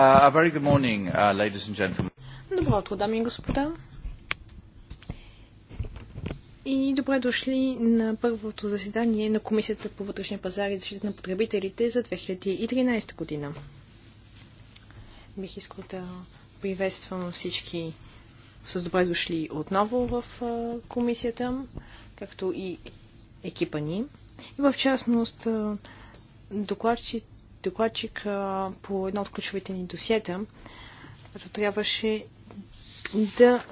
Uh, morning, uh, Добро утро, дами и господа. И добре дошли на първото заседание на Комисията по вътрешния пазар и защита на потребителите за 2013 година. Бих искал да приветствам всички с добре дошли отново в комисията, както и екипа ни. И в частност докладчик докладчик по едно от ключовите ни досиета, като трябваше да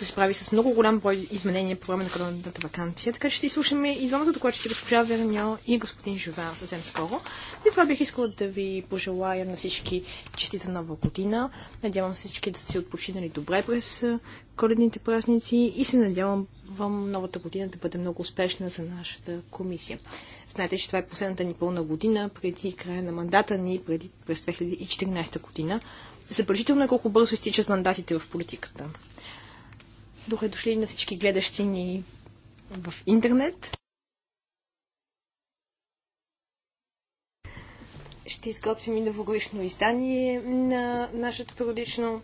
да се прави с много голям брой изменения по време на коронавирусната вакансия, така че ще изслушаме и двамата си госпожа Верня и господин Жован съвсем скоро. И това бих искала да ви пожелая на всички честита нова година. Надявам всички да си отпочинали добре през коледните празници и се надявам вам новата година да бъде много успешна за нашата комисия. Знаете, че това е последната ни пълна година преди края на мандата ни преди, през 2014 година. Забележително е колко бързо изтичат мандатите в политиката. Добре дошли на всички гледащи ни в интернет. Ще изготвим и новогодишно издание на нашето периодично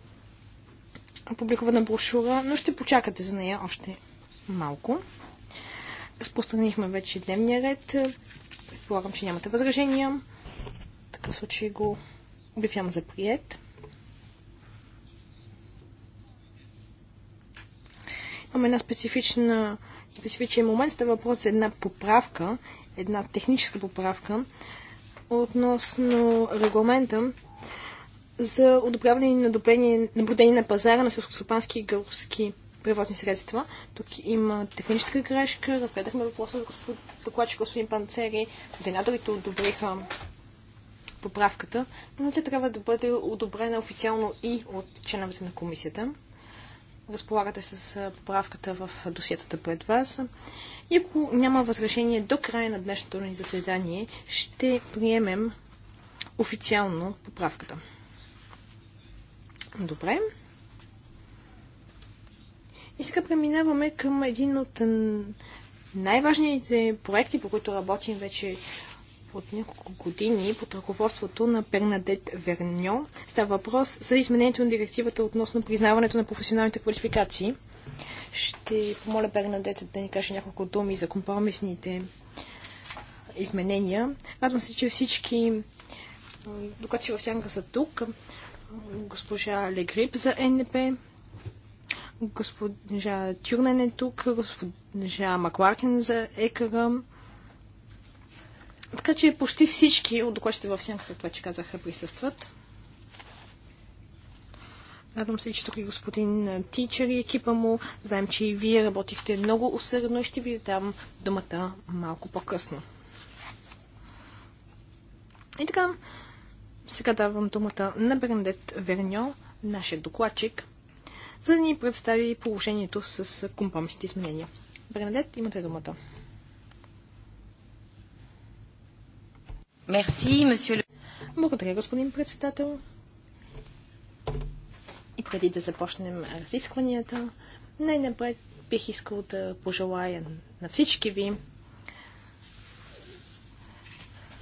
публикувана брошура, но ще почакате за нея още малко. Разпространихме вече дневния ред. Предполагам, че нямате възражения. В такъв случай го обявявам за прият. Имаме една специфична, специфичен момент. Става въпрос за една поправка, една техническа поправка относно регламента за одобряване на наблюдение на пазара на селскостопански и горски превозни средства. Тук има техническа грешка. Разгледахме въпроса за господ... докладчик господин Панцери. Ординаторите одобриха поправката, но тя трябва да бъде одобрена официално и от членовете на комисията разполагате с поправката в досиетата пред вас. И ако няма възражение до края на днешното ни заседание, ще приемем официално поправката. Добре. И сега преминаваме към един от най-важните проекти, по които работим вече от няколко години под ръководството на Пернадет Верньо. Става въпрос за изменението на директивата относно признаването на професионалните квалификации. Ще помоля Бернадет да ни каже няколко думи за компромисните изменения. Радвам се, че всички докато в сянка са тук. Госпожа Легрип за НП, госпожа Тюрнен е тук, госпожа Макларкен за ЕКР, така че почти всички от докладчите в сянка, това че казаха, присъстват. Радвам се, че тук и е господин Тичер и екипа му. Знаем, че и вие работихте много усърдно и ще ви дам думата малко по-късно. И така, сега давам думата на Брендет Верньо, нашия докладчик, за да ни представи положението с компромисните изменения. Брендет имате думата. Благодаря, господин председател. И преди да започнем разискванията, най-напред бих искал да пожелая на всички ви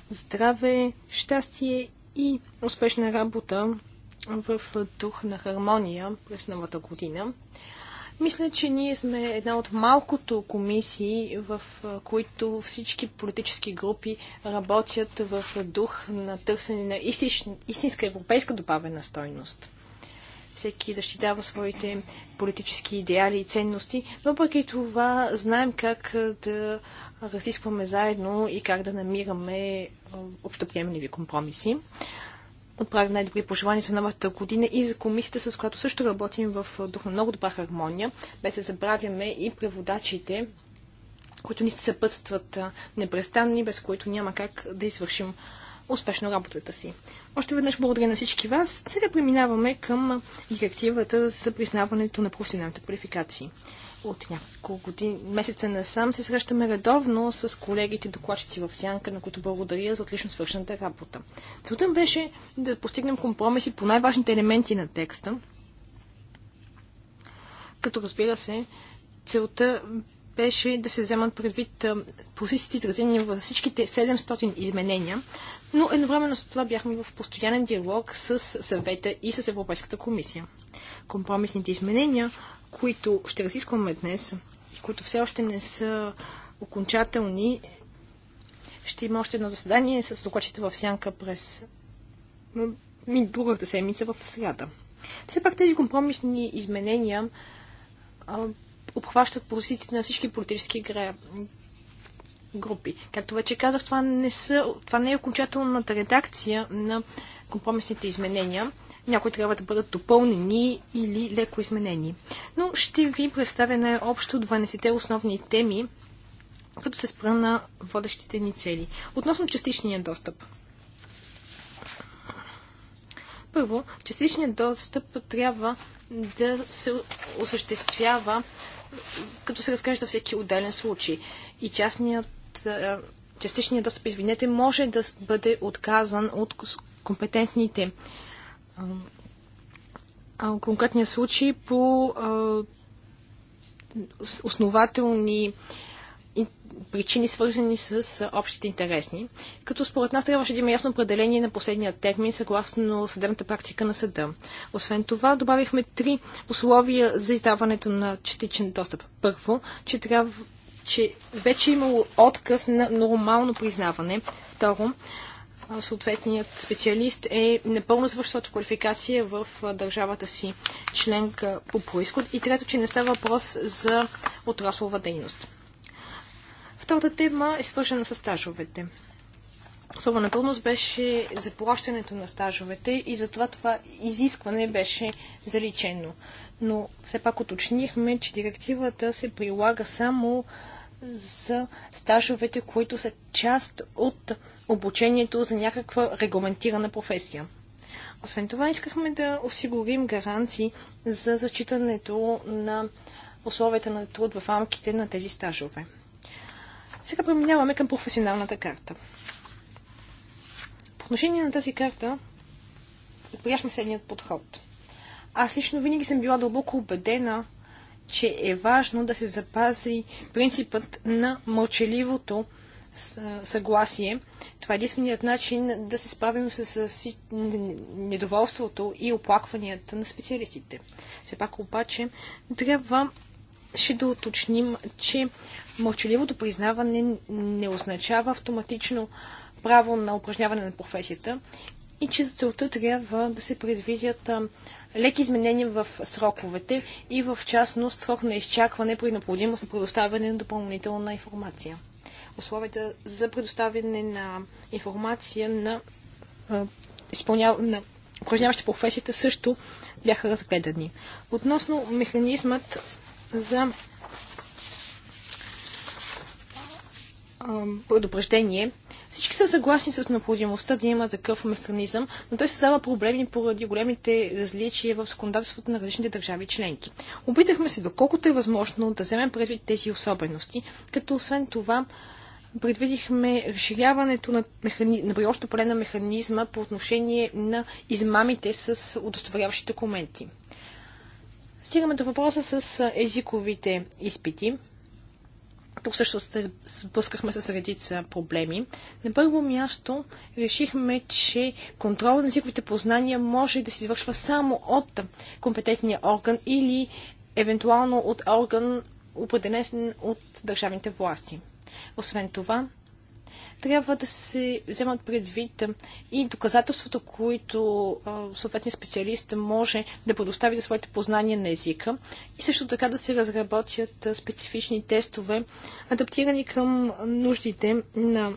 здраве, щастие и успешна работа в дух на хармония през новата година. Мисля, че ние сме една от малкото комисии, в които всички политически групи работят в дух на търсене на истинска европейска добавена стойност всеки защитава своите политически идеали и ценности, но въпреки това знаем как да разискваме заедно и как да намираме общоприемливи компромиси отправим най-добри пожелания за новата година и за комисията, с която също работим в дух на много добра хармония, без да забравяме и преводачите, които ни се съпътстват непрестанни, без които няма как да извършим успешно работата си. Още веднъж благодаря на всички вас. Сега преминаваме към директивата за признаването на професионалните квалификации. От няколко години, месеца насам се срещаме редовно с колегите докладчици в Сянка, на които благодаря за отлично свършената работа. Целта беше да постигнем компромиси по най-важните елементи на текста, като разбира се, целта беше да се вземат предвид позициите, изразени във всичките 700 изменения, но едновременно с това бяхме в постоянен диалог с съвета и с Европейската комисия. Компромисните изменения които ще разискваме днес и които все още не са окончателни, ще има още едно заседание с докладчите в Сянка през другата седмица в среда. Все пак тези компромисни изменения а, обхващат позициите на всички политически групи. Както вече казах, това не, са, това не е окончателната редакция на компромисните изменения някои трябва да бъдат допълнени или леко изменени. Но ще ви представя най-общо 12-те основни теми, като се спра на водещите ни цели. Относно частичния достъп. Първо, частичният достъп трябва да се осъществява като се разглежда всеки отделен случай. И частният, частичният достъп, извинете, може да бъде отказан от компетентните конкретния случай по основателни причини, свързани с общите интересни, като според нас трябваше да има ясно определение на последния термин, съгласно съдебната практика на съда. Освен това, добавихме три условия за издаването на частичен достъп. Първо, че трябва че вече е имало отказ на нормално признаване. Второ, съответният специалист е непълно завършват квалификация в държавата си членка по происход. И трето, че не става въпрос за отраслова дейност. Втората тема е свършена с стажовете. Особена трудност беше заплащането на стажовете и затова това изискване беше заличено. Но все пак уточнихме, че директивата се прилага само за стажовете, които са част от обучението за някаква регламентирана професия. Освен това, искахме да осигурим гаранции за зачитането на условията на труд в рамките на тези стажове. Сега преминаваме към професионалната карта. По отношение на тази карта, предприяхме следният подход. Аз лично винаги съм била дълбоко убедена, че е важно да се запази принципът на мълчаливото съгласие това е единственият начин да се справим с, недоволството и оплакванията на специалистите. Все пак обаче трябва ще да уточним, че мълчаливото признаване не означава автоматично право на упражняване на професията и че за целта трябва да се предвидят леки изменения в сроковете и в частност срок на изчакване при необходимост на предоставяне на допълнителна информация условията за предоставяне на информация на, изпълняв... на упражняващи професията също бяха разгледани. Относно механизмът за предупреждение. Всички са съгласни с необходимостта да има такъв механизъм, но той създава проблеми поради големите различия в законодателството на различните държави членки. Опитахме се доколкото е възможно да вземем предвид тези особености, като освен това предвидихме разширяването на, механи... на приобщо поле на механизма по отношение на измамите с удостоверяващи документи. Стигаме до въпроса с езиковите изпити. Тук също се сблъскахме с редица проблеми. На първо място решихме, че контрол на езиковите познания може да се извършва само от компетентния орган или евентуално от орган, определен от държавните власти. Освен това, трябва да се вземат предвид и доказателствата, които съответният специалист може да предостави за своите познания на езика и също така да се разработят специфични тестове, адаптирани към нуждите на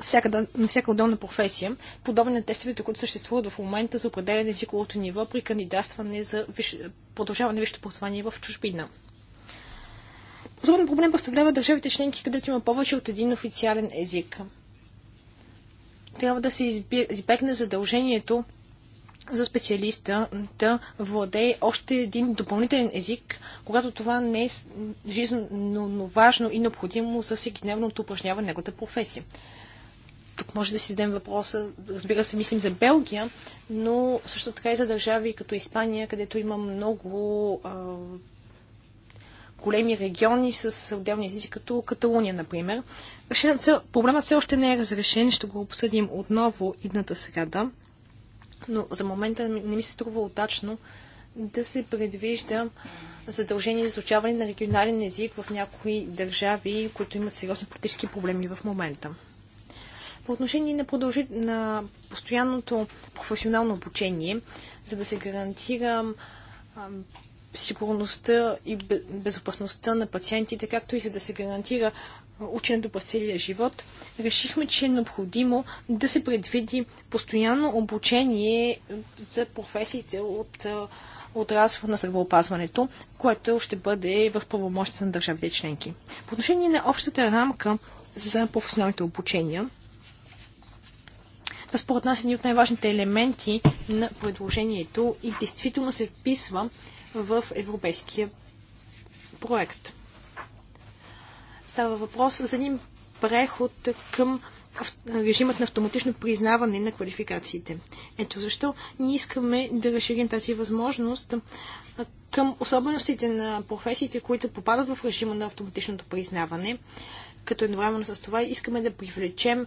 всяка, на всяка отделна професия, подобни на тестовете, които съществуват в момента за определен езиковото ниво при кандидатстване за виш... продължаване висшето послание в чужбина. Особен проблем представлява държавите членки, където има повече от един официален език. Трябва да се избегне задължението за специалиста да владее още един допълнителен език, когато това не е жизненно важно и необходимо за всекидневното упражняване на неговата професия. Тук може да си зададем въпроса, разбира се, мислим за Белгия, но също така и за държави като Испания, където има много а, големи региони с отделни езици, като Каталуния, например. Проблемът все още не е разрешен, ще го обсъдим отново идната среда, но за момента не ми се струва удачно да се предвижда задължение за изучаване на регионален език в някои държави, които имат сериозни политически проблеми в момента. По отношение на, продължи... на постоянното професионално обучение, за да се гарантира сигурността и безопасността на пациентите, както и за да се гарантира ученето през целия живот, решихме, че е необходимо да се предвиди постоянно обучение за професиите от отрасъл на здравеопазването, което ще бъде в правомощите на държавите членки. По отношение на общата рамка за професионалните обучения, това според нас е един от най-важните елементи на предложението и действително се вписва в европейския проект. Става въпрос за един преход към режимът на автоматично признаване на квалификациите. Ето защо ние искаме да разширим тази възможност към особеностите на професиите, които попадат в режима на автоматичното признаване, като едновременно с това искаме да привлечем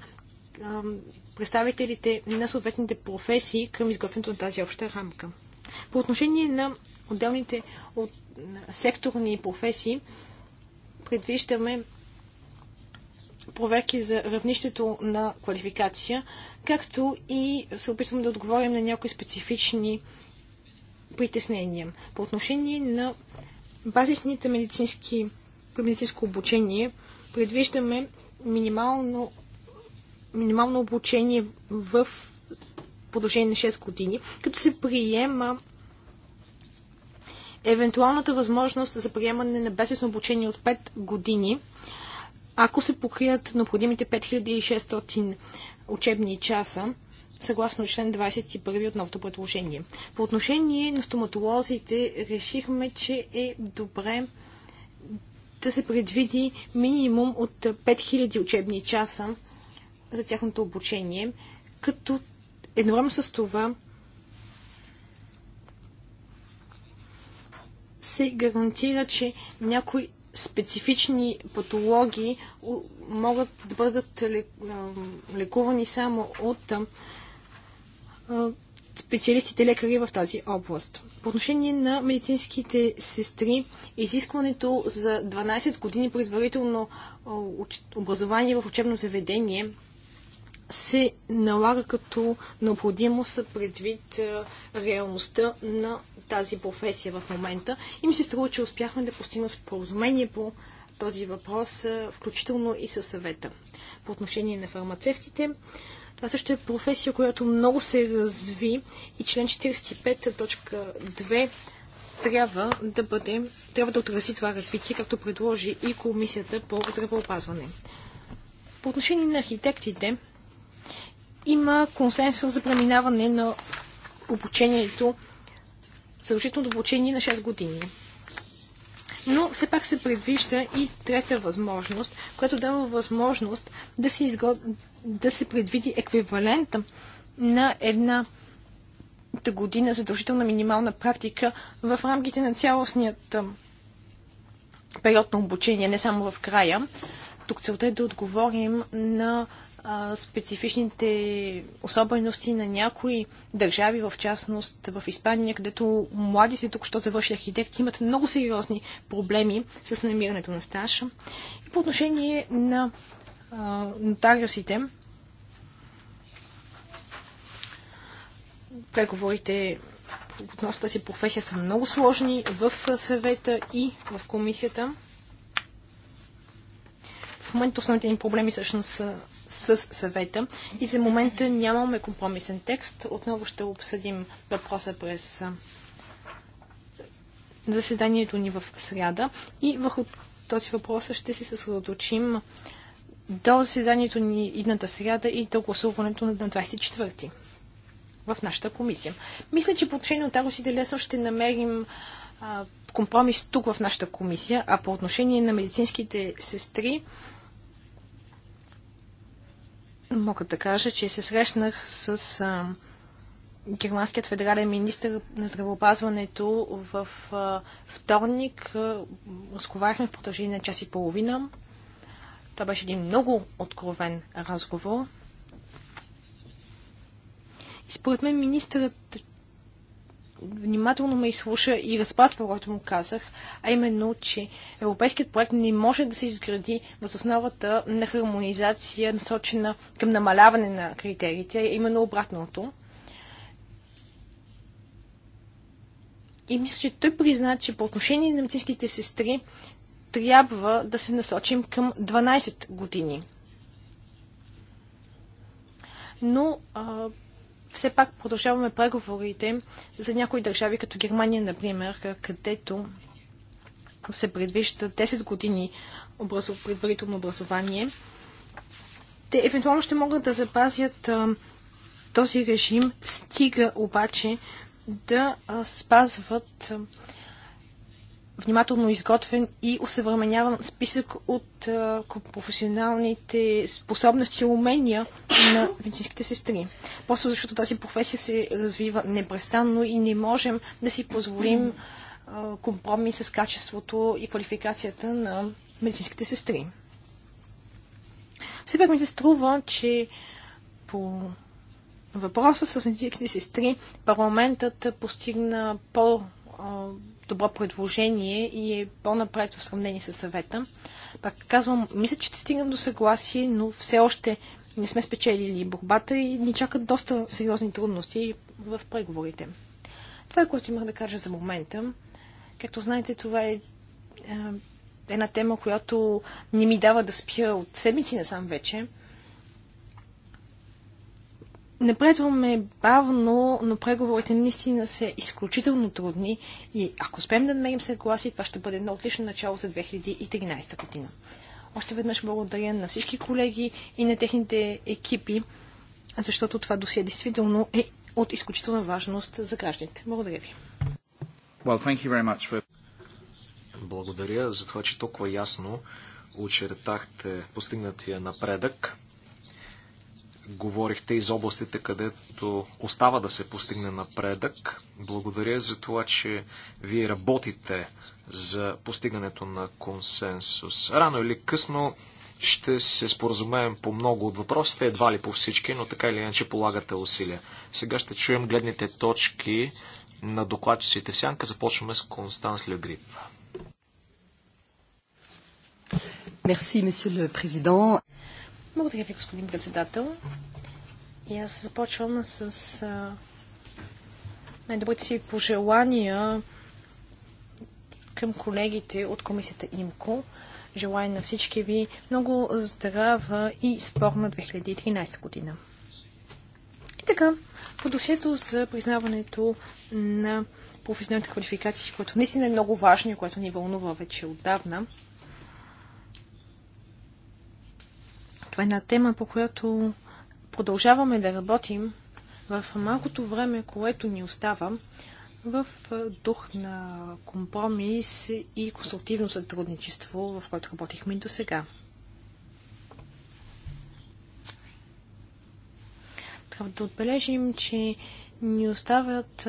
представителите на съответните професии към изготвянето на тази обща рамка. По отношение на отделните от, секторни професии предвиждаме проверки за равнището на квалификация, както и се опитваме да отговорим на някои специфични притеснения. По отношение на базисните медицински, медицинско обучение, предвиждаме минимално, минимално обучение в продължение на 6 години, като се приема евентуалната възможност за приемане на безлесно обучение от 5 години, ако се покрият необходимите 5600 учебни часа, съгласно член 21 от новото предложение. По отношение на стоматолозите решихме, че е добре да се предвиди минимум от 5000 учебни часа за тяхното обучение, като едновременно с това се гарантира, че някои специфични патологии могат да бъдат лекувани само от специалистите лекари в тази област. По отношение на медицинските сестри, изискването за 12 години предварително образование в учебно заведение се налага като необходимост предвид е, реалността на тази професия в момента. И ми се струва, че успяхме да постигнем споразумение по този въпрос, е, включително и със съвета. По отношение на фармацевтите, това също е професия, която много се разви и член 45.2 трябва да бъде, трябва да отрази това развитие, както предложи и Комисията по здравеопазване. По отношение на архитектите, има консенсус за преминаване на обучението, задължителното обучение на 6 години. Но все пак се предвижда и трета възможност, която дава възможност да се, изгод... да се предвиди еквивалента на една година задължителна минимална практика в рамките на цялостният период на обучение, не само в края. Тук целта е да отговорим на специфичните особености на някои държави, в частност в Испания, където младите тук-що завърши архитекти имат много сериозни проблеми с намирането на стаж. И по отношение на а, нотариусите, преговорите относно тази професия са много сложни в съвета и в комисията. В момента основните ни проблеми всъщност са с съвета и за момента нямаме компромисен текст. Отново ще обсъдим въпроса през заседанието ни в сряда и върху този въпрос ще се съсредоточим до заседанието ни идната сряда и до гласуването на 24-ти в нашата комисия. Мисля, че по отношение от Арос и Делесо ще намерим а, компромис тук в нашата комисия, а по отношение на медицинските сестри мога да кажа, че се срещнах с а, германският федерален министр на здравеопазването в а, вторник. Разговаряхме в продължение на час и половина. Това беше един много откровен разговор. И според мен министърът внимателно ме изслуша и разпра това, което му казах, а именно, че европейският проект не може да се изгради въз основата на хармонизация, насочена към намаляване на критериите, именно обратното. И мисля, че той призна, че по отношение на медицинските сестри трябва да се насочим към 12 години. Но а, все пак продължаваме преговорите за някои държави, като Германия, например, където се предвижда 10 години образов, предварително образование. Те евентуално ще могат да запазят а, този режим, стига обаче да а, спазват а, внимателно изготвен и усъвременяван списък от а, е, професионалните способности и умения на медицинските сестри. Просто защото тази професия се развива непрестанно и не можем да си позволим а, е, компромис с качеството и квалификацията на медицинските сестри. Все пак ми се струва, че по въпроса с медицинските сестри парламентът постигна по- е, добро предложение и е по-напред в сравнение с съвета. Пак казвам, мисля, че ще стигнем до съгласие, но все още не сме спечелили борбата и ни чакат доста сериозни трудности в преговорите. Това е което имах да кажа за момента. Както знаете, това е, е една тема, която не ми дава да спя от седмици насам вече. Напредваме бавно, но преговорите наистина са изключително трудни и ако успеем да намерим съгласие, това ще бъде едно отлично начало за 2013 година. Още веднъж благодаря на всички колеги и на техните екипи, защото това досие действително е от изключителна важност за гражданите. Благодаря ви. Well, thank you very much for... Благодаря за това, че толкова ясно очертахте постигнатия напредък говорихте и за областите, където остава да се постигне напредък. Благодаря за това, че вие работите за постигането на консенсус. Рано или късно ще се споразумеем по много от въпросите, едва ли по всички, но така или иначе полагате усилия. Сега ще чуем гледните точки на докладчиците сянка. Започваме с Констанс Легрип. Мерси, месье президент. Благодаря ви, господин председател. И аз започвам с а, най-добрите си пожелания към колегите от комисията ИМКО. Желая на всички ви много здрава и спорна 2013 година. И така, по досието за признаването на професионалните квалификации, което наистина е много важно и което ни вълнува вече отдавна – Това е една тема, по която продължаваме да работим в малкото време, което ни остава, в дух на компромис и консултивно сътрудничество, в което работихме и до сега. Трябва да отбележим, че ни оставят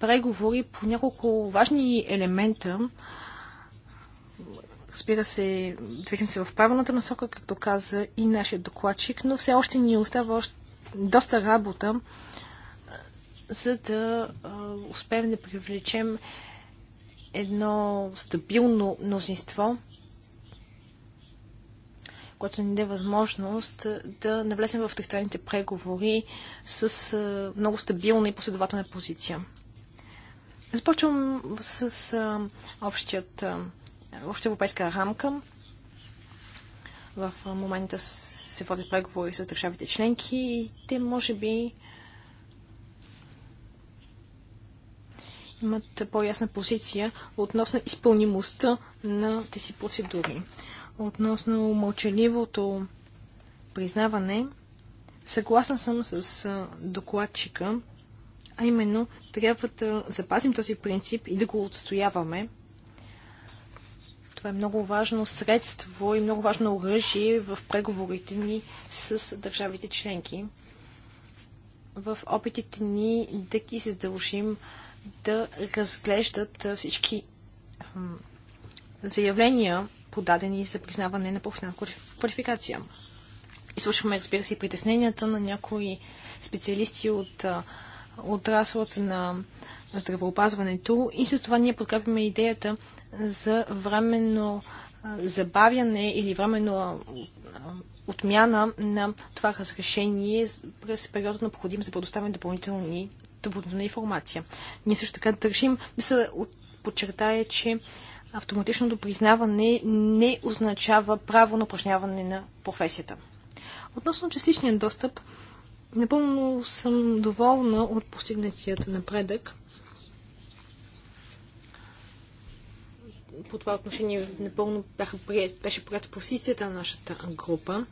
преговори по няколко важни елемента, Разбира се, движим се в правилната насока, както каза и нашия докладчик, но все още ни остава доста работа, за да успеем да привлечем едно стабилно мнозинство, което ни даде възможност да навлезем в тристранните преговори с много стабилна и последователна позиция. Започвам с общият в европейска рамка. В момента се водят преговори с държавите членки и те може би имат по-ясна позиция относно изпълнимостта на тези процедури. Относно мълчаливото признаване, съгласна съм с докладчика, а именно трябва да запазим този принцип и да го отстояваме, това е много важно средство и много важно оръжие в преговорите ни с държавите членки. В опитите ни да ги задължим да разглеждат всички заявления, подадени за признаване на професионална квалификация. Изслушахме, разбира се, и притесненията на някои специалисти от отраслата на здравеопазването и за това ние подкрепяме идеята за временно забавяне или временно отмяна на това разрешение през периода на необходим за предоставяне допълнителни, допълнителна информация. Ние също така държим да се подчертая, че автоматичното признаване не означава право на упражняване на професията. Относно частичния достъп, напълно съм доволна от постигнатият напредък. по това отношение напълно бяха, беше прията позицията на нашата група.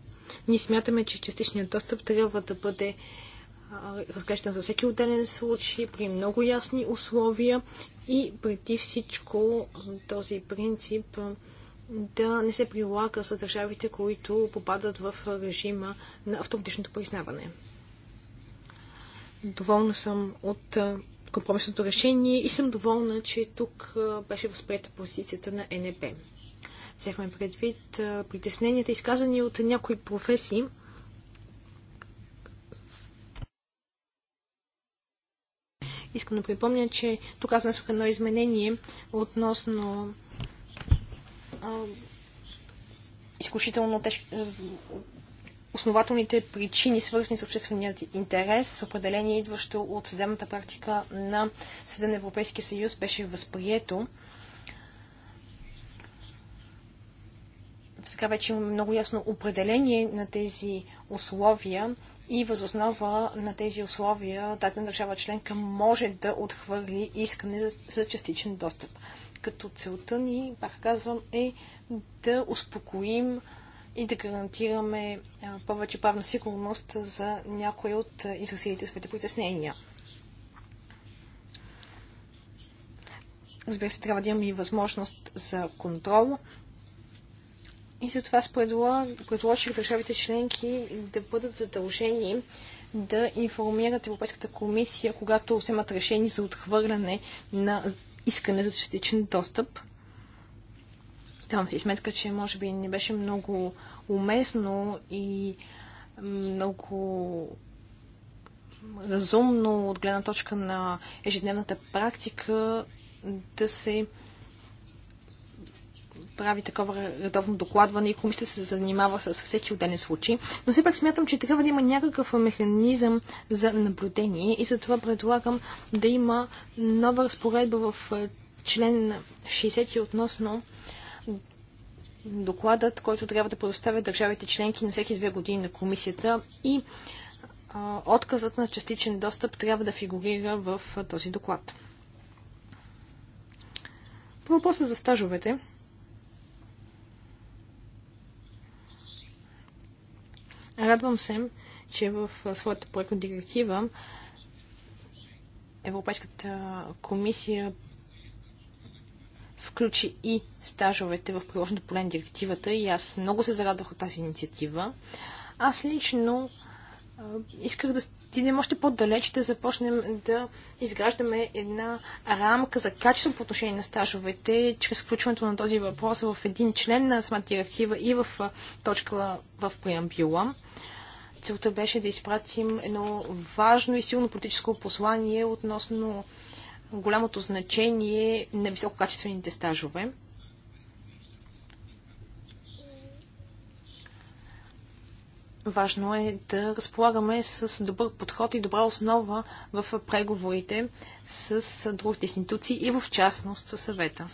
Ние смятаме, че частичният достъп трябва да бъде разглеждан за всеки отделен случай, при много ясни условия и преди всичко този принцип да не се прилага за държавите, които попадат в режима на автоматичното признаване. Доволна съм от компромисното решение и съм доволна, че тук беше възприета позицията на НЕП. Взехме предвид притесненията, изказани от някои професии, Искам да припомня, че тук аз внесох едно изменение относно а, изключително теж основателните причини, свързани с общественият интерес, определение идващо от съдебната практика на Съда на Европейския съюз, беше възприето. Сега вече имаме много ясно определение на тези условия и възоснова на тези условия дадена държава членка може да отхвърли искане за, за частичен достъп. Като целта ни, пак казвам, е да успокоим и да гарантираме повече правна сигурност за някои от изразилите своите притеснения. Разбира се, трябва да имаме и възможност за контрол. И затова предложих държавите членки да бъдат задължени да информират Европейската комисия, когато вземат решение за отхвърляне на искане за частичен достъп. Давам си сметка, че може би не беше много уместно и много разумно от гледна точка на ежедневната практика да се прави такова редовно докладване и комисията се занимава с всеки отделен случай. Но все пак смятам, че трябва да има някакъв механизъм за наблюдение и затова предлагам да има нова разпоредба в член 60 относно докладът, който трябва да предоставят държавите членки на всеки две години на комисията и а, отказът на частичен достъп трябва да фигурира в а, този доклад. По въпроса за стажовете, радвам се, че в своята проектна директива Европейската комисия включи и стажовете в приложното поле на директивата и аз много се зарадвах от тази инициатива. Аз лично а, исках да стигнем още по-далеч, да започнем да изграждаме една рамка за качество по отношение на стажовете, чрез включването на този въпрос в един член на самата директива и в точка в преамбюла. Целта беше да изпратим едно важно и силно политическо послание относно голямото значение на висококачествените стажове. Важно е да разполагаме с добър подход и добра основа в преговорите с другите институции и в частност със съвета.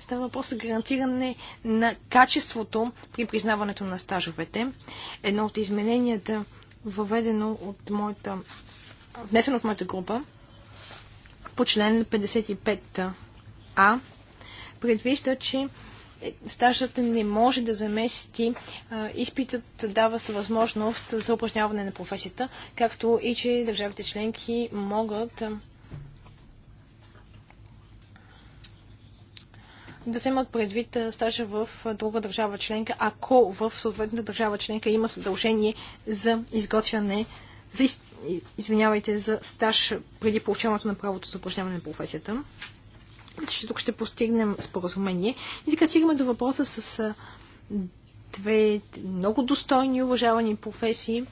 става въпрос за гарантиране на качеството при признаването на стажовете. Едно от измененията, въведено от моята, внесено от моята група по член 55а, предвижда, че стажът не може да замести а, изпитът, дава възможност за упражняване на професията, както и че държавите членки могат да вземат предвид стажа в друга държава членка, ако в съответната държава членка има съдължение за изготвяне, за, извинявайте, за стаж преди получаването на правото за упражняване на професията. Ще тук ще постигнем споразумение. И така стигаме до въпроса с две много достойни и уважавани професии,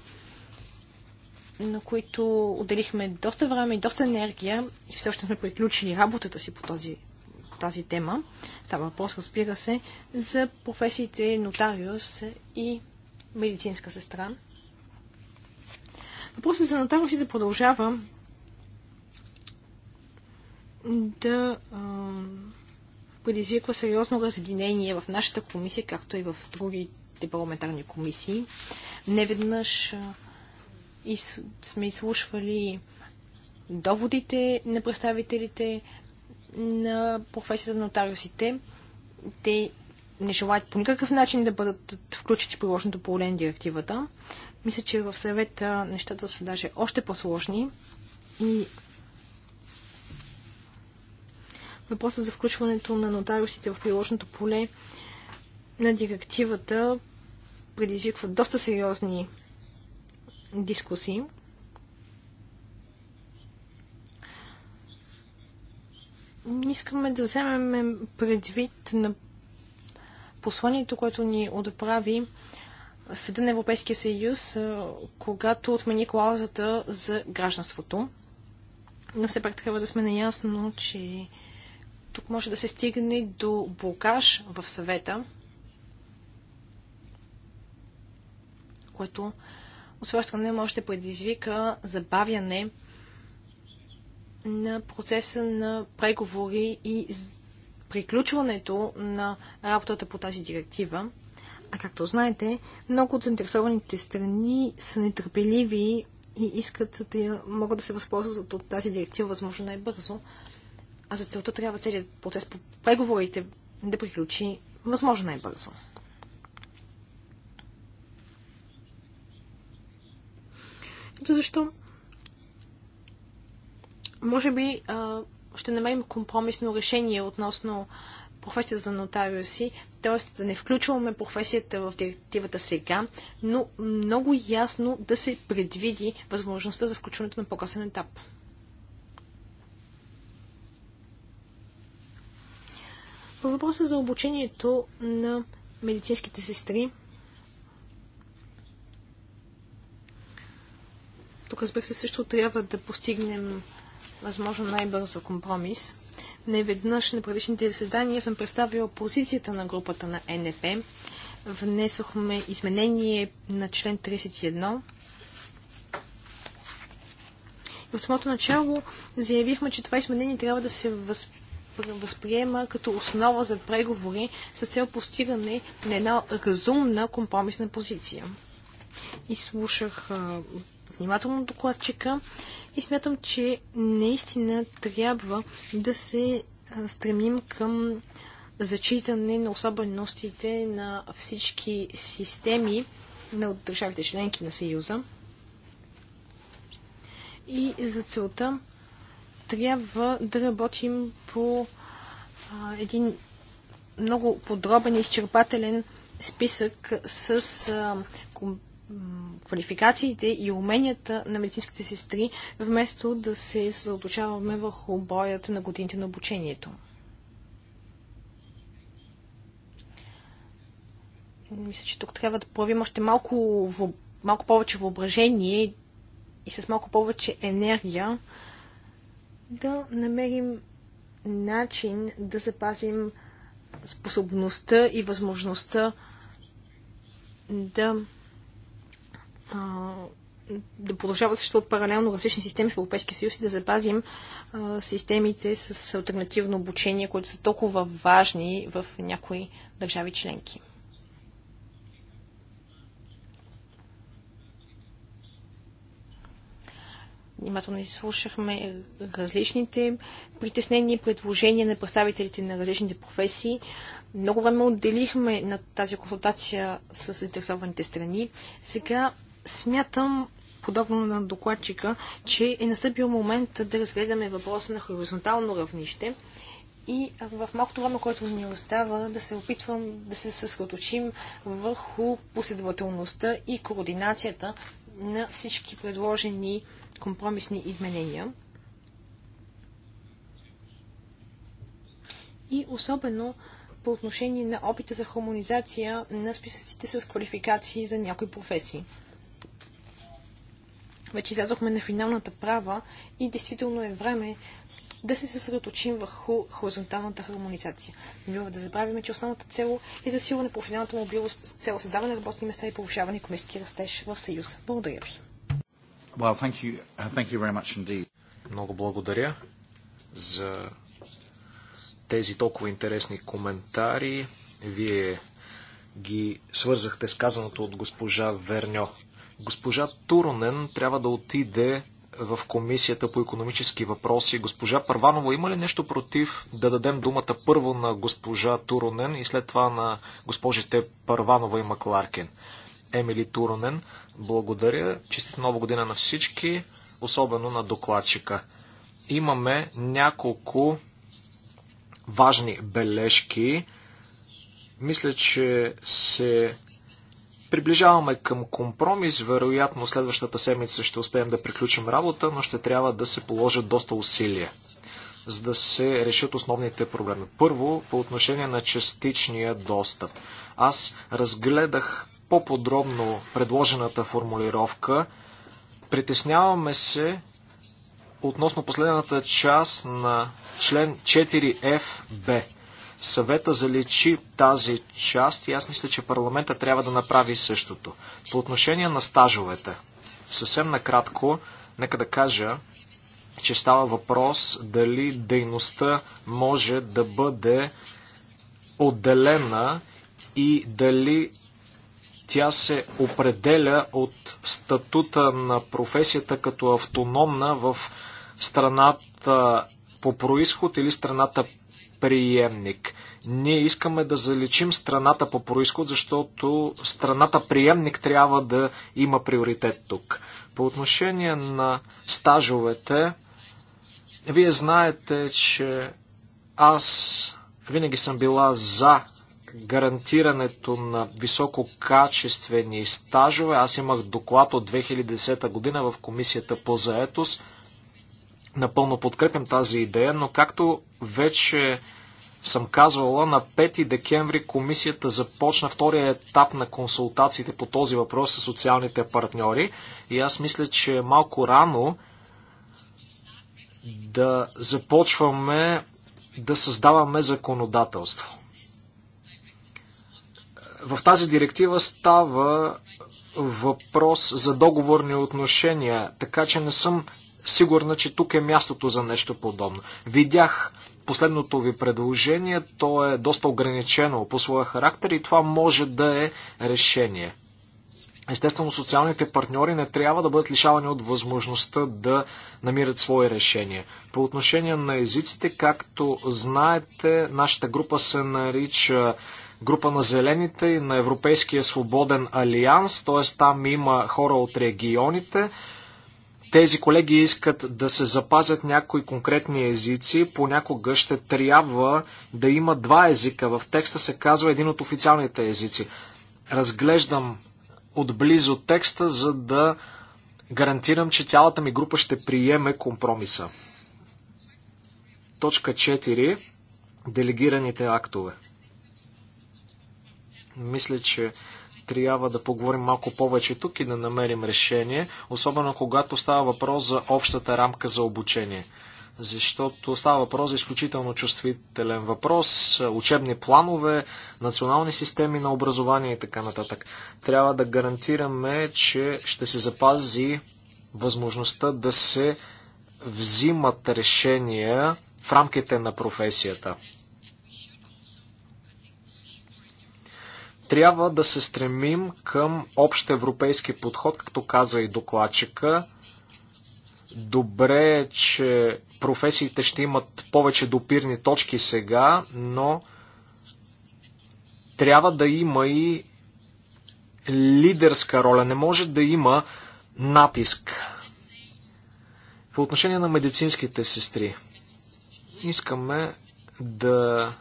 на които отделихме доста време и доста енергия и все още сме приключили работата си по този тази тема. Става въпрос, разбира се, за професиите нотариус и медицинска сестра. Въпросът за нотариусите продължава да а, предизвиква сериозно разединение в нашата комисия, както и в другите парламентарни комисии. Неведнъж а, сме изслушвали доводите на представителите на професията на нотариусите. Те не желаят по никакъв начин да бъдат включени в приложното поле на директивата. Мисля, че в съвета нещата са даже още по-сложни и въпросът за включването на нотариусите в приложното поле на директивата предизвиква доста сериозни дискусии. искаме да вземем предвид на посланието, което ни отправи Съда на Европейския съюз, когато отмени клаузата за гражданството. Но все пак трябва да сме наясно, че тук може да се стигне до блокаж в съвета, което от своя страна може да предизвика забавяне на процеса на преговори и приключването на работата по тази директива. А както знаете, много от заинтересованите страни са нетърпеливи и искат да я, могат да се възползват от тази директива възможно най-бързо. А за целта трябва целият процес по преговорите да приключи възможно най-бързо. Ето защо може би ще намерим компромисно решение относно професията за нотариуси, т.е. да не включваме професията в директивата сега, но много ясно да се предвиди възможността за включването на по-късен етап. По въпроса за обучението на медицинските сестри, тук разбира се също трябва да постигнем възможно най-бързо компромис. Не веднъж на предишните заседания съм представила позицията на групата на НФ. Внесохме изменение на член 31. В самото начало заявихме, че това изменение трябва да се възприема като основа за преговори с цел постигане на една разумна компромисна позиция. И слушах внимателно докладчика и смятам, че наистина трябва да се стремим към зачитане на особеностите на всички системи на държавите членки на Съюза. И за целта трябва да работим по а, един много подробен и изчерпателен списък с а, ком, квалификациите и уменията на медицинските сестри, вместо да се съоточаваме върху боят на годините на обучението. Мисля, че тук трябва да проявим още малко, малко повече въображение и с малко повече енергия да намерим начин да запазим способността и възможността да да продължават също от паралелно различни системи в Европейския съюз и да запазим а, системите с альтернативно обучение, които са толкова важни в някои държави членки. Внимателно изслушахме различните притеснения и предложения на представителите на различните професии. Много време отделихме на тази консултация с заинтересованите страни. Сега смятам, подобно на докладчика, че е настъпил момент да разгледаме въпроса на хоризонтално равнище и в малкото време, което ни остава, да се опитвам да се съсредоточим върху последователността и координацията на всички предложени компромисни изменения. И особено по отношение на опита за хармонизация на списъците с квалификации за някои професии. Вече излязохме на финалната права и действително е време да се съсредоточим върху хоризонталната хармонизация. Не бива да забравим, че основната цел е засилване на професионалната мобилност с цел създаване на работни места и повишаване на економически растеж в Съюза. Благодаря ви. Well, thank you. Uh, thank you very much Много благодаря за тези толкова интересни коментари. Вие ги свързахте с казаното от госпожа Верньо. Госпожа Туронен трябва да отиде в Комисията по економически въпроси. Госпожа Първанова, има ли нещо против да дадем думата първо на госпожа Туронен и след това на госпожите Първанова и Макларкин? Емили Туронен, благодаря. Честита нова година на всички, особено на докладчика. Имаме няколко важни бележки. Мисля, че се Приближаваме към компромис. Вероятно следващата седмица ще успеем да приключим работа, но ще трябва да се положат доста усилия за да се решат основните проблеми. Първо, по отношение на частичния достъп. Аз разгледах по-подробно предложената формулировка. Притесняваме се относно последната част на член 4FB. Съвета заличи тази част и аз мисля, че парламента трябва да направи същото. По отношение на стажовете, съвсем накратко, нека да кажа, че става въпрос дали дейността може да бъде отделена и дали тя се определя от статута на професията като автономна в страната по происход или страната приемник. Ние искаме да заличим страната по происход, защото страната приемник трябва да има приоритет тук. По отношение на стажовете, вие знаете, че аз винаги съм била за гарантирането на висококачествени стажове. Аз имах доклад от 2010 година в Комисията по заетост – Напълно подкрепям тази идея, но както вече съм казвала, на 5 декември комисията започна втория етап на консултациите по този въпрос с социалните партньори и аз мисля, че е малко рано да започваме да създаваме законодателство. В тази директива става въпрос за договорни отношения, така че не съм сигурна, че тук е мястото за нещо подобно. Видях последното ви предложение, то е доста ограничено по своя характер и това може да е решение. Естествено, социалните партньори не трябва да бъдат лишавани от възможността да намират свои решения. По отношение на езиците, както знаете, нашата група се нарича група на зелените и на Европейския свободен алианс, т.е. там има хора от регионите тези колеги искат да се запазят някои конкретни езици, понякога ще трябва да има два езика. В текста се казва един от официалните езици. Разглеждам отблизо текста, за да гарантирам, че цялата ми група ще приеме компромиса. Точка 4. Делегираните актове. Мисля, че трябва да поговорим малко повече тук и да намерим решение, особено когато става въпрос за общата рамка за обучение. Защото става въпрос за изключително чувствителен въпрос, учебни планове, национални системи на образование и така нататък. Трябва да гарантираме, че ще се запази възможността да се взимат решения в рамките на професията. Трябва да се стремим към общ европейски подход, както каза и докладчика. Добре е, че професиите ще имат повече допирни точки сега, но трябва да има и лидерска роля. Не може да има натиск. По отношение на медицинските сестри, искаме да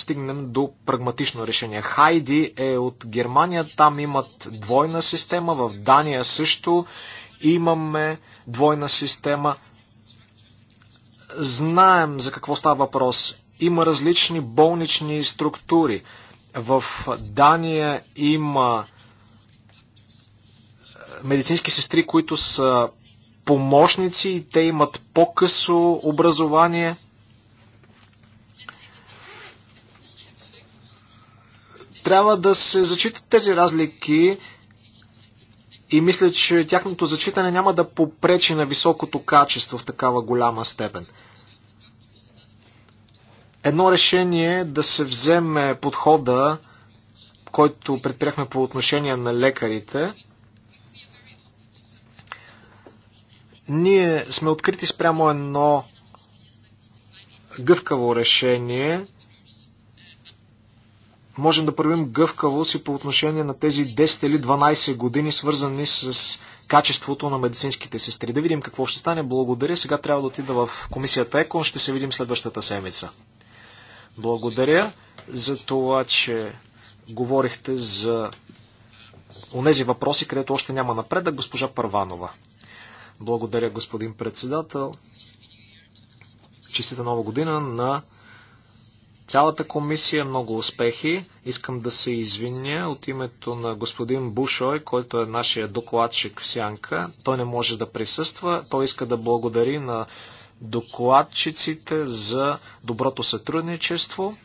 стигнем до прагматично решение. Хайди е от Германия, там имат двойна система, в Дания също имаме двойна система. Знаем за какво става въпрос. Има различни болнични структури. В Дания има е, медицински сестри, които са помощници и те имат по-късо образование – Трябва да се зачитат тези разлики и мисля, че тяхното зачитане няма да попречи на високото качество в такава голяма степен. Едно решение е да се вземе подхода, който предприехме по отношение на лекарите. Ние сме открити спрямо едно гъвкаво решение – можем да правим гъвкаво си по отношение на тези 10 или 12 години, свързани с качеството на медицинските сестри. Да видим какво ще стане. Благодаря. Сега трябва да отида в комисията ЕКОН. Ще се видим следващата седмица. Благодаря за това, че говорихте за онези въпроси, където още няма напредък. Госпожа Първанова. Благодаря, господин председател. Честита нова година на цялата комисия много успехи. Искам да се извиня от името на господин Бушой, който е нашия докладчик в Сянка. Той не може да присъства. Той иска да благодари на докладчиците за доброто сътрудничество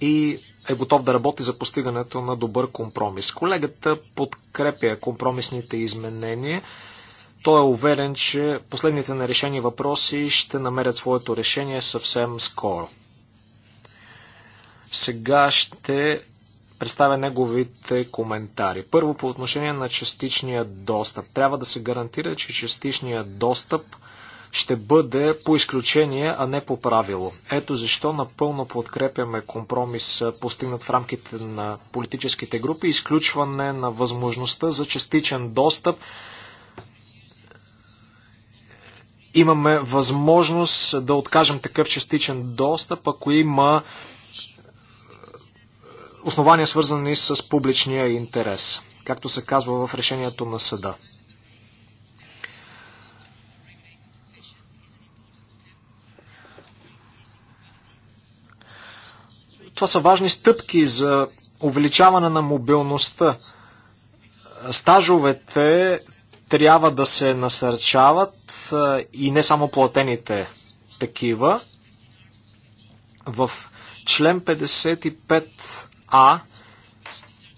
и е готов да работи за постигането на добър компромис. Колегата подкрепя компромисните изменения. Той е уверен, че последните нерешени въпроси ще намерят своето решение съвсем скоро. Сега ще представя неговите коментари. Първо по отношение на частичния достъп. Трябва да се гарантира, че частичния достъп ще бъде по изключение, а не по правило. Ето защо напълно подкрепяме компромис, постигнат в рамките на политическите групи, изключване на възможността за частичен достъп. Имаме възможност да откажем такъв частичен достъп, ако има основания свързани с публичния интерес, както се казва в решението на съда. Това са важни стъпки за увеличаване на мобилността. Стажовете трябва да се насърчават и не само платените такива. В член 55 а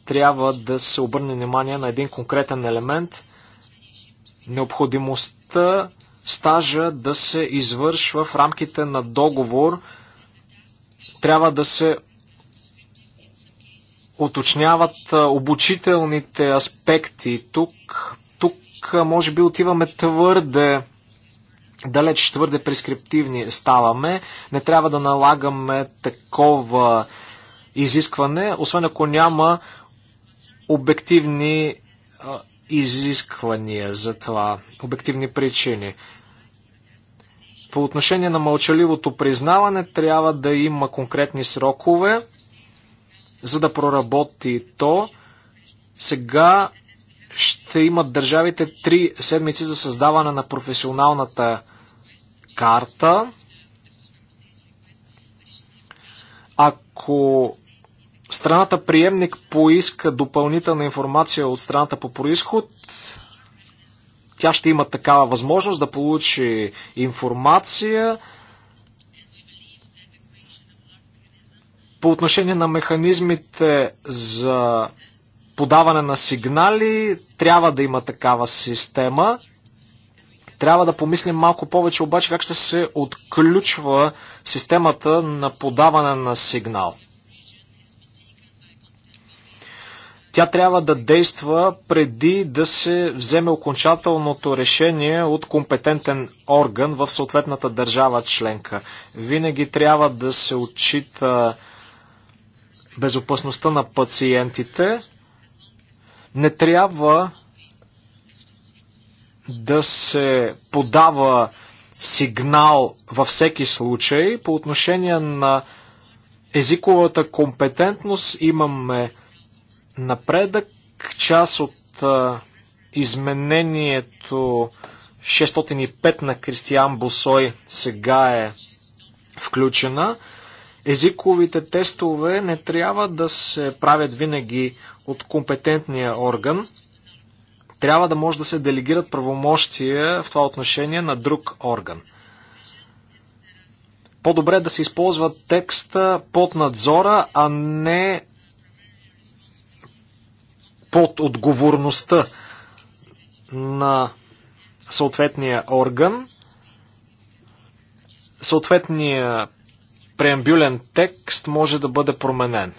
трябва да се обърне внимание на един конкретен елемент необходимостта стажа да се извършва в рамките на договор трябва да се уточняват обучителните аспекти. Тук, тук може би отиваме твърде далеч, твърде прескриптивни ставаме. Не трябва да налагаме такова изискване, освен ако няма обективни изисквания за това, обективни причини. По отношение на мълчаливото признаване трябва да има конкретни срокове, за да проработи то. Сега ще имат държавите три седмици за създаване на професионалната карта. Ако Страната приемник поиска допълнителна информация от страната по происход. Тя ще има такава възможност да получи информация. По отношение на механизмите за подаване на сигнали, трябва да има такава система. Трябва да помислим малко повече обаче как ще се отключва системата на подаване на сигнал. Тя трябва да действа преди да се вземе окончателното решение от компетентен орган в съответната държава членка. Винаги трябва да се отчита безопасността на пациентите. Не трябва да се подава сигнал във всеки случай. По отношение на езиковата компетентност имаме напредък. Част от а, изменението 605 на Кристиян Босой сега е включена. Езиковите тестове не трябва да се правят винаги от компетентния орган. Трябва да може да се делегират правомощия в това отношение на друг орган. По-добре е да се използва текста под надзора, а не под отговорността на съответния орган. Съответния преамбюлен текст може да бъде променен.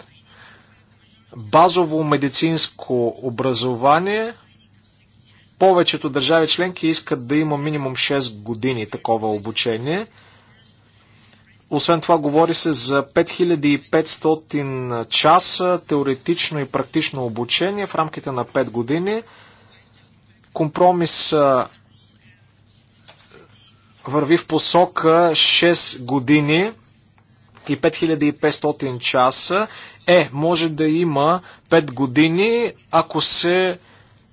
Базово медицинско образование повечето държави членки искат да има минимум 6 години такова обучение – освен това, говори се за 5500 часа теоретично и практично обучение в рамките на 5 години. Компромис върви в посока 6 години и 5500 часа. Е, може да има 5 години, ако се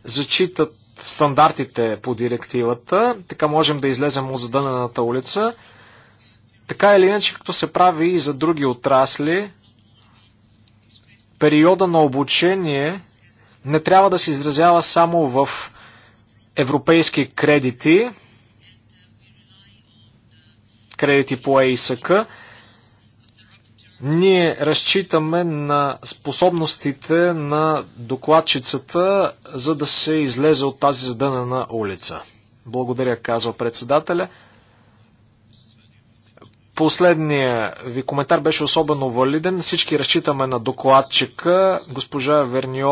зачитат стандартите по директивата. Така можем да излезем от задънената улица. Така или иначе, като се прави и за други отрасли, периода на обучение не трябва да се изразява само в европейски кредити, кредити по ЕИСК. Ние разчитаме на способностите на докладчицата, за да се излезе от тази задънена улица. Благодаря, казва председателя. Последния ви коментар беше особено валиден. Всички разчитаме на докладчика. Госпожа Вернио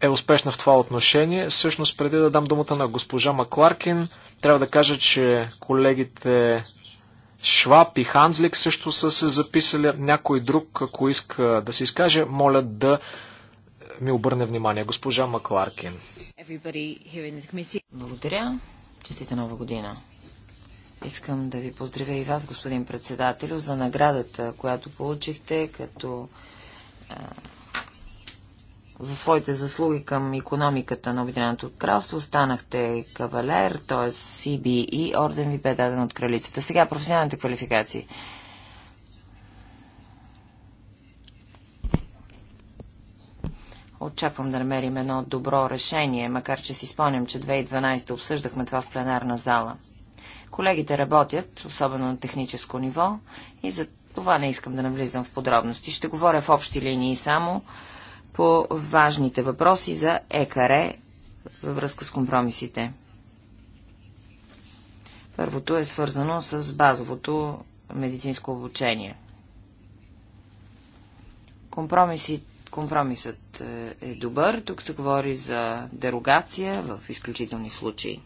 е успешна в това отношение. Всъщност, преди да дам думата на госпожа Макларкин, трябва да кажа, че колегите Шваб и Ханзлик също са се записали. Някой друг, ако иска да се изкаже, моля да ми обърне внимание. Госпожа Макларкин. Благодаря. Честите нова година. Искам да ви поздравя и вас, господин председателю, за наградата, която получихте като а, за своите заслуги към економиката на Обединеното кралство. Станахте кавалер, т.е. CBE, орден ви бе даден от кралицата. Сега професионалните квалификации. Очаквам да намерим едно добро решение, макар че си спомням, че 2012 обсъждахме това в пленарна зала – Колегите работят, особено на техническо ниво, и за това не искам да навлизам в подробности. Ще говоря в общи линии само по важните въпроси за ЕКАРЕ във връзка с компромисите. Първото е свързано с базовото медицинско обучение. Компромиси, компромисът е, е добър. Тук се говори за дерогация в изключителни случаи.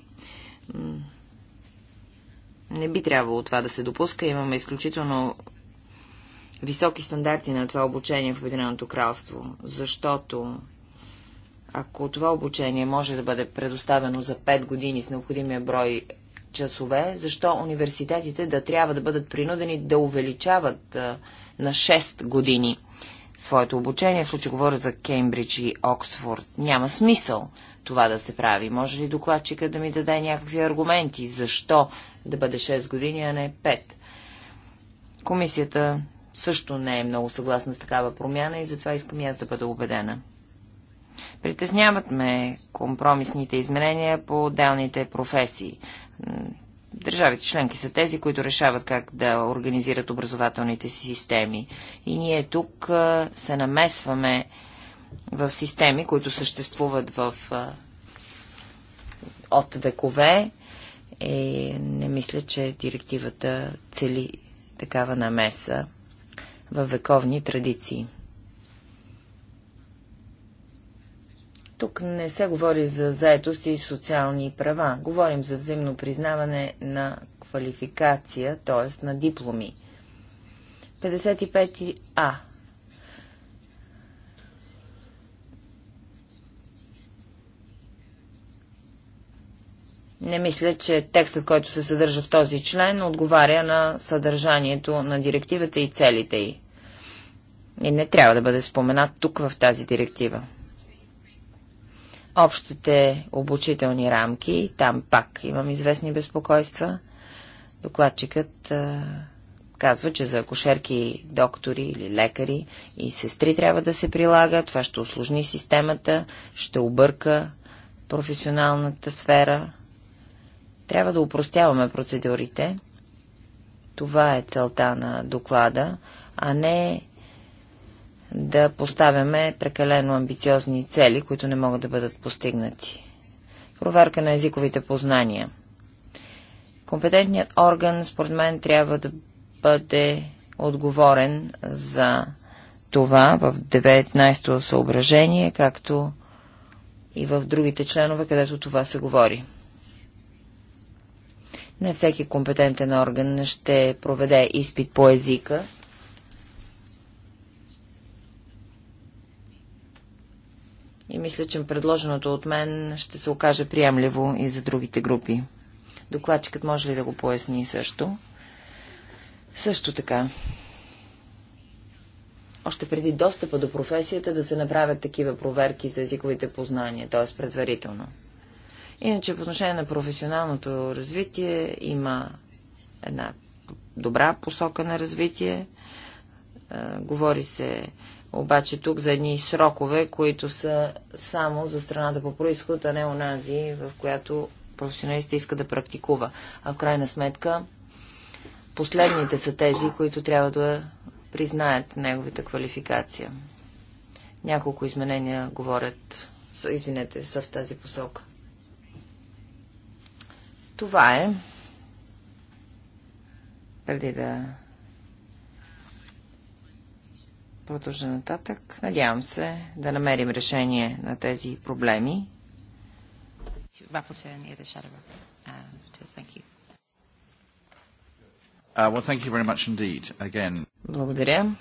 Не би трябвало това да се допуска. Имаме изключително високи стандарти на това обучение в Обединеното кралство, защото ако това обучение може да бъде предоставено за 5 години с необходимия брой часове, защо университетите да трябва да бъдат принудени да увеличават на 6 години своето обучение, в случай говоря за Кембридж и Оксфорд. Няма смисъл това да се прави. Може ли докладчика да ми даде някакви аргументи? Защо да бъде 6 години, а не 5. Комисията също не е много съгласна с такава промяна и затова искам и аз да бъда убедена. Притесняват ме компромисните изменения по отделните професии. Държавите членки са тези, които решават как да организират образователните си системи. И ние тук се намесваме в системи, които съществуват в, от векове е, не мисля, че директивата цели такава намеса в вековни традиции. Тук не се говори за заетост и социални права. Говорим за взаимно признаване на квалификация, т.е. на дипломи. 55А. Не мисля, че текстът, който се съдържа в този член, отговаря на съдържанието на директивата и целите й. И не трябва да бъде споменат тук в тази директива. Общите обучителни рамки, там пак имам известни безпокойства. Докладчикът а, казва, че за акушерки, доктори или лекари и сестри трябва да се прилага. Това ще усложни системата, ще обърка професионалната сфера трябва да упростяваме процедурите. Това е целта на доклада, а не да поставяме прекалено амбициозни цели, които не могат да бъдат постигнати. Проверка на езиковите познания. Компетентният орган, според мен, трябва да бъде отговорен за това в 19-то съображение, както и в другите членове, където това се говори. Не всеки компетентен орган ще проведе изпит по езика. И мисля, че предложеното от мен ще се окаже приемливо и за другите групи. Докладчикът може ли да го поясни също? Също така. Още преди достъпа до професията да се направят такива проверки за езиковите познания, т.е. предварително. Иначе по отношение на професионалното развитие има една добра посока на развитие. Е, говори се обаче тук за едни срокове, които са само за страната по происход, а не онази, в която професионалистът иска да практикува. А в крайна сметка последните са тези, които трябва да признаят неговата квалификация. Няколко изменения говорят, извинете, са в тази посока. Това е. Преди да продължа нататък, надявам се да намерим решение на тези проблеми. Uh, uh, Благодаря.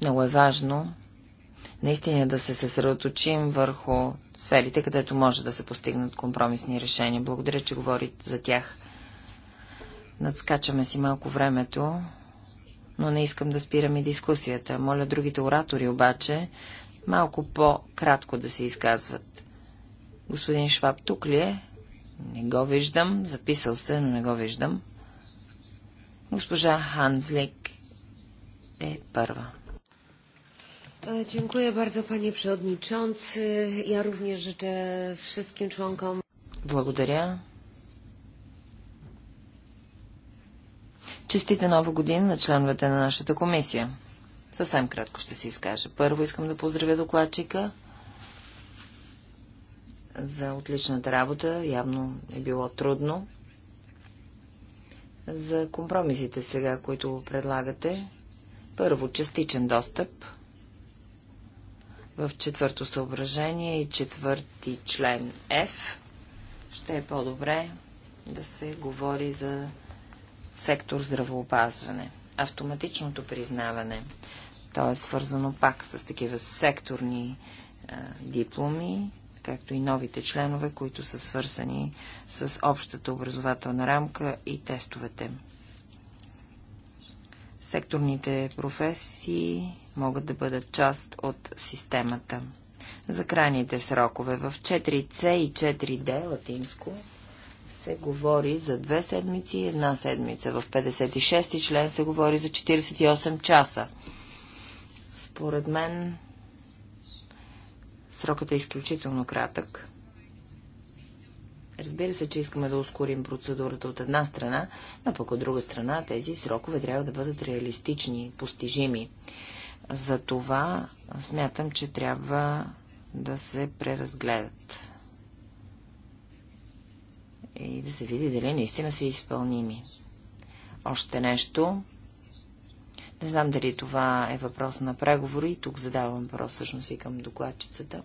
Много е важно наистина да се съсредоточим върху сферите, където може да се постигнат компромисни решения. Благодаря, че говорите за тях. Надскачаме си малко времето, но не искам да спираме дискусията. Моля другите оратори обаче малко по-кратко да се изказват. Господин Шваб тук ли е? Не го виждам. Записал се, но не го виждам. Госпожа Ханзлик е първа. E, dziękuję bardzo, panie przewodniczący. Ja również życzę wszystkim członkom. Благодаря. Честите нова година на членовете на нашата комисия. Съвсем кратко ще се изкажа. Първо искам да поздравя докладчика за отличната работа. Явно е било трудно. За компромисите сега, които предлагате. Първо, частичен достъп в четвърто съображение и четвърти член F, ще е по-добре да се говори за сектор здравоопазване. Автоматичното признаване, то е свързано пак с такива секторни а, дипломи, както и новите членове, които са свързани с общата образователна рамка и тестовете. Секторните професии могат да бъдат част от системата. За крайните срокове в 4C и 4D латинско се говори за две седмици и една седмица. В 56 член се говори за 48 часа. Според мен срокът е изключително кратък. Разбира се, че искаме да ускорим процедурата от една страна, но пък от друга страна тези срокове трябва да бъдат реалистични, постижими. За това смятам, че трябва да се преразгледат и да се види дали наистина са изпълними. Още нещо. Не знам дали това е въпрос на преговори. Тук задавам въпрос всъщност и към докладчицата.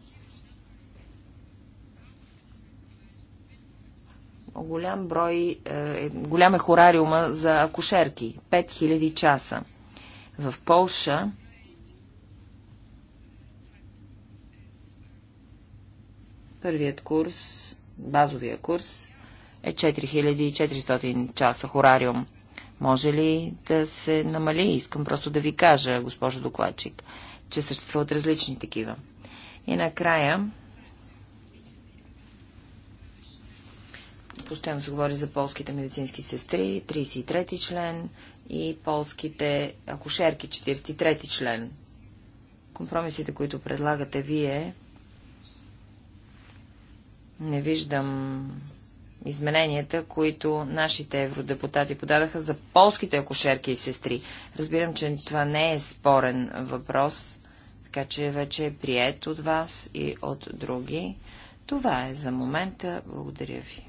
Голям брой, е, е голям е хорариума за акушерки. 5000 часа. В Полша Първият курс, базовия курс, е 4400 часа хорариум. Може ли да се намали? Искам просто да ви кажа, госпожо докладчик, че съществуват различни такива. И накрая, постоянно се говори за полските медицински сестри, 33-ти член и полските акушерки, 43-ти член. Компромисите, които предлагате вие, не виждам измененията, които нашите евродепутати подадаха за полските акушерки и сестри. Разбирам, че това не е спорен въпрос, така че вече е прият от вас и от други. Това е за момента. Благодаря ви.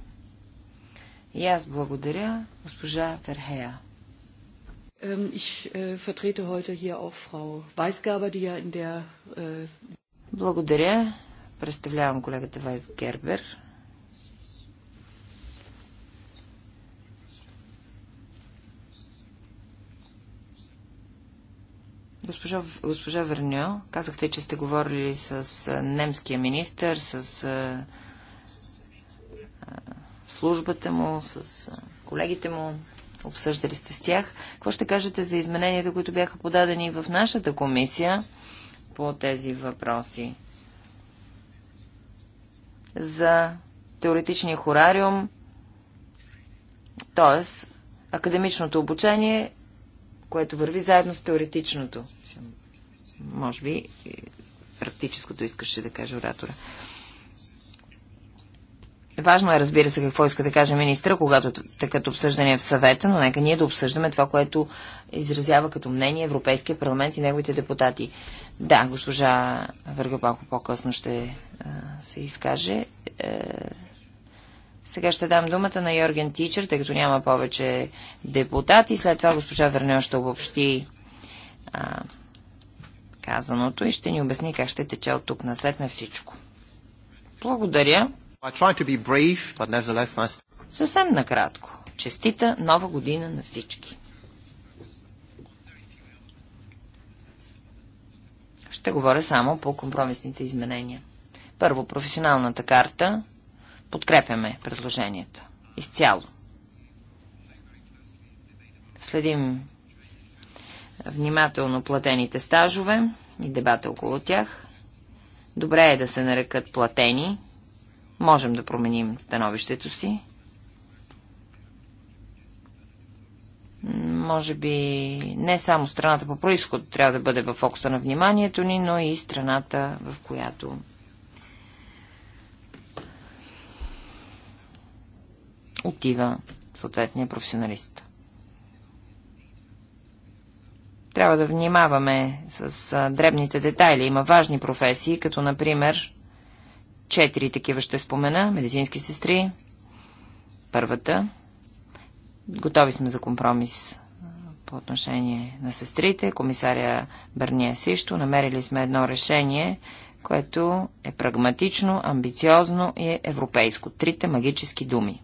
И аз благодаря, госпожа Ферхея. Ich е, vertrete heute hier auch Frau Weisgaber, die ja in der... Е, благодаря. Представлявам колегата Вайс Гербер. Госпожа, госпожа Верньо, казахте, че сте говорили с немския министр, с а, службата му, с а, колегите му, обсъждали сте с тях. Какво ще кажете за измененията, които бяха подадени в нашата комисия по тези въпроси? за теоретичния хорариум, т.е. академичното обучение, което върви заедно с теоретичното. Може би практическото искаше да каже оратора. Важно е, разбира се, какво иска да каже министра, когато такът обсъждане е в съвета, но нека ние да обсъждаме това, което изразява като мнение Европейския парламент и неговите депутати. Да, госпожа Върга малко по-късно ще се изкаже. Е, сега ще дам думата на Йорген Тичер, тъй като няма повече депутати. След това госпожа Верне ще обобщи а, казаното и ще ни обясни как ще тече от тук след на всичко. Благодаря. Brief, Съвсем накратко. Честита нова година на всички. Ще говоря само по компромисните изменения. Първо, професионалната карта. Подкрепяме предложенията. Изцяло. Следим внимателно платените стажове и дебата около тях. Добре е да се нарекат платени. Можем да променим становището си. Може би не само страната по происход трябва да бъде в фокуса на вниманието ни, но и страната, в която отива съответния професионалист. Трябва да внимаваме с дребните детайли. Има важни професии, като например четири такива ще спомена. Медицински сестри, първата. Готови сме за компромис по отношение на сестрите. Комисаря Бърния също. Намерили сме едно решение, което е прагматично, амбициозно и е европейско. Трите магически думи.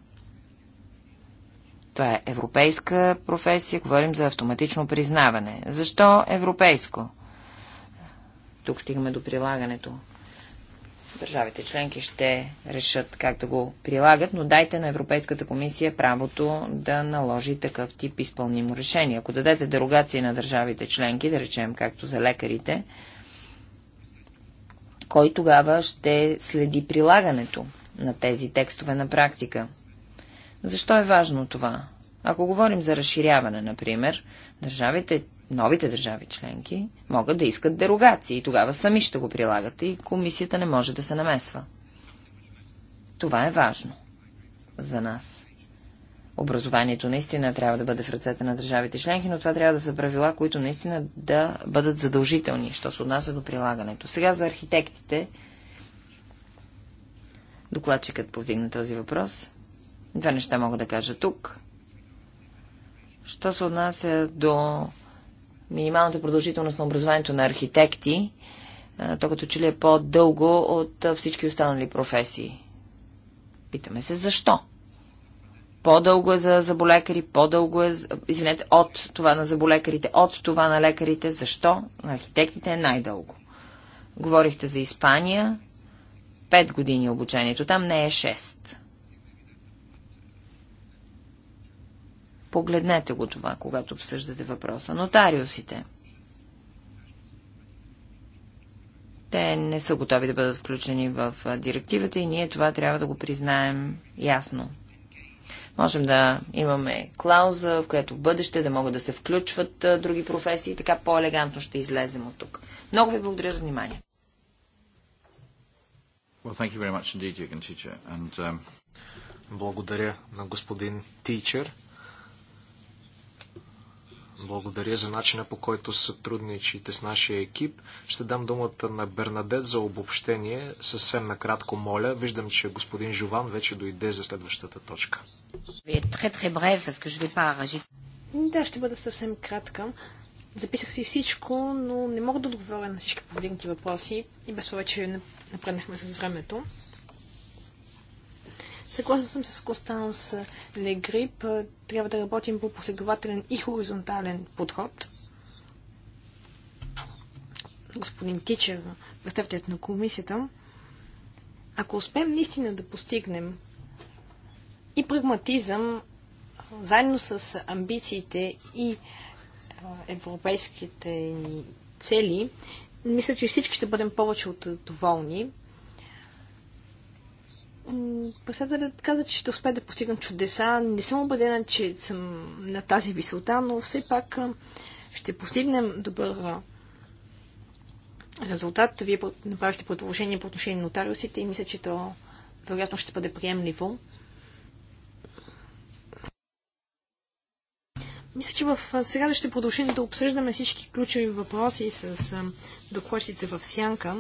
Това е европейска професия, говорим за автоматично признаване. Защо европейско? Тук стигаме до прилагането. Държавите членки ще решат как да го прилагат, но дайте на Европейската комисия правото да наложи такъв тип изпълнимо решение. Ако дадете дерогации на държавите членки, да речем както за лекарите, кой тогава ще следи прилагането на тези текстове на практика? Защо е важно това? Ако говорим за разширяване, например, държавите, новите държави членки могат да искат дерогации и тогава сами ще го прилагат и комисията не може да се намесва. Това е важно за нас. Образованието наистина трябва да бъде в ръцете на държавите членки, но това трябва да са правила, които наистина да бъдат задължителни, що се отнася до прилагането. Сега за архитектите. Докладчикът повдигна този въпрос. Две неща мога да кажа тук. Що се отнася до минималната продължителност на образованието на архитекти, то като че ли е по-дълго от всички останали професии. Питаме се защо. По-дълго е за заболекари, по-дълго е, извинете, от това на заболекарите, от това на лекарите. Защо? На архитектите е най-дълго. Говорихте за Испания. Пет години обучението. Там не е шест. Погледнете го това, когато обсъждате въпроса. Нотариусите. Те не са готови да бъдат включени в директивата и ние това трябва да го признаем ясно. Можем да имаме клауза, в която в бъдеще да могат да се включват други професии, така по-елегантно ще излезем от тук. Много ви благодаря за внимание. Well, indeed, And, um... Благодаря на господин Тичер. Благодаря за начина по който сътрудничите с нашия екип. Ще дам думата на Бернадет за обобщение. Съвсем накратко моля. Виждам, че господин Жован вече дойде за следващата точка. Е да, ще бъда съвсем кратка. Записах си всичко, но не мога да отговоря на всички повдигнати въпроси и без това, че напреднахме с времето. Съгласна съм с Костанс Легрип. Трябва да работим по последователен и хоризонтален подход. Господин Тичер, представителят на комисията, ако успеем наистина да постигнем и прагматизъм, заедно с амбициите и европейските цели, мисля, че всички ще бъдем повече от доволни. Председателят каза, че ще успея да постигна чудеса. Не съм убедена, че съм на тази висота, но все пак ще постигнем добър резултат. Вие направихте предложение по отношение на нотариусите и мисля, че то вероятно ще бъде приемливо. Мисля, че в сега ще продължим да обсъждаме всички ключови въпроси с докладчите в сянка.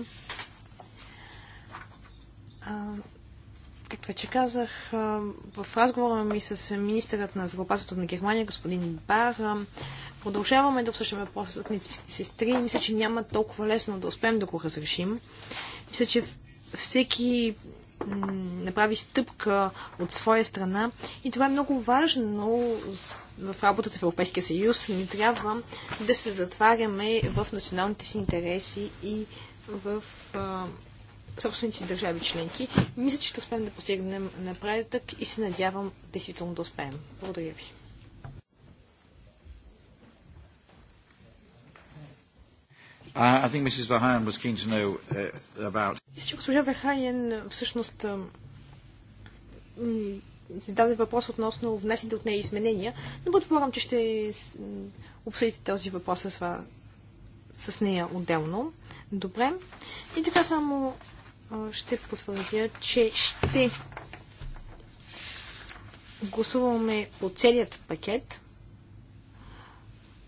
Както вече казах, в разговора ми с министърът на здравеопазването на Германия, господин Бар, продължаваме да обсъщаме въпроса с медицинските сестри. Мисля, че няма толкова лесно да успеем да го разрешим. Мисля, че всеки направи стъпка от своя страна и това е много важно в работата в Европейския съюз. Не трябва да се затваряме в националните си интереси и в собствените си държави членки. Мисля, че ще успеем да постигнем напредък и се надявам действително да успеем. Благодаря ви. Uh, I think Mrs. Vahan was keen to know uh, about... Мисля, госпожа Вахайен всъщност зададе въпрос относно внесените от нея изменения, но предполагам, че ще обсъдите този въпрос с, с нея отделно. Добре. И така само ще потвърдя, че ще гласуваме по целият пакет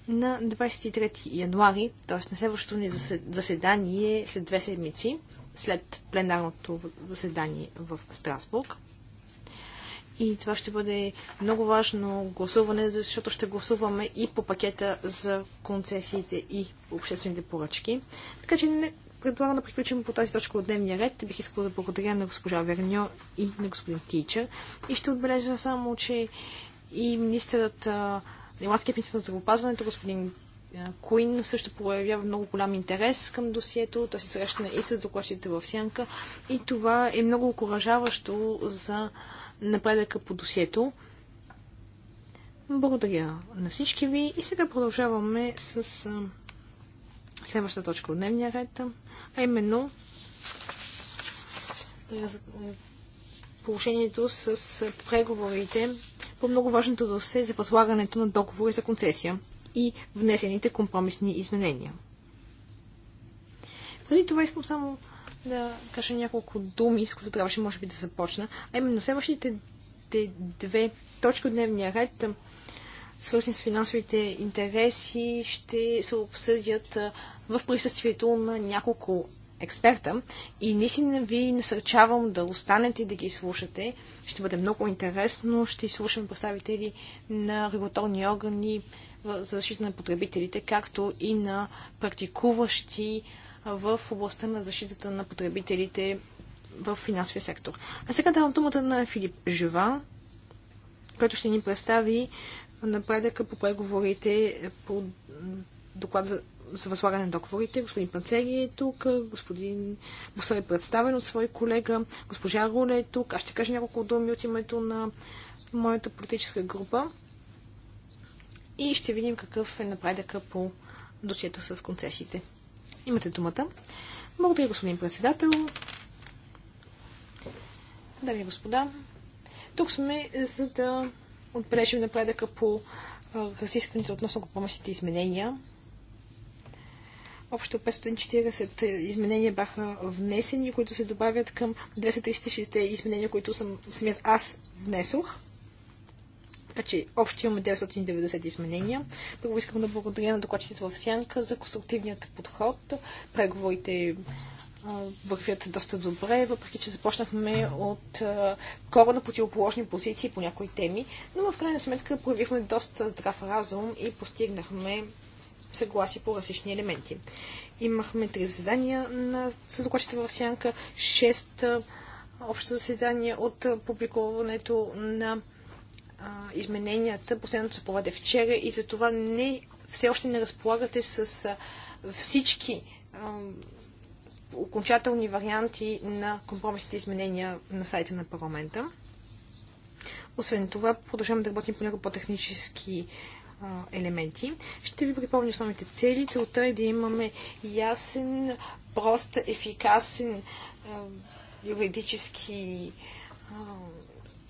на 23 януари, т.е. на следващото ни заседание след две седмици, след пленарното заседание в Страсбург. И това ще бъде много важно гласуване, защото ще гласуваме и по пакета за концесиите и обществените поръчки. Така че не, предлагам да приключим по тази точка от дневния ред. Бих искала да благодаря на госпожа Верньо и на господин Тичер. И ще отбележа само, че и министърът, немалският министър на здравеопазването, господин Куин също проявява много голям интерес към досието. Той се срещна и с докладчите в Сянка. И това е много окоръжаващо за напредъка по досието. Благодаря на всички ви и сега продължаваме с следващата точка от дневния ред, а именно положението с преговорите по много важното досе за възлагането на договори за концесия и внесените компромисни изменения. Преди това искам само да кажа няколко думи, с които трябваше може би да започна. А именно следващите две точки от дневния ред, свързани с финансовите интереси, ще се обсъдят в присъствието на няколко експерта и наистина ви насърчавам да останете и да ги слушате. Ще бъде много интересно. Ще изслушам представители на регулаторни органи за защита на потребителите, както и на практикуващи в областта на защитата на потребителите в финансовия сектор. А сега давам думата на Филип Жива, който ще ни представи напредъка по преговорите по доклад за за възлагане на договорите. Господин Панцери е тук, господин Бусър е представен от свой колега, госпожа Руле е тук. Аз ще кажа няколко думи от името на моята политическа група и ще видим какъв е напредъка по досието с концесиите. Имате думата. Благодаря, господин председател. Дами и господа, тук сме за да отбележим напредъка по разискването относно компромисните изменения. Общо 540 е, изменения бяха внесени, които се добавят към 236 изменения, които съм, самият аз внесох. Така че общо имаме 990 изменения. Първо искам да благодаря на докладчиците в Сянка за конструктивният подход. Преговорите вървят доста добре, въпреки че започнахме от на противоположни позиции по някои теми, но в крайна сметка проявихме доста здрав разум и постигнахме съгласие по различни елементи. Имахме три заседания на съдокладчите в Сянка, шест общо заседания от публикуването на а, измененията. Последното се проведе вчера и за това не, все още не разполагате с а, всички а, окончателни варианти на компромисните изменения на сайта на парламента. Освен това, продължаваме да работим по някои по-технически елементи. Ще ви припомня основните цели. Целта е да имаме ясен, прост, ефикасен юридически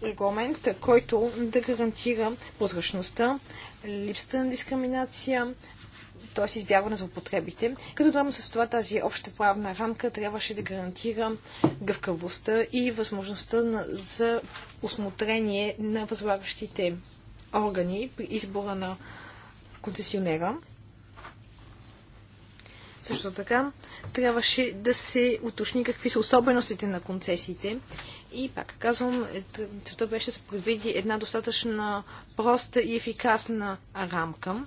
регламент, който да гарантира прозрачността, липсата на дискриминация, т.е. избягване на злопотребите. Като дадем с това тази обща правна рамка трябваше да гарантира гъвкавостта и възможността на, за осмотрение на възлагащите органи при избора на концесионера. Също така трябваше да се уточни какви са особеностите на концесиите. И пак казвам, е, целта беше да се предвиди една достатъчно проста и ефикасна рамка.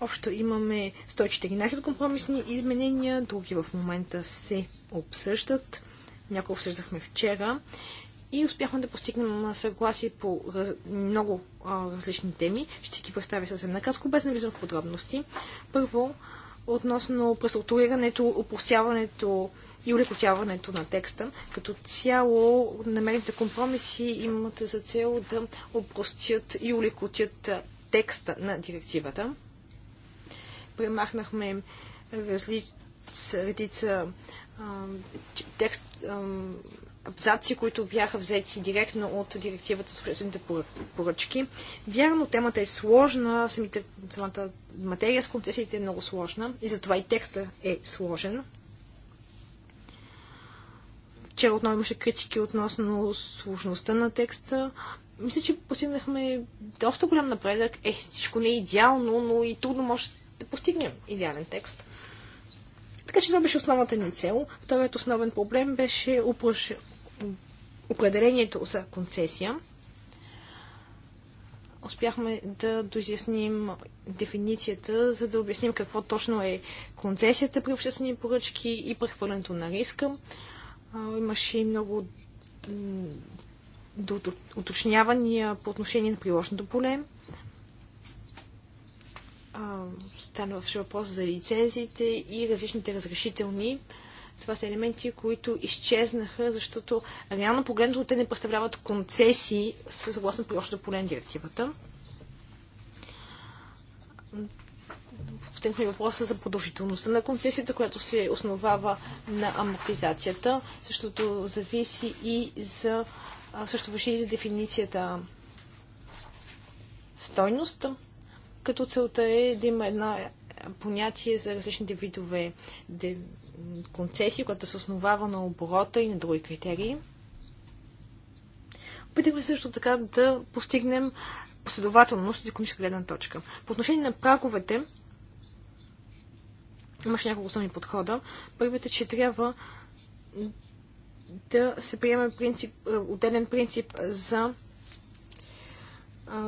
Общо имаме 114 компромисни изменения, други в момента се обсъждат. Някои обсъждахме вчера и успяхме да постигнем съгласие по раз... много а, различни теми. Ще ги представя съвсем накратко, без да влизам в подробности. Първо, относно преструктурирането, опростяването и улекотяването на текста. Като цяло, намерените компромиси имат за цел да опростят и улекотят текста на директивата. Премахнахме разли... редица а, текст, а, абзаци, които бяха взети директно от директивата с обществените поръчки. Вярно, темата е сложна, самите, самата материя с концесиите е много сложна и затова и текста е сложен. Вчера отново имаше критики относно сложността на текста. Мисля, че постигнахме доста голям напредък. Е, всичко не е идеално, но и трудно може да постигнем идеален текст. Така че това беше основната ни цел. Вторият основен проблем беше определението за концесия. Успяхме да доизясним дефиницията, за да обясним какво точно е концесията при обществени поръчки и прехвърлянето на риска. Имаше и много уточнявания по отношение на приложното поле. стана въпрос за лицензиите и различните разрешителни. Това са елементи, които изчезнаха, защото реално погледнато те не представляват концесии съгласно приложното полен на директивата. Потенхме въпроса за продължителността на концесията, която се основава на амортизацията. Същото зависи и за също въжи и за дефиницията стойност, като целта е да има една понятие за различните видове концесия, която се основава на оборота и на други критерии. Опитахме също така да постигнем последователност от економическа гледна точка. По отношение на праговете, имаше няколко сами подхода. Първият е, че трябва да се приеме принцип, е, отделен принцип за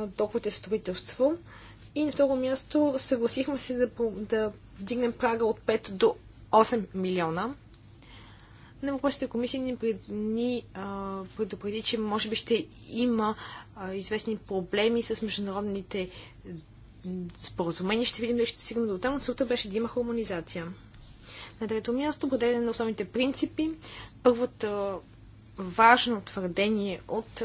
доходите строителство. И на второ място съгласихме се да, да вдигнем прага от 5 до 8 милиона. На въпросите комисия ни, ни а, предупреди, че може би ще има а, известни проблеми с международните споразумения. Ще видим дали ще стигнем до там. Целта беше да има хармонизация. На трето място, поделяне на основните принципи. Първото важно твърдение от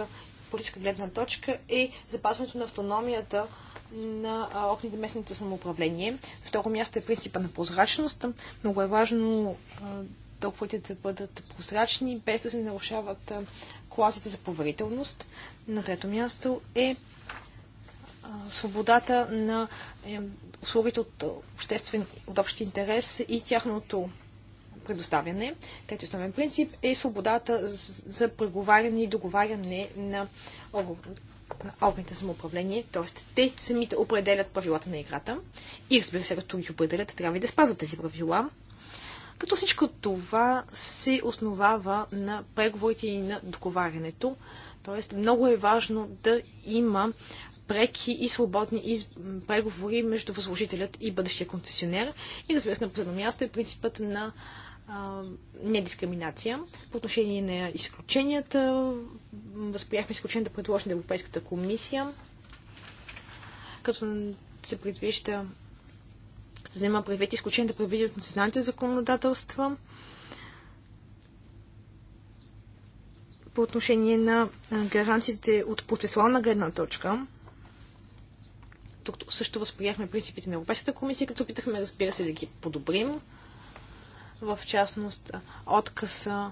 политическа гледна точка е запазването на автономията на органите местните самоуправление. Второ място е принципа на прозрачност. Много е важно доходите да бъдат прозрачни, без да се нарушават класите за поверителност. На трето място е свободата на е, услугите от обществен, от общ интерес и тяхното предоставяне. Трети основен принцип е свободата за преговаряне и договаряне на на органите за самоуправление, т.е. те самите определят правилата на играта и разбира се, като ги определят, трябва и да спазват тези правила. Като всичко това се основава на преговорите и на договарянето, т.е. много е важно да има преки и свободни из... преговори между възложителят и бъдещия концесионер. И разбира се, на последно място е принципът на а, недискриминация по отношение на изключенията възприяхме изключение да предложим на Европейската комисия, като се предвижда се взема предвид изключение да предвидят националните законодателства по отношение на гаранциите от процесуална гледна точка. Тук също възприяхме принципите на Европейската комисия, като опитахме, разбира се, да ги подобрим. В частност, откъса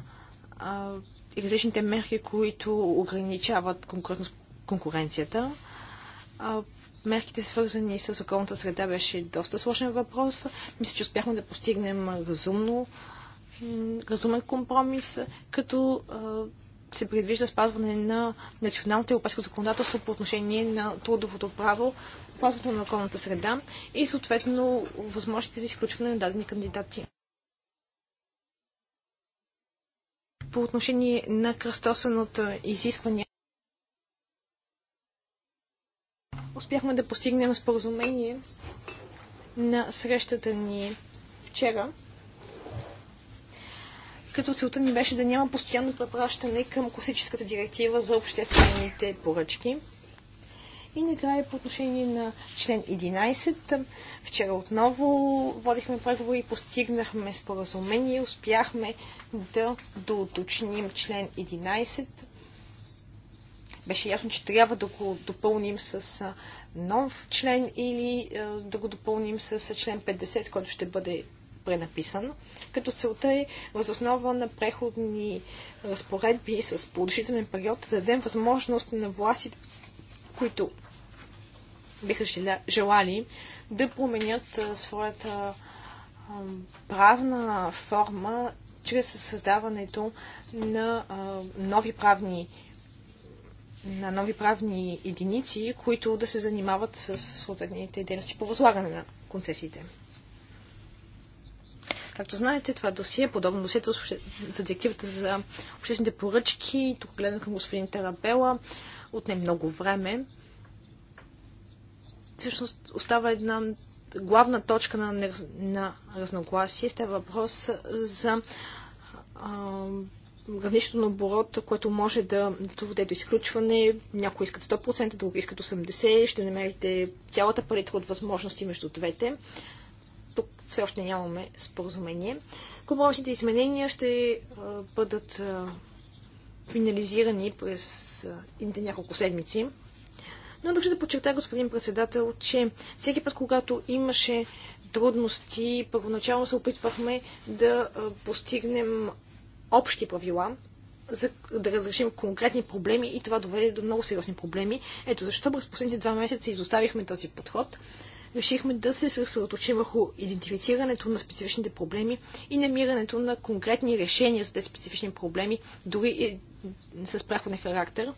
различните мерки, които ограничават конкуренцията. Мерките, свързани с околната среда, беше доста сложен въпрос. Мисля, че успяхме да постигнем разумно, разумен компромис, като се предвижда спазване на националното европейско законодателство по отношение на трудовото право, опазването на околната среда и съответно възможностите за изключване на дадени кандидати. по отношение на кръстосаното изискване. Успяхме да постигнем споразумение на срещата ни вчера, като целта ни беше да няма постоянно препращане към класическата директива за обществените поръчки. И накрая по отношение на член 11. Вчера отново водихме преговори и постигнахме споразумение. Успяхме да доуточним член 11. Беше ясно, че трябва да го допълним с нов член или да го допълним с член 50, който ще бъде пренаписан, като целта е възоснова на преходни разпоредби с положителен период да дадем възможност на властите, които биха желали да променят своята правна форма чрез създаването на нови правни на нови правни единици, които да се занимават с съответните дейности по възлагане на концесиите. Както знаете, това досие, подобно досието за директивата за обществените поръчки, тук гледам към господин Тарабела, отне много време всъщност остава една главна точка на, на разногласие. Става въпрос за а, на оборот, което може да доведе до изключване. Някои искат 100%, други искат 80%. Ще намерите цялата парите от възможности между двете. Тук все още нямаме споразумение. Компромисните изменения ще а, бъдат а, финализирани през а, няколко седмици. Но държа да подчертая, господин председател, че всеки път, когато имаше трудности, първоначално се опитвахме да постигнем общи правила, за да разрешим конкретни проблеми и това доведе до много сериозни проблеми. Ето защо през последните два месеца изоставихме този подход. Решихме да се съсредоточим върху идентифицирането на специфичните проблеми и намирането на конкретни решения за тези специфични проблеми, дори и с прахване характер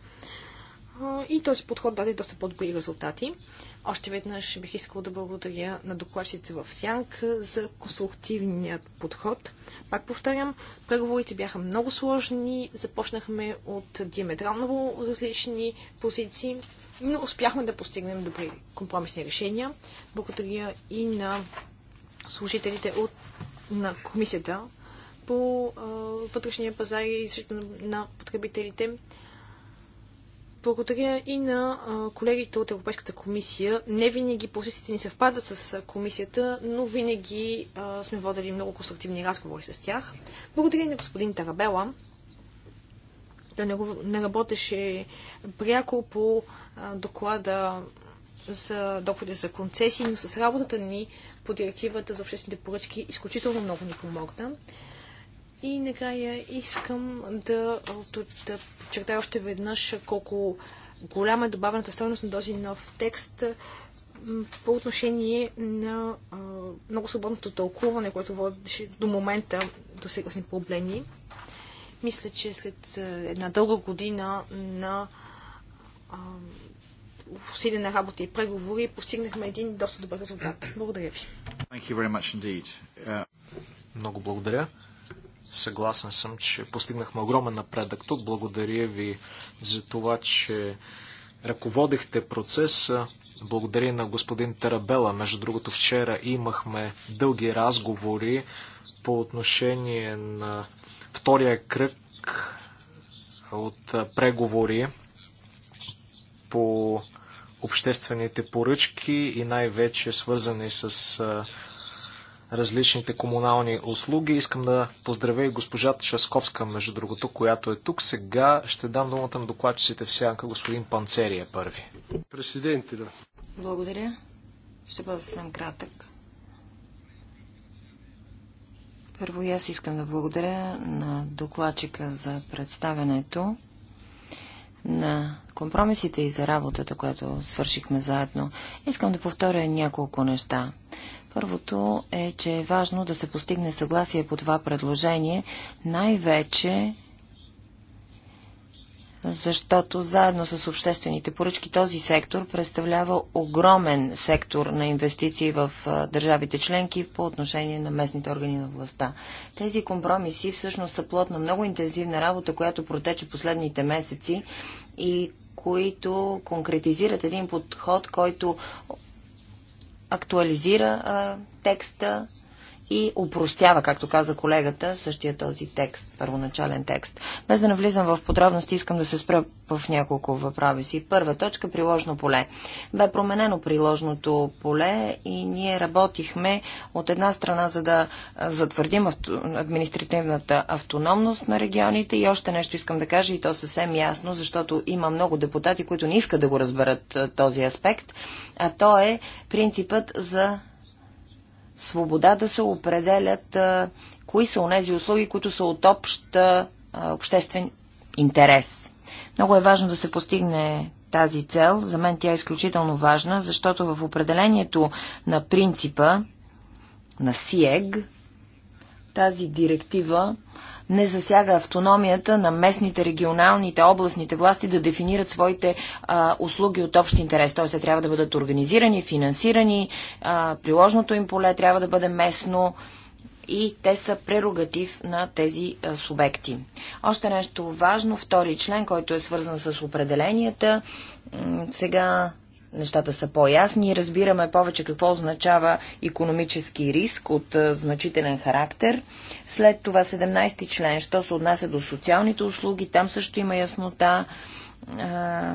и този подход даде доста по-добри резултати. Още веднъж бих искал да благодаря на докладчите в Сянк за конструктивният подход. Пак повторям, преговорите бяха много сложни, започнахме от диаметрално различни позиции, но успяхме да постигнем добри компромисни решения. Благодаря и на служителите от, на комисията по а, вътрешния пазар и на потребителите. Благодаря и на колегите от Европейската комисия. Не винаги позициите ни съвпадат с комисията, но винаги сме водили много конструктивни разговори с тях. Благодаря и на господин Тарабела. Той не работеше пряко по доклада за доходи за концесии, но с работата ни по директивата за обществените поръчки изключително много ни помогна. И накрая искам да, да подчертая още веднъж колко голяма е добавената стойност на този нов текст по отношение на а, много свободното тълкуване, което водеше до момента до сегашни проблеми. Мисля, че след една дълга година на усилена работа и преговори постигнахме един доста добър резултат. Благодаря ви. Uh, много благодаря. Съгласен съм, че постигнахме огромен напредък тук. Благодаря ви за това, че ръководихте процеса. Благодаря на господин Тарабела. Между другото, вчера имахме дълги разговори по отношение на втория кръг от преговори по обществените поръчки и най-вече свързани с различните комунални услуги. Искам да поздравя и госпожа Шасковска, между другото, която е тук. Сега ще дам думата на докладчиците в сянка. Господин Панцерия е първи. Президенти, да. Благодаря. Ще бъда съвсем кратък. Първо и аз искам да благодаря на докладчика за представенето на компромисите и за работата, която свършихме заедно. Искам да повторя няколко неща. Първото е, че е важно да се постигне съгласие по това предложение, най-вече защото заедно с обществените поръчки този сектор представлява огромен сектор на инвестиции в държавите членки по отношение на местните органи на властта. Тези компромиси всъщност са плод на много интензивна работа, която протече последните месеци и които конкретизират един подход, който актуализира а, текста, и упростява, както каза колегата, същия този текст, първоначален текст. Без да навлизам в подробности, искам да се спра в няколко въправи си. Първа точка – приложно поле. Бе променено приложното поле и ние работихме от една страна, за да затвърдим административната автономност на регионите и още нещо искам да кажа и то съвсем ясно, защото има много депутати, които не искат да го разберат този аспект, а то е принципът за свобода да се определят а, кои са онези услуги, които са от общ а, обществен интерес. Много е важно да се постигне тази цел. За мен тя е изключително важна, защото в определението на принципа на СИЕГ, тази директива не засяга автономията на местните, регионалните, областните власти да дефинират своите а, услуги от общ интерес. Тоест, те трябва да бъдат организирани, финансирани, а, приложното им поле трябва да бъде местно и те са прерогатив на тези а, субекти. Още нещо важно, втори член, който е свързан с определенията. Сега нещата са по-ясни и разбираме повече какво означава економически риск от значителен характер. След това 17 член, що се отнася до социалните услуги, там също има яснота, а,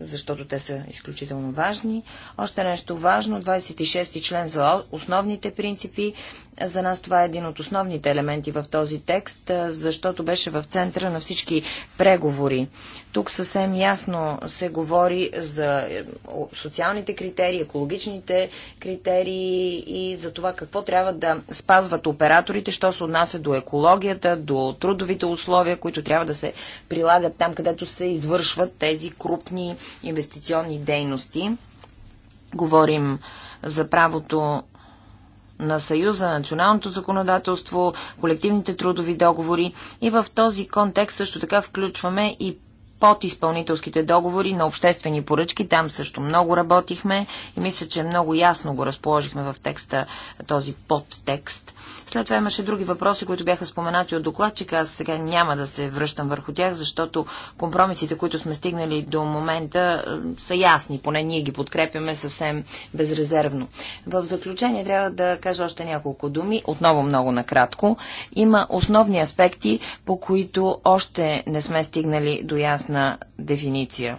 защото те са изключително важни. Още нещо важно, 26 член за основните принципи. За нас това е един от основните елементи в този текст, защото беше в центъра на всички преговори. Тук съвсем ясно се говори за е, социалните критерии, екологичните критерии и за това какво трябва да спазват операторите, що се отнася до екологията, до трудовите условия, които трябва да се прилагат там, където се извършват тези крупни инвестиционни дейности. Говорим за правото на Съюза, националното законодателство, колективните трудови договори и в този контекст също така включваме и под изпълнителските договори на обществени поръчки. Там също много работихме и мисля, че много ясно го разположихме в текста, този подтекст. След това имаше други въпроси, които бяха споменати от докладчика. Аз сега няма да се връщам върху тях, защото компромисите, които сме стигнали до момента, е, са ясни. Поне ние ги подкрепяме съвсем безрезервно. В заключение трябва да кажа още няколко думи. Отново много накратко. Има основни аспекти, по които още не сме стигнали до ясна дефиниция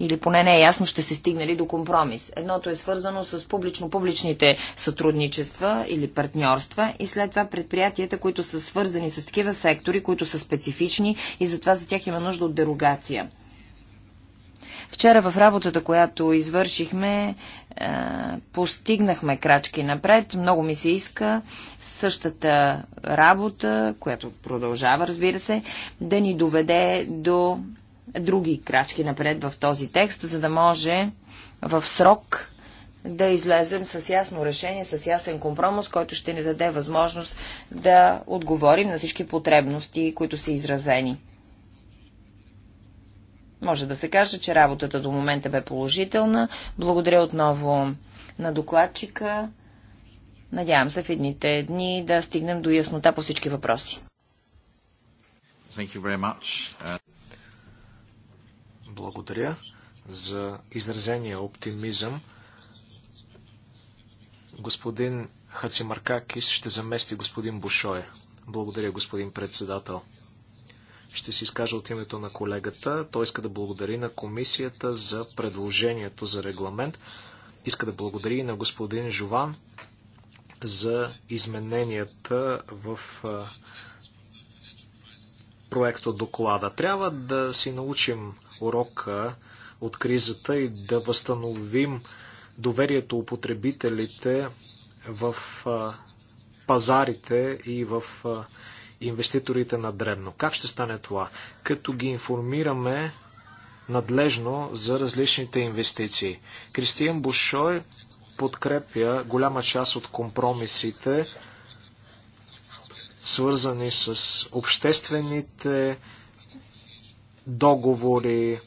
или поне не е ясно, ще се стигне ли до компромис. Едното е свързано с публично-публичните сътрудничества или партньорства и след това предприятията, които са свързани с такива сектори, които са специфични и затова за тях има нужда от дерогация. Вчера в работата, която извършихме, е, постигнахме крачки напред. Много ми се иска същата работа, която продължава, разбира се, да ни доведе до други крачки напред в този текст, за да може в срок да излезем с ясно решение, с ясен компромис, който ще ни даде възможност да отговорим на всички потребности, които са изразени. Може да се каже, че работата до момента бе положителна. Благодаря отново на докладчика. Надявам се в едните дни да стигнем до яснота по всички въпроси. Uh, благодаря за изразения оптимизъм. Господин Хацимаркакис ще замести господин Бушое. Благодаря, господин председател. Ще си изкажа от името на колегата. Той иска да благодари на комисията за предложението за регламент. Иска да благодари и на господин Жован за измененията в проекто доклада. Трябва да си научим урока от кризата и да възстановим доверието у потребителите в пазарите и в инвеститорите на дребно. Как ще стане това? Като ги информираме надлежно за различните инвестиции. Кристиан Бушой подкрепя голяма част от компромисите, свързани с обществените договори.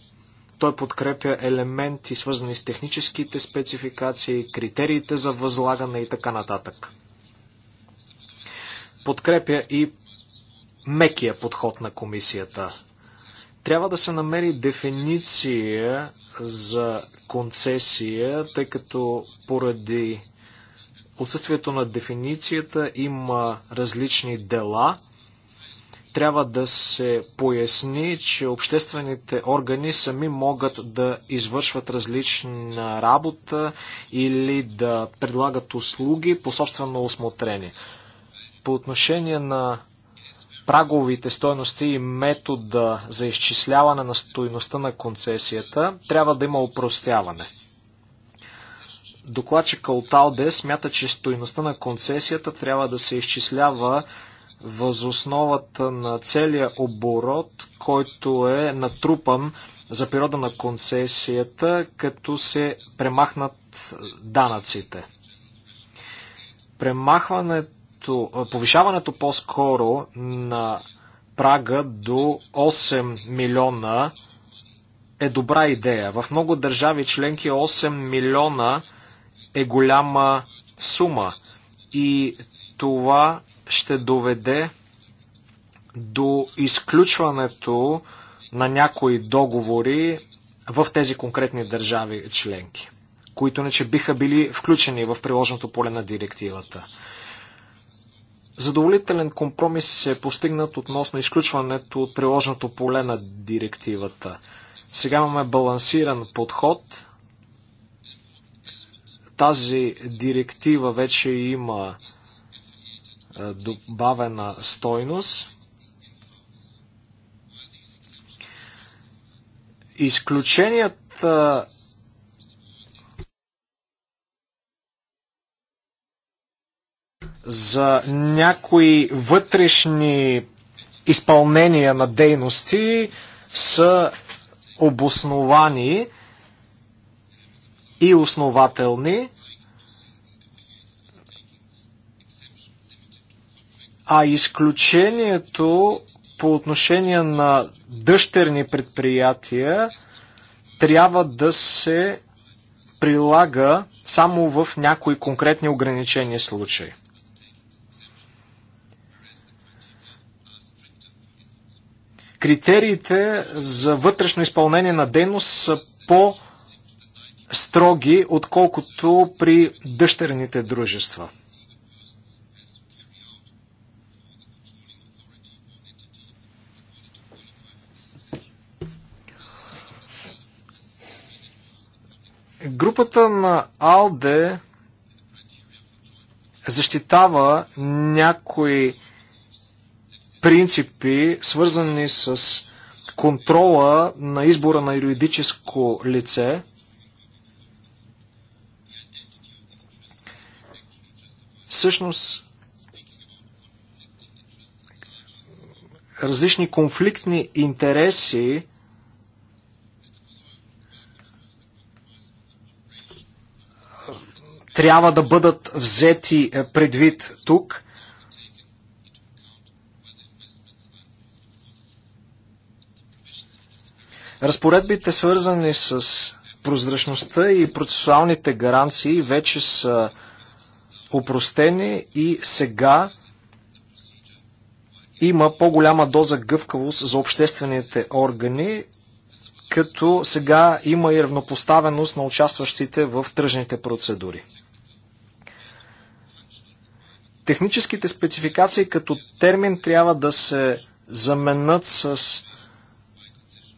Той подкрепя елементи, свързани с техническите спецификации, критериите за възлагане и така нататък. Подкрепя и мекия подход на комисията. Трябва да се намери дефиниция за концесия, тъй като поради отсъствието на дефиницията има различни дела – трябва да се поясни, че обществените органи сами могат да извършват различна работа или да предлагат услуги по собствено осмотрение. По отношение на праговите стоености и метода за изчисляване на стоеността на концесията, трябва да има упростяване. Докладчик Калталде смята, че стоеността на концесията трябва да се изчислява възосновата на целия оборот, който е натрупан за периода на концесията, като се премахнат данъците. Премахването, повишаването по-скоро на прага до 8 милиона е добра идея. В много държави членки 8 милиона е голяма сума и това ще доведе до изключването на някои договори в тези конкретни държави членки, които иначе биха били включени в приложното поле на директивата. Задоволителен компромис се е постигнат относно изключването от приложното поле на директивата. Сега имаме балансиран подход. Тази директива вече има е, добавена стойност. Изключенията е, за някои вътрешни изпълнения на дейности са обосновани и основателни. А изключението по отношение на дъщерни предприятия трябва да се прилага само в някои конкретни ограничени случаи. Критериите за вътрешно изпълнение на дейност са по-строги, отколкото при дъщерните дружества. Групата на АЛДЕ защитава някои принципи, свързани с контрола на избора на юридическо лице. Всъщност, различни конфликтни интереси трябва да бъдат взети е, предвид тук. Разпоредбите, свързани с прозрачността и процесуалните гаранции, вече са упростени и сега има по-голяма доза гъвкавост за обществените органи, като сега има и равнопоставеност на участващите в тръжните процедури техническите спецификации като термин трябва да се заменят с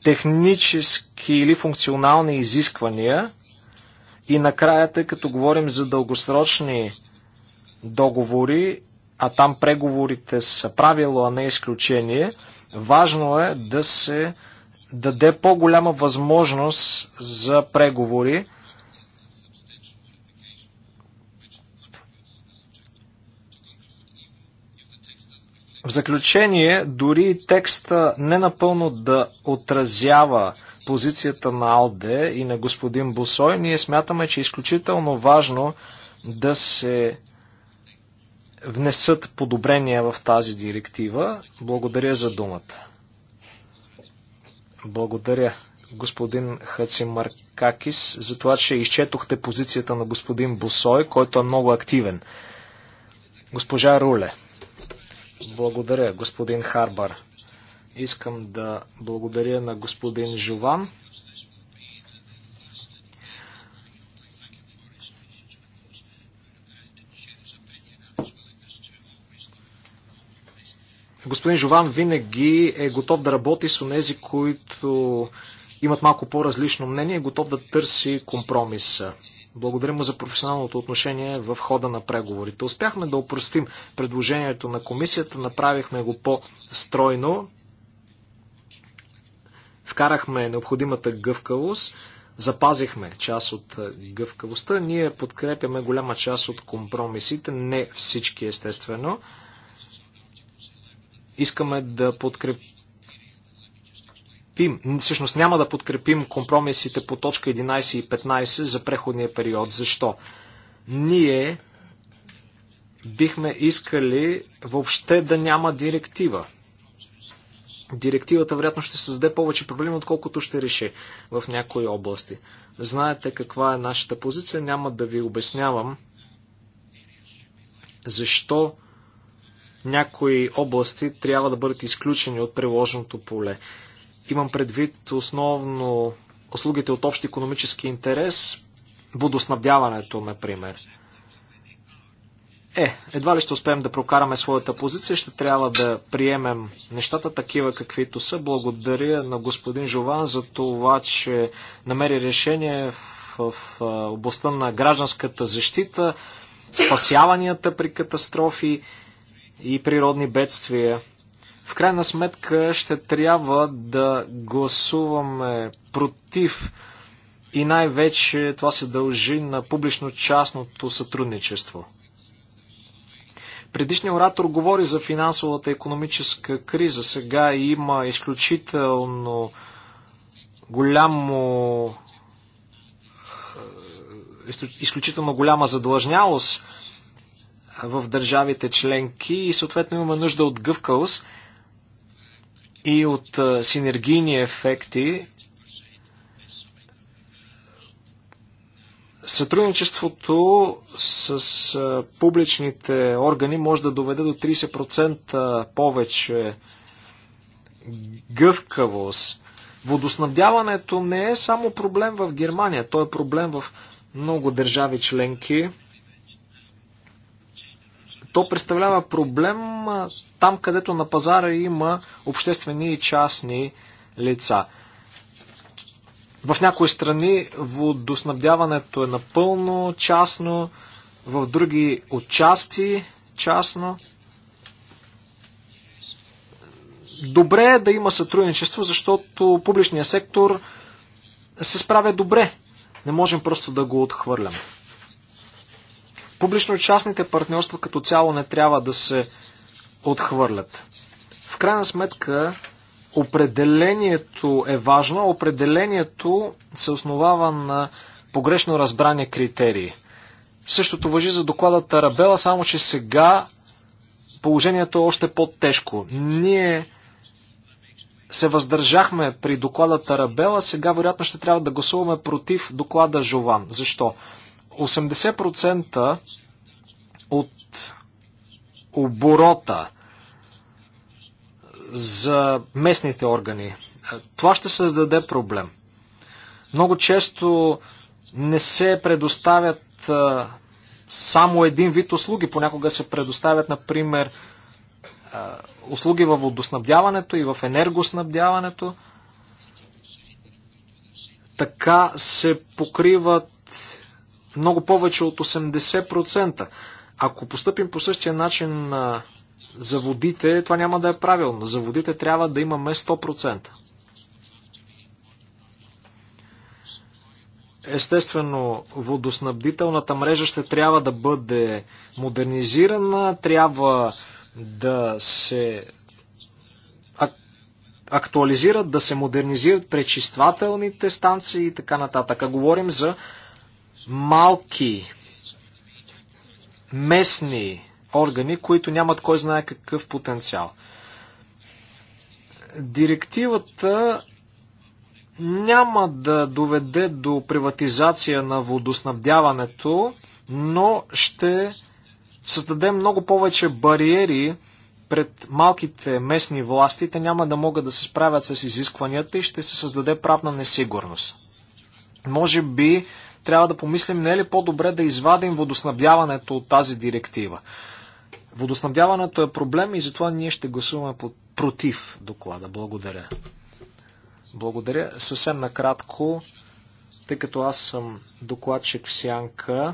технически или функционални изисквания и накрая, тъй като говорим за дългосрочни договори, а там преговорите са правило, а не изключение, важно е да се даде по-голяма възможност за преговори В заключение, дори текста не напълно да отразява позицията на Алде и на господин Босой, ние смятаме, че е изключително важно да се внесат подобрения в тази директива. Благодаря за думата. Благодаря, господин Хацимаркакис, за това, че изчетохте позицията на господин Босой, който е много активен. Госпожа Руле. Благодаря, господин Харбар. Искам да благодаря на господин Жован. Господин Жован винаги е готов да работи с онези, които имат малко по-различно мнение, и готов да търси компромиса. Благодарим за професионалното отношение в хода на преговорите. Успяхме да опростим предложението на комисията, направихме го по-стройно, вкарахме необходимата гъвкавост, запазихме част от гъвкавостта. Ние подкрепяме голяма част от компромисите, не всички естествено. Искаме да подкрепим подкрепим, всъщност няма да подкрепим компромисите по точка 11 и 15 за преходния период. Защо? Ние бихме искали въобще да няма директива. Директивата вероятно ще създаде повече проблеми, отколкото ще реши в някои области. Знаете каква е нашата позиция, няма да ви обяснявам защо някои области трябва да бъдат изключени от приложеното поле. Имам предвид основно услугите от общ економически интерес, водоснабдяването, например. Е, едва ли ще успеем да прокараме своята позиция, ще трябва да приемем нещата такива каквито са. Благодаря на господин Жован за това, че намери решение в, в областта на гражданската защита, спасяванията при катастрофи и природни бедствия. В крайна сметка ще трябва да гласуваме против и най-вече това се дължи на публично-частното сътрудничество. Предишният оратор говори за финансовата економическа криза. Сега има изключително голямо е, изключително голяма задлъжнялост в държавите членки и съответно имаме нужда от гъвкавост и от синергийни ефекти, сътрудничеството с публичните органи може да доведе до 30% повече гъвкавост. Водоснабдяването не е само проблем в Германия, то е проблем в много държави членки. То представлява проблем там, където на пазара има обществени и частни лица. В някои страни водоснабдяването е напълно частно, в други отчасти частно. Добре е да има сътрудничество, защото публичният сектор се справя добре. Не можем просто да го отхвърляме. Публично-частните партньорства като цяло не трябва да се отхвърлят. В крайна сметка, определението е важно, а определението се основава на погрешно разбрани критерии. Същото въжи за доклада Тарабела, само че сега положението е още по-тежко. Ние се въздържахме при доклада Тарабела, сега вероятно ще трябва да гласуваме против доклада Жован. Защо? 80% от оборота за местните органи. Това ще създаде проблем. Много често не се предоставят само един вид услуги. Понякога се предоставят, например, услуги във водоснабдяването и в енергоснабдяването. Така се покриват много повече от 80%. Ако поступим по същия начин за водите, това няма да е правилно. За водите трябва да имаме 100%. Естествено, водоснабдителната мрежа ще трябва да бъде модернизирана, трябва да се актуализират, да се модернизират пречиствателните станции и така нататък. А говорим за малки местни органи, които нямат кой знае какъв потенциал. Директивата няма да доведе до приватизация на водоснабдяването, но ще създаде много повече бариери пред малките местни власти. Те няма да могат да се справят с изискванията и ще се създаде правна несигурност. Може би трябва да помислим не е ли по-добре да извадим водоснабдяването от тази директива. Водоснабдяването е проблем и затова ние ще гласуваме против доклада. Благодаря. Благодаря. Съвсем накратко, тъй като аз съм докладчик в Сянка,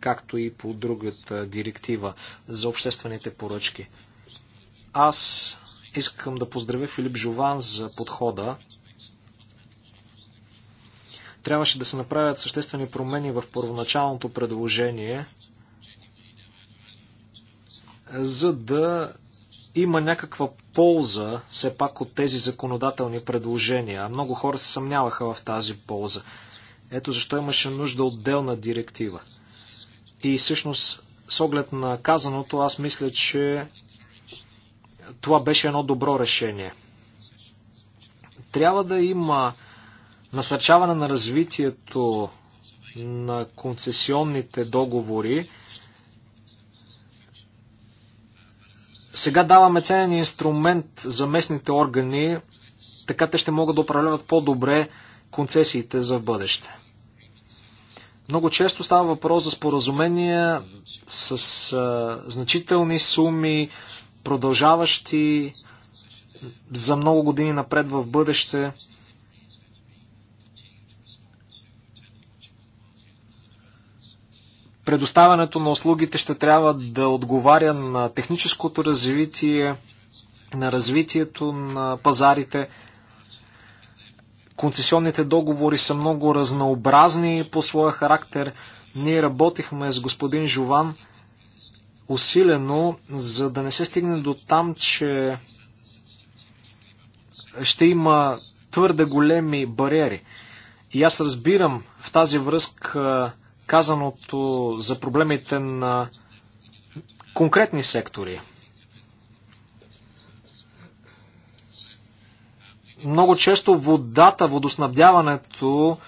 както и по другата директива за обществените поръчки. Аз искам да поздравя Филип Жован за подхода, Трябваше да се направят съществени промени в първоначалното предложение, за да има някаква полза все пак от тези законодателни предложения. много хора се съмняваха в тази полза. Ето защо имаше нужда отделна директива. И всъщност, с оглед на казаното, аз мисля, че това беше едно добро решение. Трябва да има насърчаване на развитието на концесионните договори. Сега даваме ценен инструмент за местните органи, така те ще могат да управляват по-добре концесиите за бъдеще. Много често става въпрос за споразумения с а, значителни суми, продължаващи за много години напред в бъдеще. предоставянето на услугите ще трябва да отговаря на техническото развитие, на развитието на пазарите. Концесионните договори са много разнообразни по своя характер. Ние работихме с господин Жован усилено, за да не се стигне до там, че ще има твърде големи бариери. И аз разбирам в тази връзка казаното за проблемите на конкретни сектори. Много често водата, водоснабдяването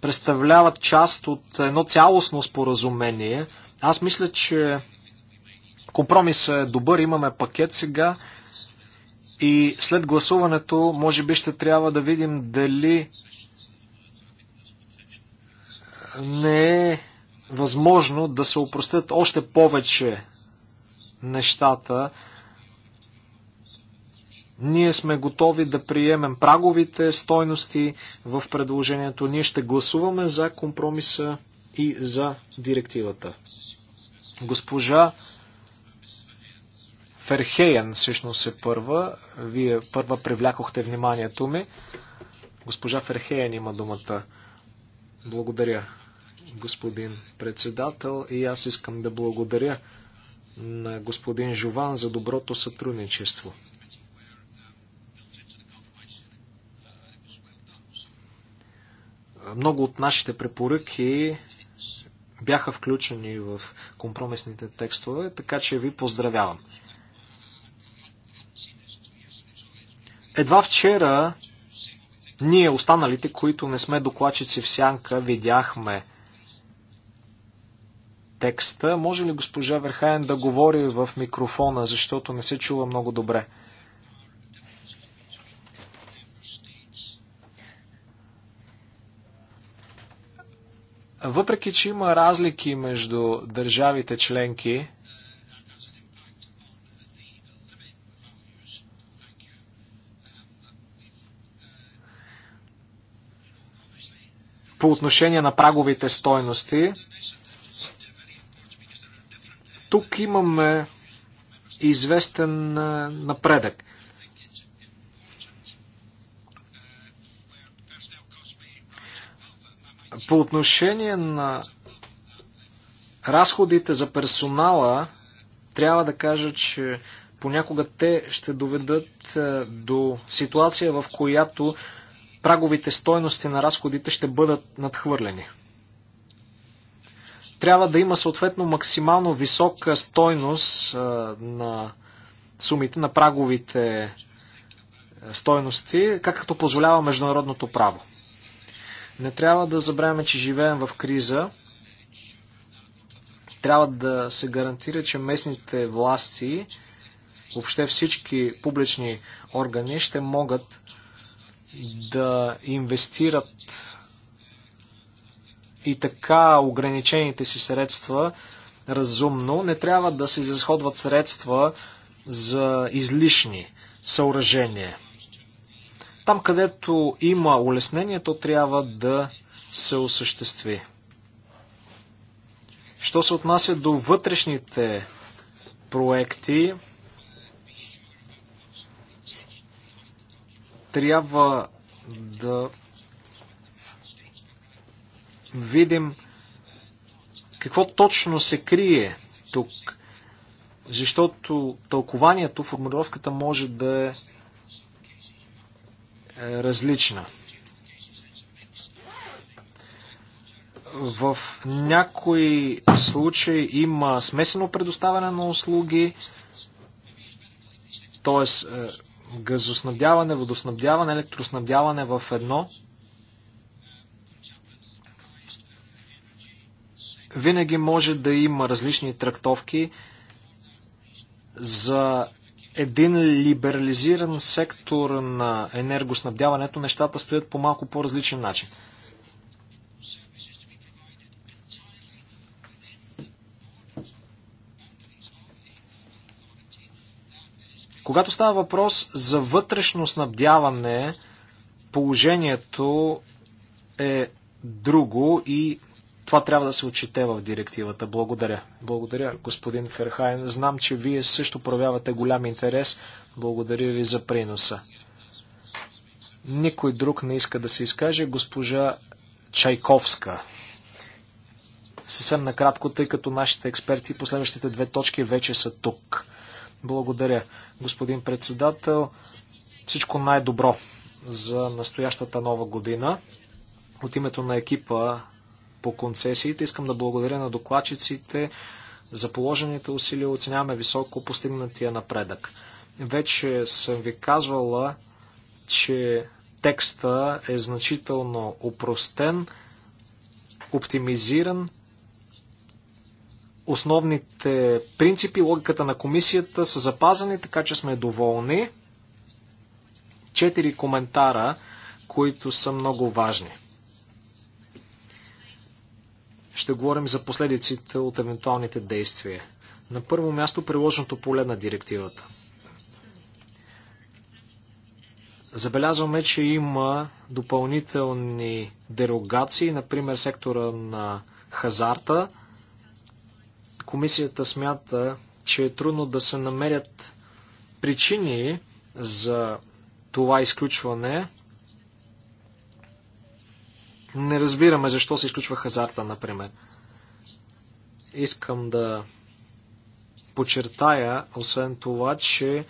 представляват част от едно цялостно споразумение. Аз мисля, че компромис е добър, имаме пакет сега и след гласуването може би ще трябва да видим дали не е възможно да се опростят още повече нещата. Ние сме готови да приемем праговите стойности в предложението. Ние ще гласуваме за компромиса и за директивата. Госпожа Ферхейен, всъщност е първа. Вие първа привлякохте вниманието ми. Госпожа Ферхейен има думата. Благодаря, господин председател, и аз искам да благодаря на господин Жован за доброто сътрудничество. Много от нашите препоръки бяха включени в компромисните текстове, така че ви поздравявам. Едва вчера ние останалите, които не сме докладчици в сянка, видяхме текста. Може ли госпожа Верхаен да говори в микрофона, защото не се чува много добре? Въпреки, че има разлики между държавите членки, по отношение на праговите стойности, тук имаме известен напредък. По отношение на разходите за персонала, трябва да кажа, че понякога те ще доведат до ситуация, в която праговите стойности на разходите ще бъдат надхвърлени трябва да има съответно максимално висока стойност на сумите, на праговите е, стойности, както позволява международното право. Не трябва да забравяме, че живеем в криза. Трябва да се гарантира, че местните власти, въобще всички публични органи ще могат да инвестират и така ограничените си средства разумно. Не трябва да се изразходват средства за излишни съоръжения. Там, където има улеснение, то трябва да се осъществи. Що се отнася до вътрешните проекти, трябва да видим какво точно се крие тук. Защото тълкованието, формулировката може да е, е различна. В някои случаи има смесено предоставяне на услуги, т.е. Е, газоснабдяване, водоснабдяване, електроснабдяване в едно – Винаги може да има различни трактовки за един либерализиран сектор на енергоснабдяването, нещата стоят по малко по-различен начин. Когато става въпрос за вътрешно снабдяване, положението е друго и това трябва да се отчете в директивата. Благодаря. Благодаря, господин Ферхайн. Знам, че вие също проявявате голям интерес. Благодаря ви за приноса. Никой друг не иска да се изкаже. Госпожа Чайковска. Съвсем накратко, тъй като нашите експерти по следващите две точки вече са тук. Благодаря, господин председател. Всичко най-добро за настоящата нова година. От името на екипа по концесиите. Искам да благодаря на докладчиците за положените усилия. Оценяваме високо постигнатия напредък. Вече съм ви казвала, че текста е значително упростен, оптимизиран. Основните принципи, логиката на комисията са запазени, така че сме доволни. Четири коментара, които са много важни ще говорим за последиците от евентуалните действия. На първо място приложното поле на директивата. Забелязваме, че има допълнителни дерогации, например сектора на хазарта. Комисията смята, че е трудно да се намерят причини за това изключване, не разбираме защо се изключва хазарта, например. Искам да подчертая, освен това, че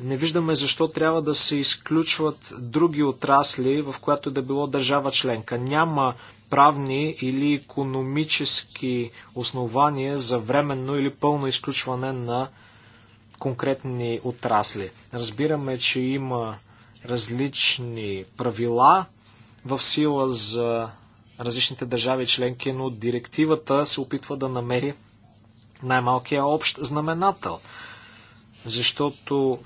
не виждаме защо трябва да се изключват други отрасли, в която да било държава членка. Няма правни или економически основания за временно или пълно изключване на конкретни отрасли. Разбираме, че има различни правила в сила за различните държави членки, но директивата се опитва да намери най-малкия общ знаменател. Защото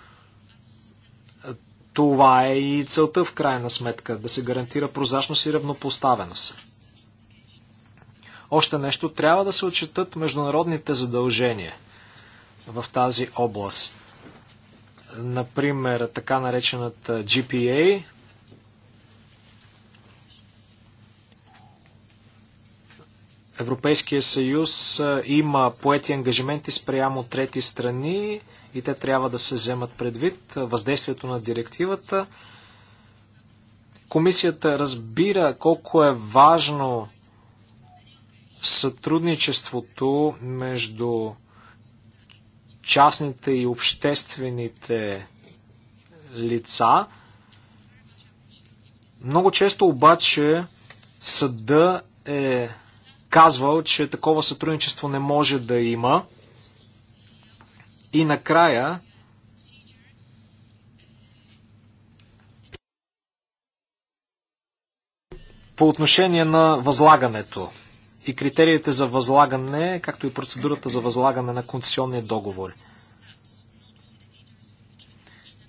е, това е и целта в крайна сметка да се гарантира прозрачност и равнопоставеност. Още нещо трябва да се отчитат международните задължения в тази област. Например, така наречената GPA, Европейския съюз има поети ангажименти спрямо трети страни и те трябва да се вземат предвид въздействието на директивата. Комисията разбира колко е важно сътрудничеството между частните и обществените лица. Много често обаче съда е казвал, че такова сътрудничество не може да има. И накрая по отношение на възлагането и критериите за възлагане, както и процедурата за възлагане на концесионния договор.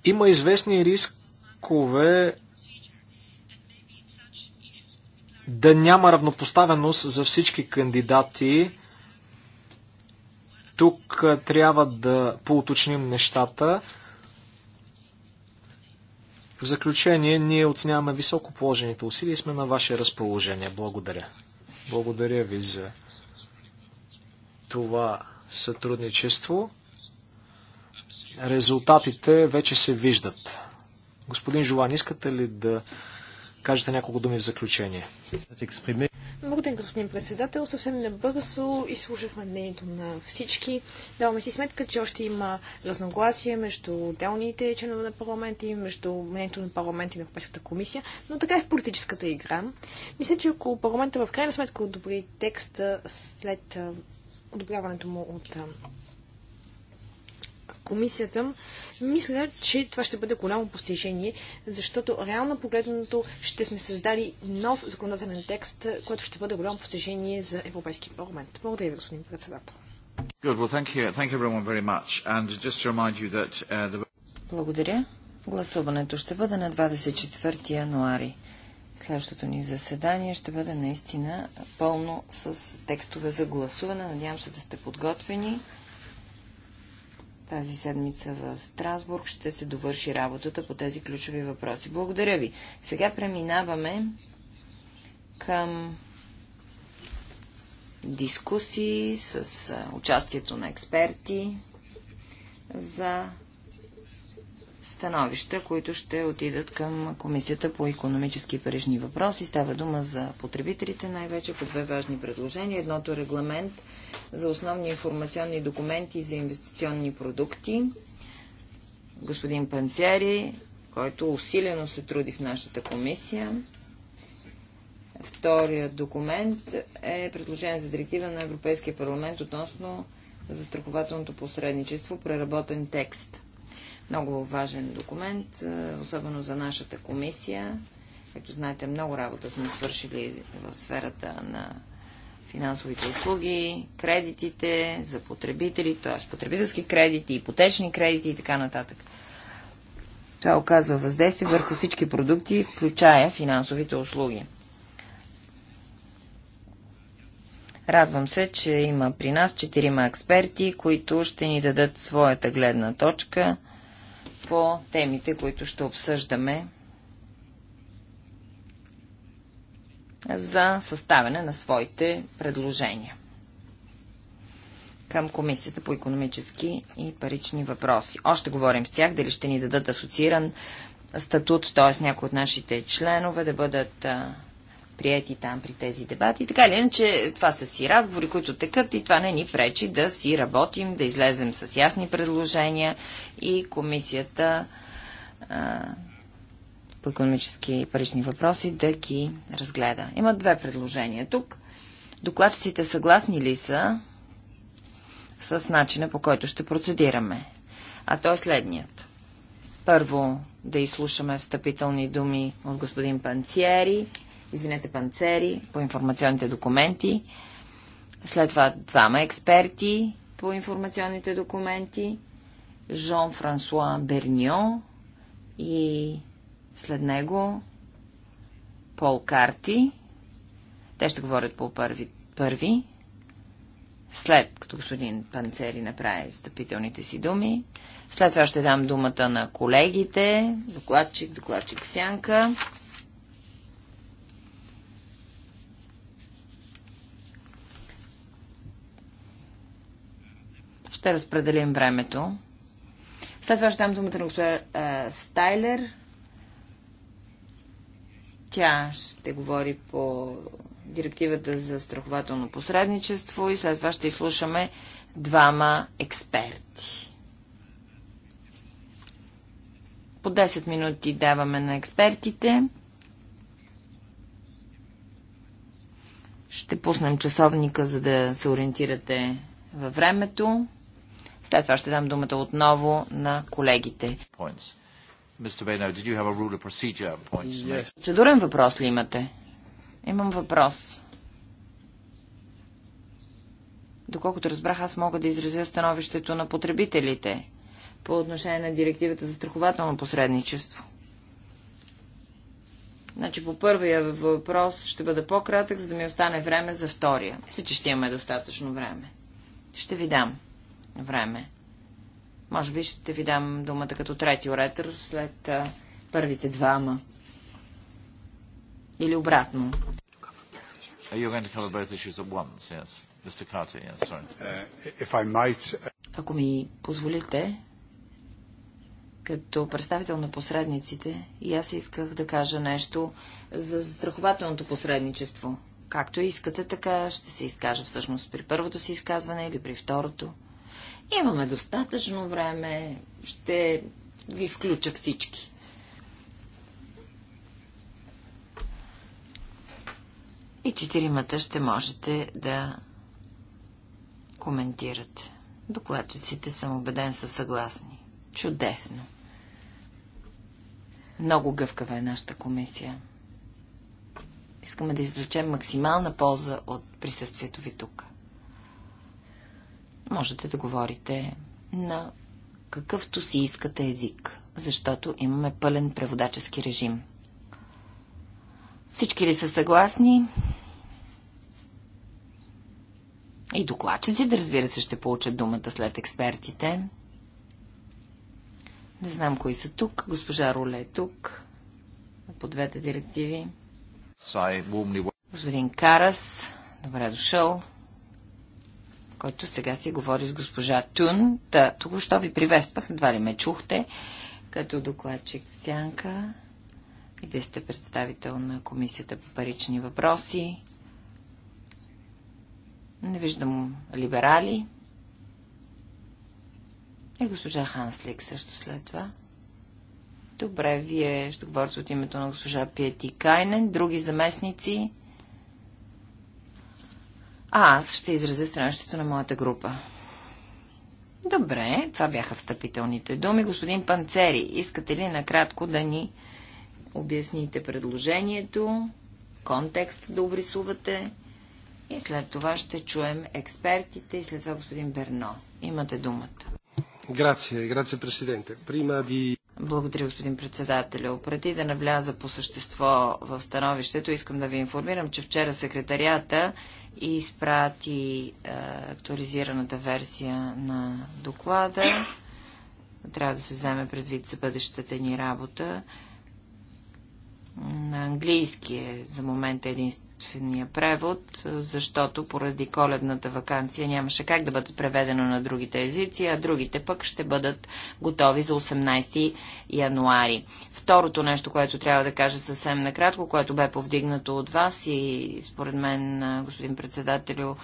Има известни рискове да няма равнопоставеност за всички кандидати. Тук трябва да поуточним нещата. В заключение, ние оценяваме високо положените усилия и сме на ваше разположение. Благодаря. Благодаря ви за това сътрудничество. Резултатите вече се виждат. Господин Жован, искате ли да кажете няколко думи в заключение. Благодаря, господин председател. Съвсем набързо изслушахме мнението на всички. Даваме си сметка, че още има разногласие между отделните членове на парламента и между мнението на парламента и на Европейската комисия, но така е в политическата игра. Мисля, че ако парламента в крайна сметка одобри текста след одобряването му от комисията, мисля, че това ще бъде голямо постижение, защото реално погледнато ще сме създали нов законодателен текст, който ще бъде голямо постижение за Европейския парламент. Благодаря ви, господин председател. Uh, Благодаря. Гласуването ще бъде на 24 януари. Следващото ни заседание ще бъде наистина пълно с текстове за гласуване. Надявам се да сте подготвени. Тази седмица в Страсбург ще се довърши работата по тези ключови въпроси. Благодаря ви. Сега преминаваме към дискусии с участието на експерти за становища, които ще отидат към Комисията по економически и парижни въпроси. Става дума за потребителите най-вече по две важни предложения. Едното е регламент за основни информационни документи за инвестиционни продукти. Господин Панцери, който усилено се труди в нашата комисия. Вторият документ е предложен за директива на Европейския парламент относно застрахователното посредничество, преработен текст. Много важен документ, е, особено за нашата комисия. Както знаете, много работа сме свършили в сферата на финансовите услуги, кредитите за потребители, т.е. потребителски кредити, ипотечни кредити и така нататък. Това оказва въздействие върху всички продукти, включая финансовите услуги. Радвам се, че има при нас четирима експерти, които ще ни дадат своята гледна точка по темите, които ще обсъждаме за съставяне на своите предложения към Комисията по економически и парични въпроси. Още говорим с тях, дали ще ни дадат асоцииран статут, т.е. някои от нашите членове да бъдат прияти там при тези дебати. Така или иначе, това са си разговори, които текат и това не ни пречи да си работим, да излезем с ясни предложения и комисията а, по економически и парични въпроси да ги разгледа. Има две предложения тук. Докладчиците съгласни ли са с начина по който ще процедираме? А то е следният. Първо да изслушаме встъпителни думи от господин Панцери, извинете, Панцери, по информационните документи. След това двама експерти по информационните документи. Жон-Франсуа Берньо и след него Пол Карти. Те ще говорят по първи. първи. След като господин Панцери направи встъпителните си думи, след това ще дам думата на колегите, докладчик, докладчик сянка. Ще разпределим времето. След това ще дам думата на господин е, Стайлер, тя ще говори по директивата за страхователно посредничество и след това ще изслушаме двама експерти. По 10 минути даваме на експертите. Ще пуснем часовника, за да се ориентирате във времето. След това ще дам думата отново на колегите. Points. Процедурен въпрос ли имате? Имам въпрос. Доколкото разбрах, аз мога да изразя становището на потребителите по отношение на директивата за страхователно посредничество. Значи по първия въпрос ще бъда по-кратък, за да ми остане време за втория. Мисля, че ще имаме достатъчно време. Ще ви дам време. Може би ще ви дам думата като трети оратор след а, първите двама. Или обратно. Uh, uh, Ако ми позволите, като представител на посредниците, и аз исках да кажа нещо за застрахователното посредничество. Както искате, така ще се изкажа всъщност при първото си изказване или при второто. Имаме достатъчно време, ще ви включа всички. И четиримата ще можете да коментирате. Докладчиците съм убеден са съгласни. Чудесно! Много гъвкава е нашата комисия. Искаме да извлечем максимална полза от присъствието ви тук можете да говорите на какъвто си искате език, защото имаме пълен преводачески режим. Всички ли са съгласни? И докладчиците, разбира се, ще получат думата след експертите. Не знам кои са тук. Госпожа Руле е тук. По двете директиви. Господин Карас, добре дошъл който сега си говори с госпожа Тюн, Та, току-що ви приветствах, едва ли ме чухте, като докладчик в Сянка. И вие сте представител на Комисията по парични въпроси. Не виждам либерали. И госпожа Ханслик също след това. Добре, вие ще говорите от името на госпожа Пиети Кайнен, други заместници. А аз ще изразя становището на моята група. Добре, това бяха встъпителните думи. Господин Панцери, искате ли накратко да ни обясните предложението, контекст да обрисувате и след това ще чуем експертите и след това господин Берно. Имате думата. грация, grazie Presidente. Prima di... Благодаря, господин председател. Преди да навляза по същество в становището, искам да ви информирам, че вчера секретарията изпрати е, актуализираната версия на доклада. Трябва да се вземе предвид за бъдещата ни работа. На английски е за момента един, директния превод, защото поради коледната вакансия нямаше как да бъде преведено на другите езици, а другите пък ще бъдат готови за 18 януари. Второто нещо, което трябва да кажа съвсем накратко, което бе повдигнато от вас и според мен, господин председателю,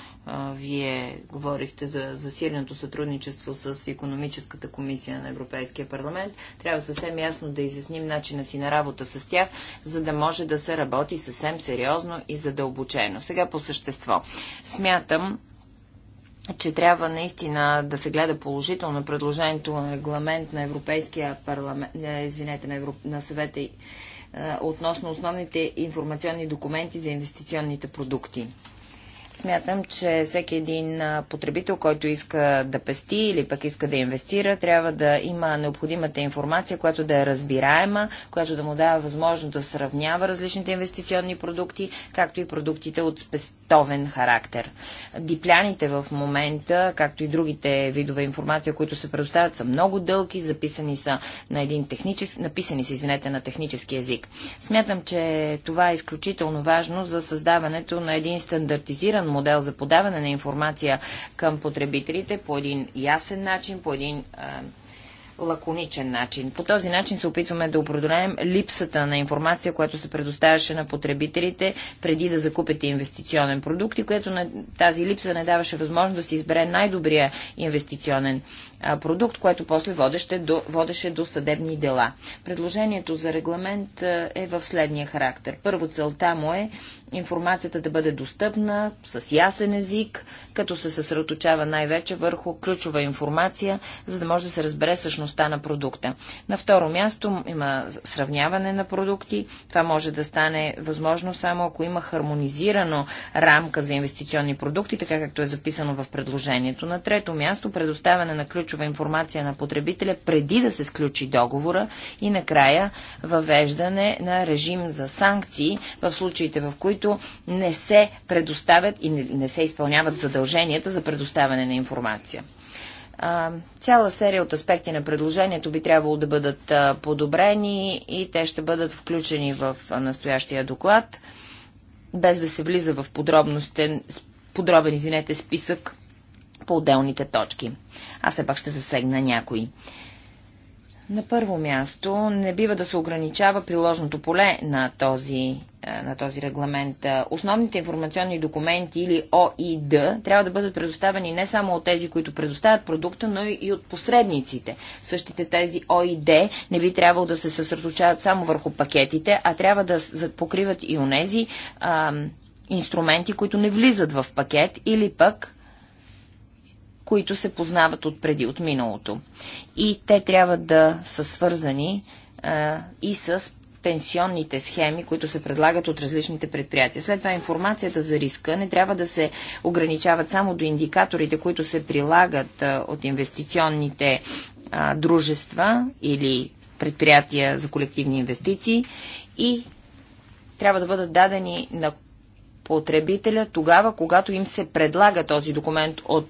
вие говорихте за засиленото сътрудничество с економическата комисия на Европейския парламент. Трябва съвсем ясно да изясним начина си на работа с тях, за да може да се работи съвсем сериозно и задълбочено. Сега по същество. Смятам, че трябва наистина да се гледа положително предложението на регламент на Европейския парламент, извинете, на, Европ... на съвета и е, относно основните информационни документи за инвестиционните продукти. Смятам, че всеки един потребител, който иска да пести или пък иска да инвестира, трябва да има необходимата информация, която да е разбираема, която да му дава възможност да сравнява различните инвестиционни продукти, както и продуктите от спестяване световен характер. Дипляните в момента, както и другите видове информация, които се предоставят, са много дълги, записани са на един технически, написани са, извинете, на технически язик. Смятам, че това е изключително важно за създаването на един стандартизиран модел за подаване на информация към потребителите по един ясен начин, по един лаконичен начин. По този начин се опитваме да определяем липсата на информация, която се предоставяше на потребителите преди да закупите инвестиционен продукт и което на тази липса не даваше възможност да се избере най-добрия инвестиционен продукт, което после водеше до, водеше до съдебни дела. Предложението за регламент е в следния характер. Първо целта му е информацията да бъде достъпна, с ясен език, като се съсредоточава най-вече върху ключова информация, за да може да се разбере същността на продукта. На второ място има сравняване на продукти. Това може да стане възможно само ако има хармонизирано рамка за инвестиционни продукти, така както е записано в предложението. На трето място предоставяне на ключ ключова информация на потребителя преди да се сключи договора и накрая въвеждане на режим за санкции в случаите, в които не се предоставят и не се изпълняват задълженията за предоставяне на информация цяла серия от аспекти на предложението би трябвало да бъдат подобрени и те ще бъдат включени в настоящия доклад, без да се влиза в подробностен, подробен извинете, списък по отделните точки. Аз все пак ще засегна някои. На първо място не бива да се ограничава приложното поле на този, е, на този регламент. Е, Основните информационни документи или ОИД трябва да бъдат предоставени не само от тези, които предоставят продукта, но и от посредниците. Същите тези ОИД не би трябвало да се съсредоточават само върху пакетите, а трябва да покриват и онези инструменти, които не влизат в пакет или пък които се познават от преди, от миналото. И те трябва да са свързани а, и с пенсионните схеми, които се предлагат от различните предприятия. След това информацията за риска не трябва да се ограничават само до индикаторите, които се прилагат а, от инвестиционните а, дружества или предприятия за колективни инвестиции и трябва да бъдат дадени на потребителя тогава, когато им се предлага този документ от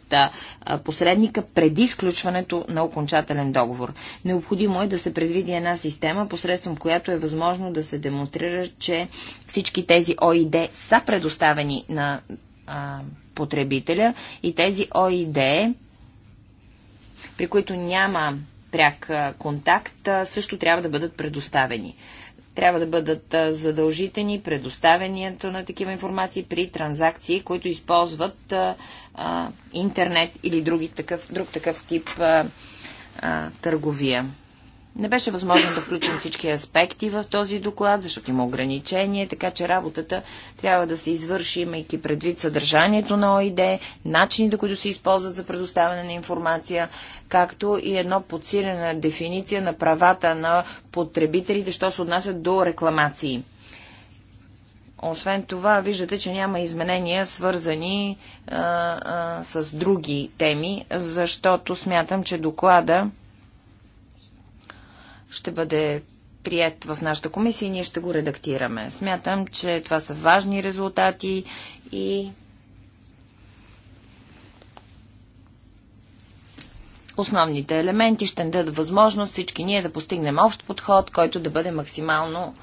посредника преди сключването на окончателен договор. Необходимо е да се предвиди една система, посредством която е възможно да се демонстрира, че всички тези ОИД са предоставени на а, потребителя и тези ОИД, при които няма пряк контакт, също трябва да бъдат предоставени. Трябва да бъдат задължителни предоставянето на такива информации при транзакции, които използват а, а, интернет или други такъв, друг такъв тип а, а, търговия. Не беше възможно да включим всички аспекти в този доклад, защото има ограничения, така че работата трябва да се извърши, имайки предвид съдържанието на ОИД, начините, които се използват за предоставяне на информация, както и едно подсилена дефиниция на правата на потребителите, що се отнасят до рекламации. Освен това, виждате, че няма изменения свързани а, а, с други теми, защото смятам, че доклада ще бъде прият в нашата комисия и ние ще го редактираме. Смятам, че това са важни резултати и основните елементи ще дадат възможност всички ние да постигнем общ подход, който да бъде максимално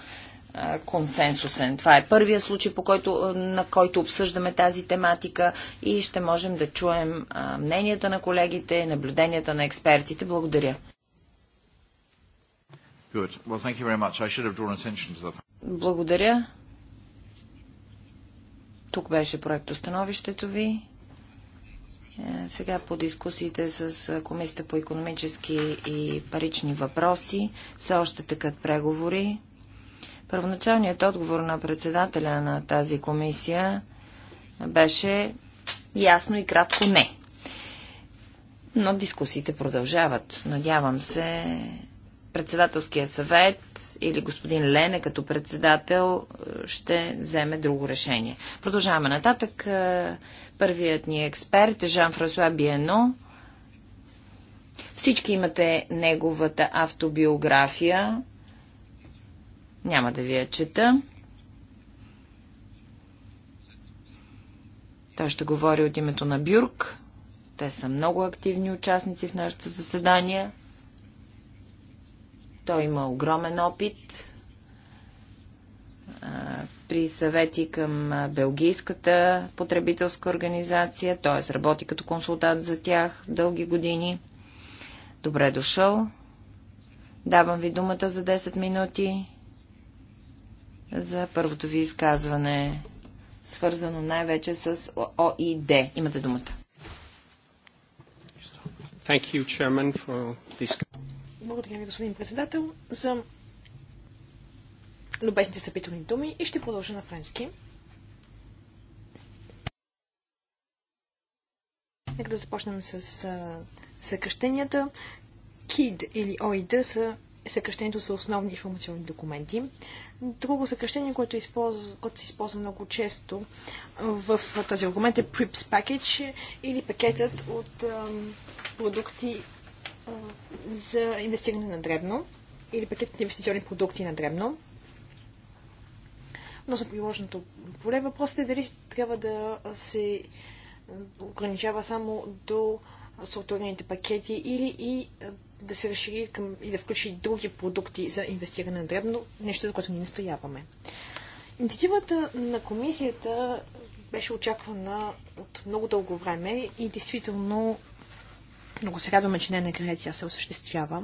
консенсусен. Това е първия случай, по който, на който обсъждаме тази тематика и ще можем да чуем мненията на колегите, наблюденията на експертите. Благодаря. Good. Well, thank you very much. I should have drawn attention to Благодаря. Тук беше проектостановището ви. Е, сега по дискусиите с е, Комисията по економически и парични въпроси все още такът преговори. Първоначалният отговор на председателя на тази комисия беше ясно и кратко не. Но дискусиите продължават. Надявам се председателския съвет или господин Лене като председател е, ще вземе друго решение. Продължаваме нататък. Е, първият ни експерт е Жан-Франсуа Биено. Всички имате неговата автобиография. Няма да ви я чета. Той ще говори от името на Бюрк. Те са много активни участници в нашите заседания. Той има огромен опит при съвети към Белгийската потребителска организация, т.е. работи като консултант за тях дълги години. Добре дошъл. Давам ви думата за 10 минути за първото ви изказване, свързано най-вече с ОИД. Имате думата. Thank you, Chairman, for this... Благодаря ви, господин председател, за любезните съпителни думи и ще продължа на френски. Нека да започнем с съкръщенията. KID или OID са съкръщението за основни информационни документи. Друго съкръщение, което, използва, което се използва много често в този аргумент е PRIPS Package или пакетът от продукти за инвестиране на дребно или на инвестиционни продукти на дребно. Но за приложеното поле въпросът е дали трябва да се ограничава само до структурните пакети или и да се разшири към, и да включи други продукти за инвестиране на дребно, нещо, за което ние настояваме. Инициативата на комисията беше очаквана от много дълго време и действително много се радваме, че не е накрая тя се осъществява.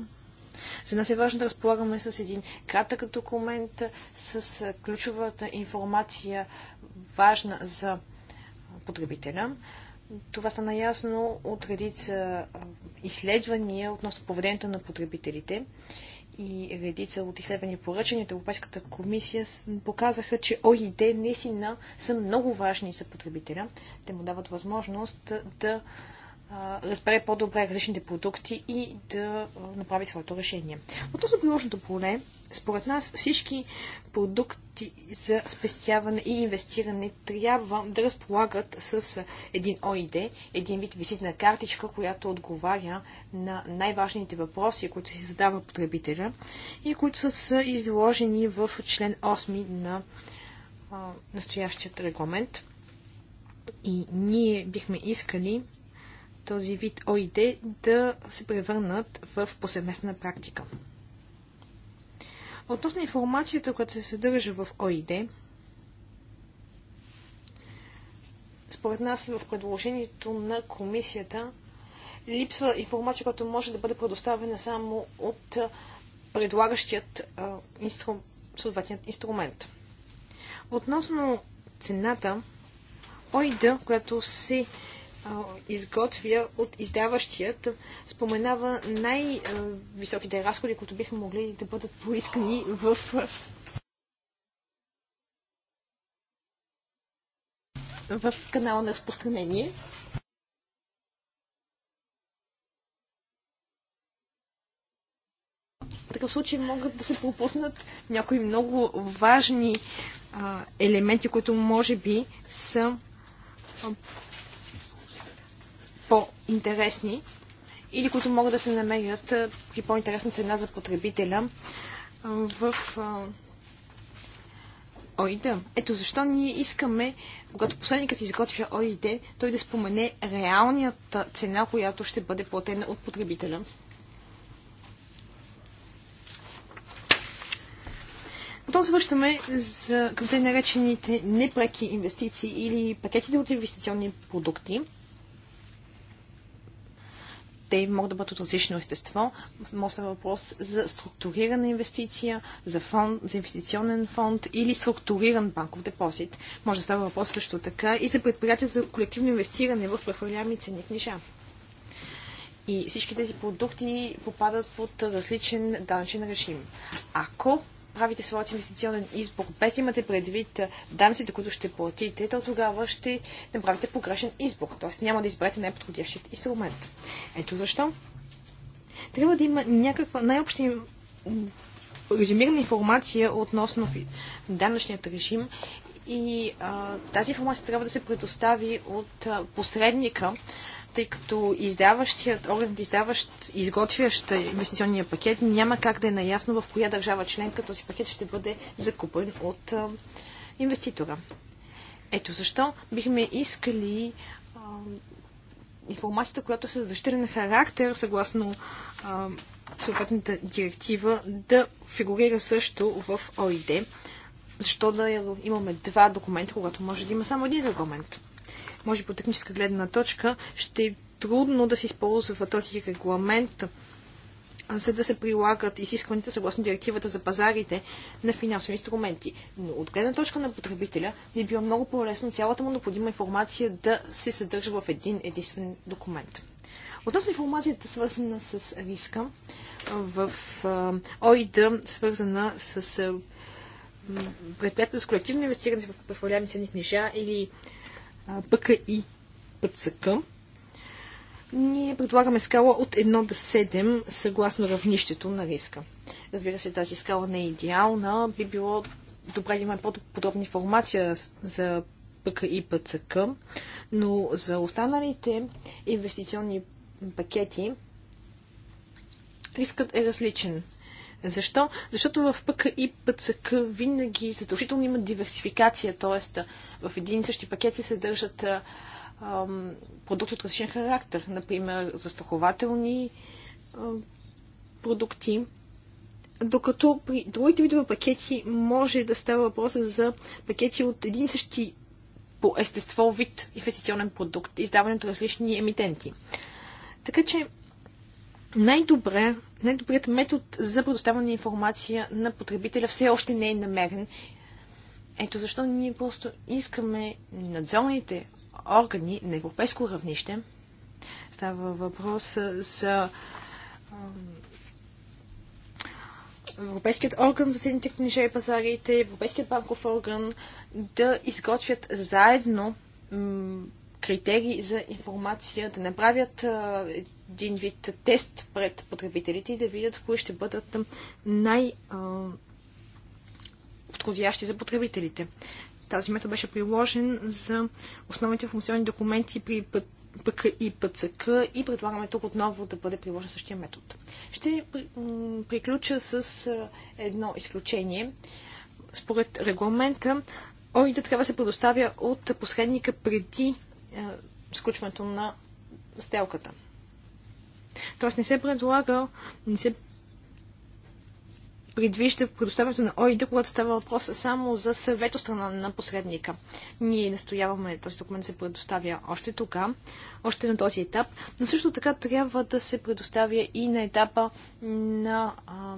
За нас е важно да разполагаме с един кратък документ, с ключовата информация, важна за потребителя. Това стана ясно от редица изследвания относно поведението на потребителите и редица от изследвания поръчени от Европейската комисия показаха, че ОИД наистина са много важни за потребителя. Те му дават възможност да разбере по-добре различните продукти и да направи своето решение. От този приложното поле, според нас всички продукти за спестяване и инвестиране трябва да разполагат с един ОИД, един вид визитна картичка, която отговаря на най-важните въпроси, които си задава потребителя и които са изложени в член 8 на настоящият регламент. И ние бихме искали този вид ОИД да се превърнат в повсеместна практика. Относно информацията, която се съдържа в ОИД, според нас в предложението на комисията липсва информация, която може да бъде предоставена само от предлагащият инстру... съответният инструмент. Относно цената, ОИД, която се изготвя от издаващият, споменава най-високите разходи, които биха могли да бъдат поискани в в канала на разпространение. В такъв случай могат да се пропуснат някои много важни а, елементи, които може би са по-интересни или които могат да се намерят при по-интересна цена за потребителя в ОИД. Ето защо ние искаме, когато последникът изготвя ОИД, той да спомене реалната цена, която ще бъде платена от потребителя. Потом завръщаме за, към те наречените непреки инвестиции или пакетите от инвестиционни продукти те могат да бъдат от различно естество. Може да въпрос за структурирана инвестиция, за, фонд, за инвестиционен фонд или структуриран банков депозит. Може да става въпрос също така и за предприятия за колективно инвестиране в прехвърлями цени книжа. И всички тези продукти попадат под различен данъчен режим. Ако правите своят инвестиционен избор, без да имате предвид данците, които ще платите, то тогава ще направите погрешен избор. Т.е. няма да изберете най-подходящият инструмент. Ето защо. Трябва да има някаква най-обща резюмирана информация относно данъчният режим и а, тази информация трябва да се предостави от а, посредника, тъй като издаващият орган, издаващ, изготвящ инвестиционния пакет, няма как да е наясно в коя държава членка този пакет ще бъде закупен от инвеститора. Ето защо бихме искали информацията, която се на характер, съгласно а, съответната директива, да фигурира също в ОИД. Защо да имаме два документа, когато може да има само един регламент? може би по техническа гледна точка ще е трудно да се използва този регламент, за да се прилагат изискванията съгласно директивата за пазарите на финансови инструменти. Но от гледна точка на потребителя би било много по-лесно цялата му необходима информация да се съдържа в един единствен документ. Относно информацията, свързана с риска, в ОИДА, свързана с предприятията с колективно инвестиране в прехвърляеми ценни книжа или Пъка и ПЦК, ние предлагаме скала от 1 до 7, съгласно равнището на риска. Разбира се, тази скала не е идеална. Би било добре да имаме по-подробна информация за пъка и ПЦК, но за останалите инвестиционни пакети рискът е различен. Защо? Защото в ПК и ПЦК винаги задължително има диверсификация, т.е. в един и същи пакет се съдържат ам, продукти от различен характер, например застрахователни ам, продукти, докато при другите видове пакети може да става въпрос за пакети от един и същи по естество вид инвестиционен продукт, издаване от различни емитенти. Така че най-добре, най-добрият метод за предоставяне на информация на потребителя все още не е намерен. Ето защо ние просто искаме надзорните органи на европейско равнище. Става въпрос за Европейският орган за цените книжа и пазарите, Европейският банков орган да изготвят заедно критерии за информация, да направят един вид тест пред потребителите и да видят кои ще бъдат най- подходящи за потребителите. Тази метод беше приложен за основните функционални документи при ПК и ПЦК и предлагаме тук отново да бъде приложен същия метод. Ще приключа с едно изключение. Според регламента, ОИДа трябва да се предоставя от посредника преди сключването на сделката. Тоест не се предлага, не се предвижда предоставянето на ОИД, когато става въпрос само за съвет от страна на посредника. Ние настояваме този документ да се предоставя още тога, още на този етап, но също така трябва да се предоставя и на етапа на а,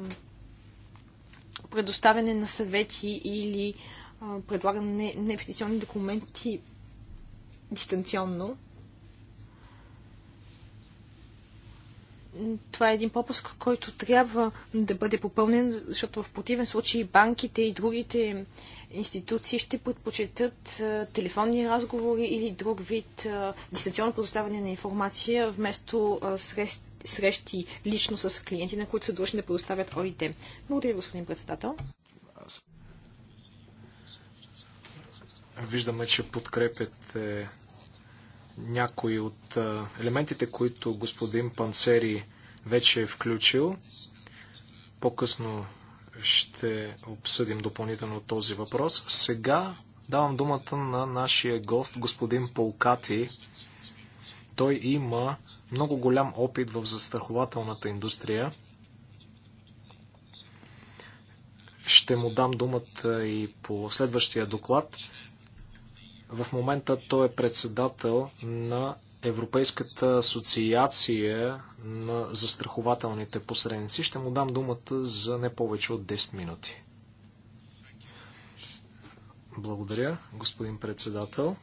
предоставяне на съвети или а, предлагане на инвестиционни документи дистанционно. това е един пропуск, който трябва да бъде попълнен, защото в противен случай банките и другите институции ще предпочитат телефонни разговори или друг вид дистанционно предоставяне на информация вместо срещи лично с клиенти, на които са длъжни да предоставят ОИД. Благодаря, господин председател. Виждаме, че подкрепят някои от елементите, които господин Панцери вече е включил. По-късно ще обсъдим допълнително този въпрос. Сега давам думата на нашия гост, господин Полкати. Той има много голям опит в застрахователната индустрия. Ще му дам думата и по следващия доклад. В момента той е председател на Европейската асоциация на застрахователните посредници. Ще му дам думата за не повече от 10 минути. Благодаря, господин председател.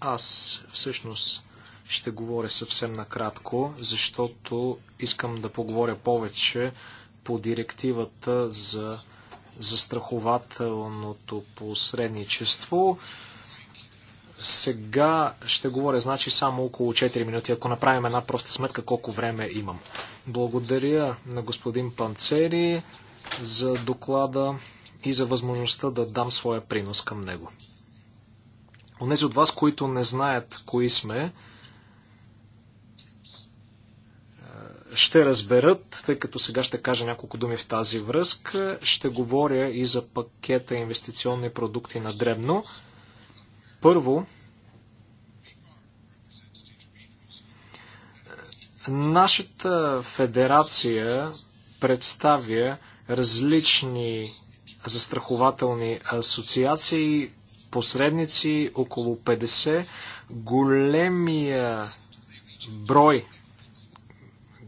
Аз всъщност ще говоря съвсем накратко, защото искам да поговоря повече по директивата за застрахователното посредничество. Сега ще говоря, значи, само около 4 минути, ако направим една проста сметка колко време имам. Благодаря на господин Панцери за доклада и за възможността да дам своя принос към него. Онези от вас, които не знаят кои сме, ще разберат, тъй като сега ще кажа няколко думи в тази връзка. Ще говоря и за пакета инвестиционни продукти на Дребно. Първо, нашата федерация представя различни застрахователни асоциации, посредници, около 50. Големия брой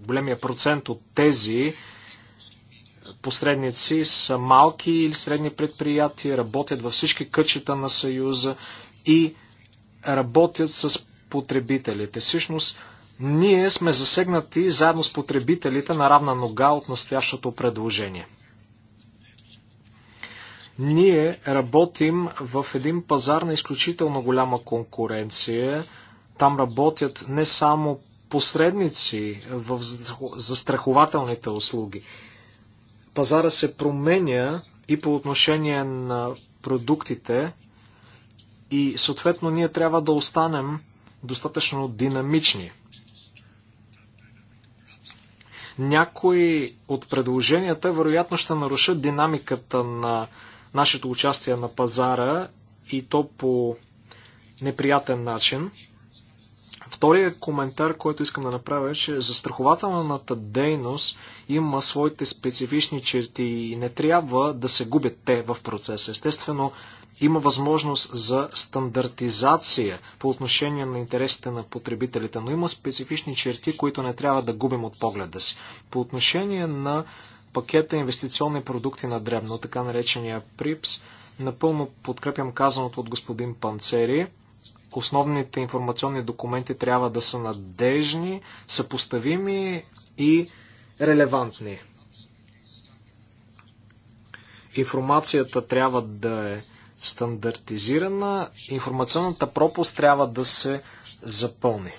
големия процент от тези посредници са малки или средни предприятия, работят във всички къчета на Съюза и работят с потребителите. Всъщност, ние сме засегнати заедно с потребителите на равна нога от настоящото предложение. Ние работим в един пазар на изключително голяма конкуренция. Там работят не само посредници в застрахователните услуги. Пазара се променя и по отношение на продуктите и съответно ние трябва да останем достатъчно динамични. Някои от предложенията вероятно ще нарушат динамиката на нашето участие на пазара и то по неприятен начин. Втория коментар, който искам да направя е, че застрахователната дейност има своите специфични черти и не трябва да се губят те в процеса. Естествено, има възможност за стандартизация по отношение на интересите на потребителите, но има специфични черти, които не трябва да губим от погледа си. По отношение на пакета инвестиционни продукти на дребно, така наречения ПРИПС, напълно подкрепям казаното от господин Панцери – Основните информационни документи трябва да са надежни, съпоставими и релевантни. Информацията трябва да е стандартизирана, информационната пропуст трябва да се запълни.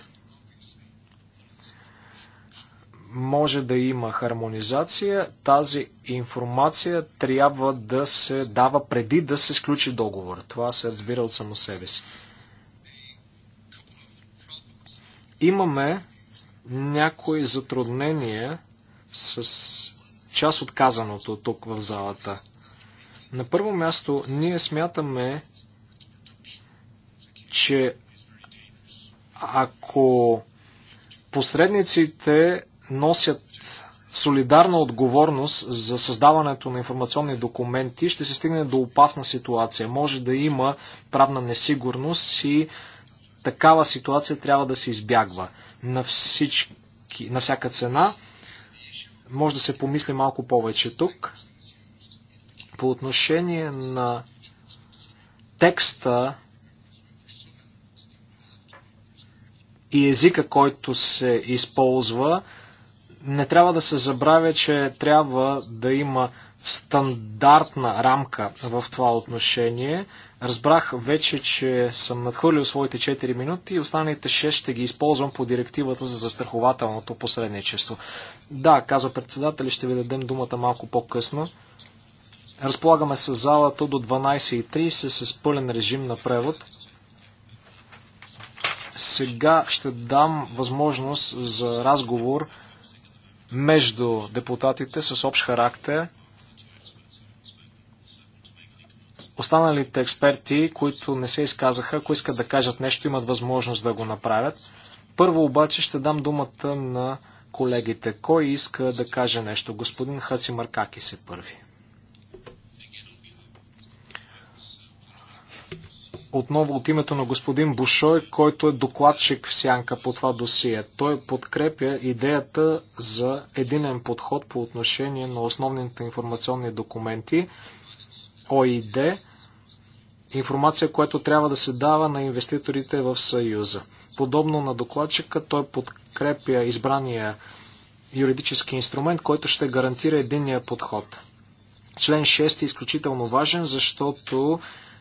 Може да има хармонизация, тази информация трябва да се дава преди да се сключи договор. Това се разбира от само себе си. Имаме някои затруднения с част от казаното тук в залата. На първо място, ние смятаме, че ако посредниците носят солидарна отговорност за създаването на информационни документи, ще се стигне до опасна ситуация. Може да има правна несигурност и такава ситуация трябва да се избягва на, всички, на всяка цена. Може да се помисли малко повече тук. По отношение на текста и езика, който се използва, не трябва да се забравя, че трябва да има стандартна рамка в това отношение. Разбрах вече, че съм надхвърлил своите 4 минути и останалите 6 ще ги използвам по директивата за застрахователното посредничество. Да, каза председател, ще ви дадем думата малко по-късно. Разполагаме с залата до 12.30 с пълен режим на превод. Сега ще дам възможност за разговор между депутатите с общ характер – Останалите експерти, които не се изказаха, ако искат да кажат нещо, имат възможност да го направят. Първо обаче ще дам думата на колегите. Кой иска да каже нещо? Господин Хаци Маркаки се първи. Отново от името на господин Бушой, който е докладчик в сянка по това досие. Той подкрепя идеята за единен подход по отношение на основните информационни документи ОИД, информация, която трябва да се дава на инвеститорите в Съюза. Подобно на докладчика, той подкрепя избрания юридически инструмент, който ще гарантира единния подход. Член 6 е изключително важен, защото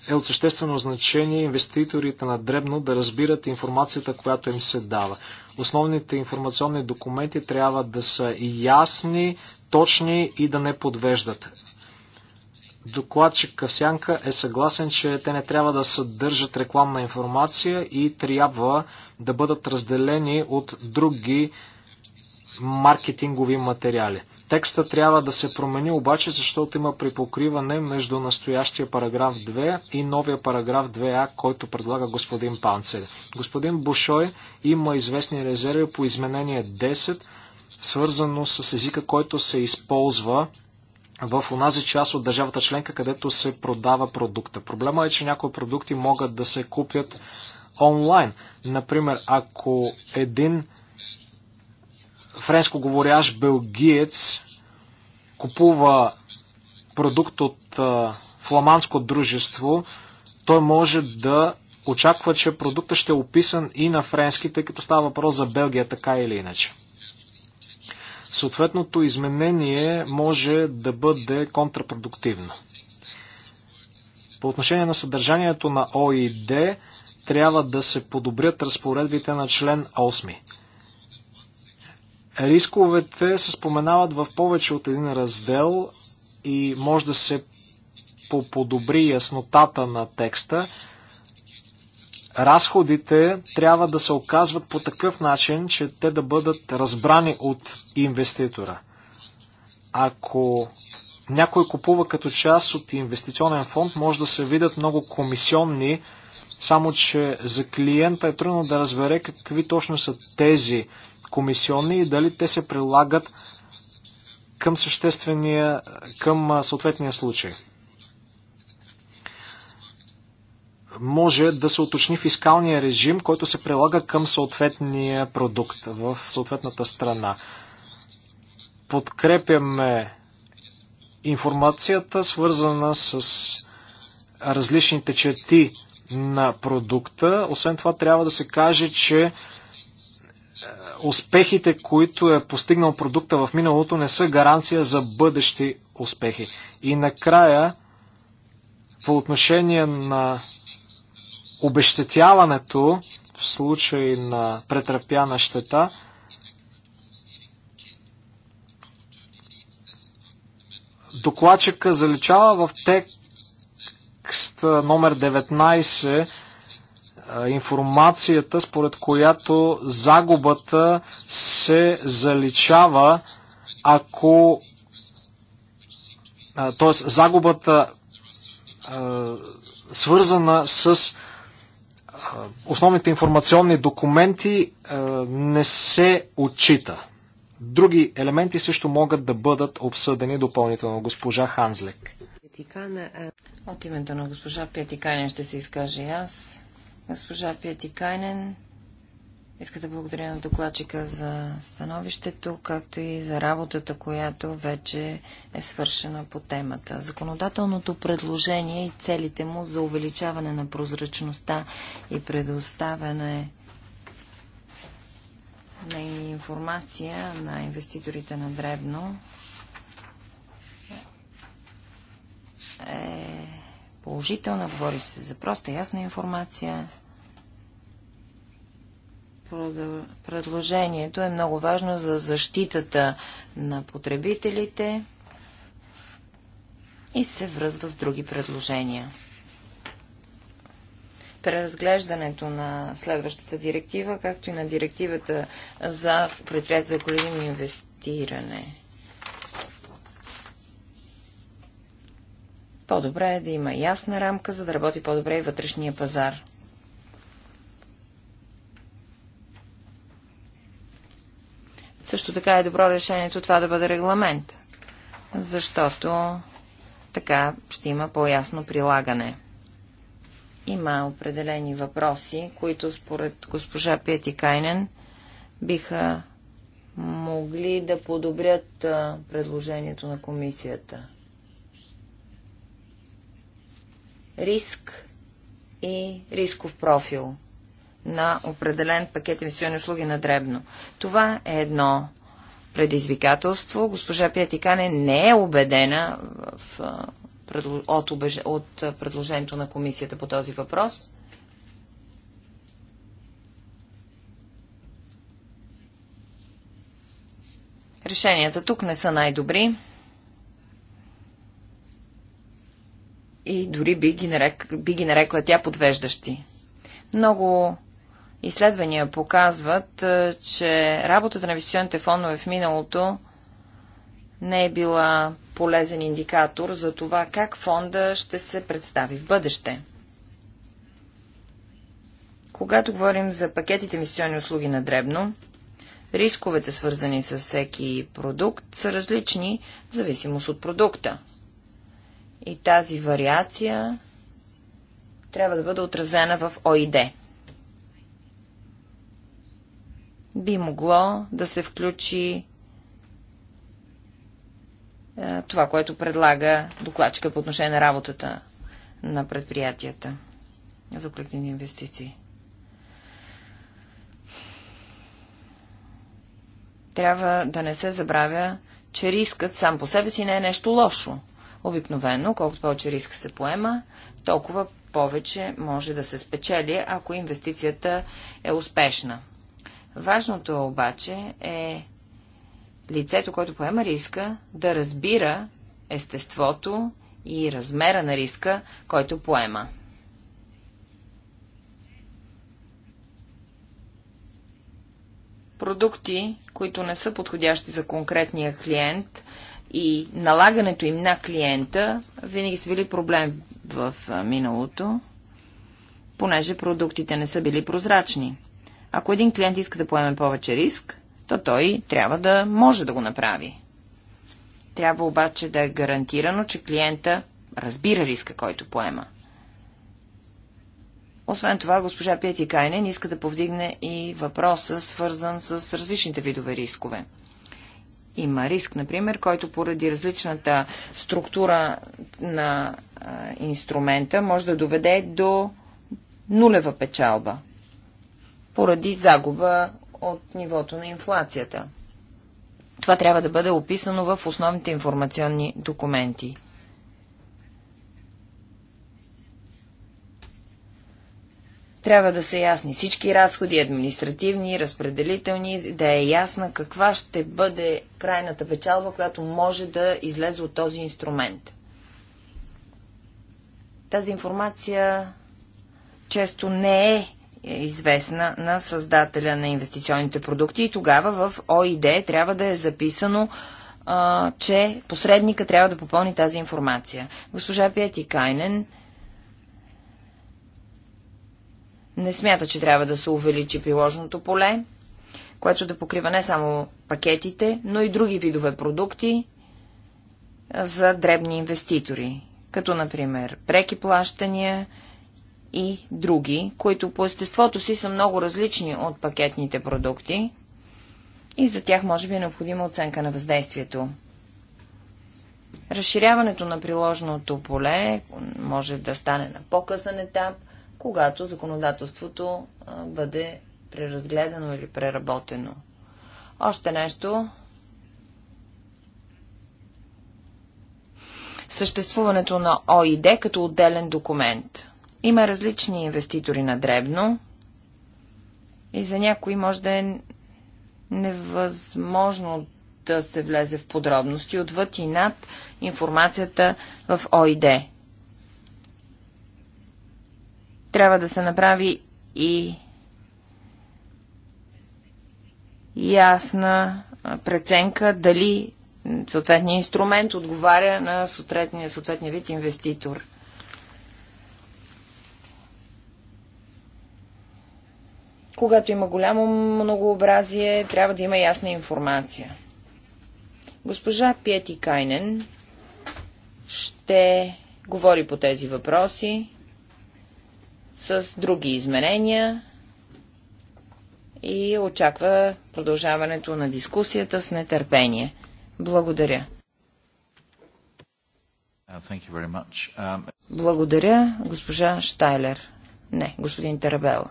е от съществено значение инвеститорите на дребно да разбират информацията, която им се дава. Основните информационни документи трябва да са ясни, точни и да не подвеждат. Докладчик Кавсянка е съгласен, че те не трябва да съдържат рекламна информация и трябва да бъдат разделени от други маркетингови материали. Текста трябва да се промени обаче, защото има припокриване между настоящия параграф 2 и новия параграф 2а, който предлага господин Панцер. Господин Бушой има известни резерви по изменение 10, свързано с езика, който се използва в онази част от държавата членка, където се продава продукта. Проблема е, че някои продукти могат да се купят онлайн. Например, ако един френско говорящ белгиец купува продукт от фламандско дружество, той може да очаква, че продуктът ще е описан и на френски, тъй като става въпрос за Белгия така или иначе съответното изменение може да бъде контрапродуктивно. По отношение на съдържанието на ОИД, трябва да се подобрят разпоредбите на член 8. Рисковете се споменават в повече от един раздел и може да се поподобри яснотата на текста разходите трябва да се оказват по такъв начин, че те да бъдат разбрани от инвеститора. Ако някой купува като част от инвестиционен фонд, може да се видят много комисионни, само че за клиента е трудно да разбере какви точно са тези комисионни и дали те се прилагат към съществения, към съответния случай. може да се уточни фискалния режим, който се прилага към съответния продукт в съответната страна. Подкрепяме информацията, свързана с различните черти на продукта. Освен това, трябва да се каже, че е, успехите, които е постигнал продукта в миналото, не са гаранция за бъдещи успехи. И накрая, по отношение на обещетяването в случай на претърпяна щета докладчика заличава в текст номер 19 е, информацията, според която загубата се заличава, ако е, т.е. загубата е, свързана с е, основните информационни документи е, не се отчита. Други елементи също могат да бъдат обсъдени допълнително. Госпожа Ханзлек. От името на госпожа Пятикайнен ще се изкаже и аз. Госпожа Пятикайнен иска да благодаря на докладчика за становището, както и за работата, която вече е свършена по темата. Законодателното предложение и целите му за увеличаване на прозрачността и предоставяне на информация на инвеститорите на Дребно е положителна. Говори се за проста, ясна информация, Предложението е много важно за защитата на потребителите и се връзва с други предложения. Преразглеждането на следващата директива, както и на директивата за предприятие за колективно инвестиране. По-добре е да има ясна рамка, за да работи по-добре и вътрешния пазар. Също така е добро решението това да бъде регламент, защото така ще има по-ясно прилагане. Има определени въпроси, които според госпожа Пети Кайнен биха могли да подобрят предложението на комисията. Риск и рисков профил на определен пакет инвестиционни услуги на дребно. Това е едно предизвикателство. Госпожа Пятикане не е убедена в, от, от предложението на комисията по този въпрос. Решенията тук не са най-добри. И дори би ги, нарек, би ги нарекла тя подвеждащи. Много изследвания показват, е, че работата на инвестиционните фондове в миналото не е била полезен индикатор за това как фонда ще се представи в бъдеще. Когато говорим за пакетите инвестиционни услуги на дребно, рисковете свързани с всеки продукт са различни в зависимост от продукта. И тази вариация трябва да бъде отразена в ОИД. би могло да се включи е, това, което предлага докладчика по отношение на работата на предприятията за колективни инвестиции. Трябва да не се забравя, че рискът сам по себе си не е нещо лошо. Обикновено, колкото повече риск се поема, толкова повече може да се спечели, ако инвестицията е успешна. Важното обаче е лицето, което поема риска, да разбира естеството и размера на риска, който поема. Продукти, които не са подходящи за конкретния клиент и налагането им на клиента, винаги са били проблем в миналото, понеже продуктите не са били прозрачни. Ако един клиент иска да поеме повече риск, то той трябва да може да го направи. Трябва обаче да е гарантирано, че клиента разбира риска, който поема. Освен това, госпожа Пети Кайнен иска да повдигне и въпроса, свързан с различните видове рискове. Има риск, например, който поради различната структура на инструмента може да доведе до нулева печалба поради загуба от нивото на инфлацията. Това трябва да бъде описано в основните информационни документи. Трябва да са ясни всички разходи, административни, разпределителни, да е ясна каква ще бъде крайната печалба, която може да излезе от този инструмент. Тази информация често не е е известна на създателя на инвестиционните продукти и тогава в ОИД трябва да е записано, а, че посредника трябва да попълни тази информация. Госпожа Пети Кайнен не смята, че трябва да се увеличи приложното поле, което да покрива не само пакетите, но и други видове продукти за дребни инвеститори, като например преки плащания, и други, които по естеството си са много различни от пакетните продукти и за тях може би е необходима оценка на въздействието. Разширяването на приложеното поле може да стане на по-късен етап, когато законодателството бъде преразгледано или преработено. Още нещо. Съществуването на ОИД като отделен документ. Има различни инвеститори на дребно и за някои може да е невъзможно да се влезе в подробности отвъд и над информацията в ОИД. Трябва да се направи и ясна преценка дали съответния инструмент отговаря на съответния, съответния вид инвеститор. Когато има голямо многообразие, трябва да има ясна информация. Госпожа Пети Кайнен ще говори по тези въпроси с други изменения и очаква продължаването на дискусията с нетърпение. Благодаря. Uh, um, Благодаря, госпожа Штайлер. Не, господин Тарабела.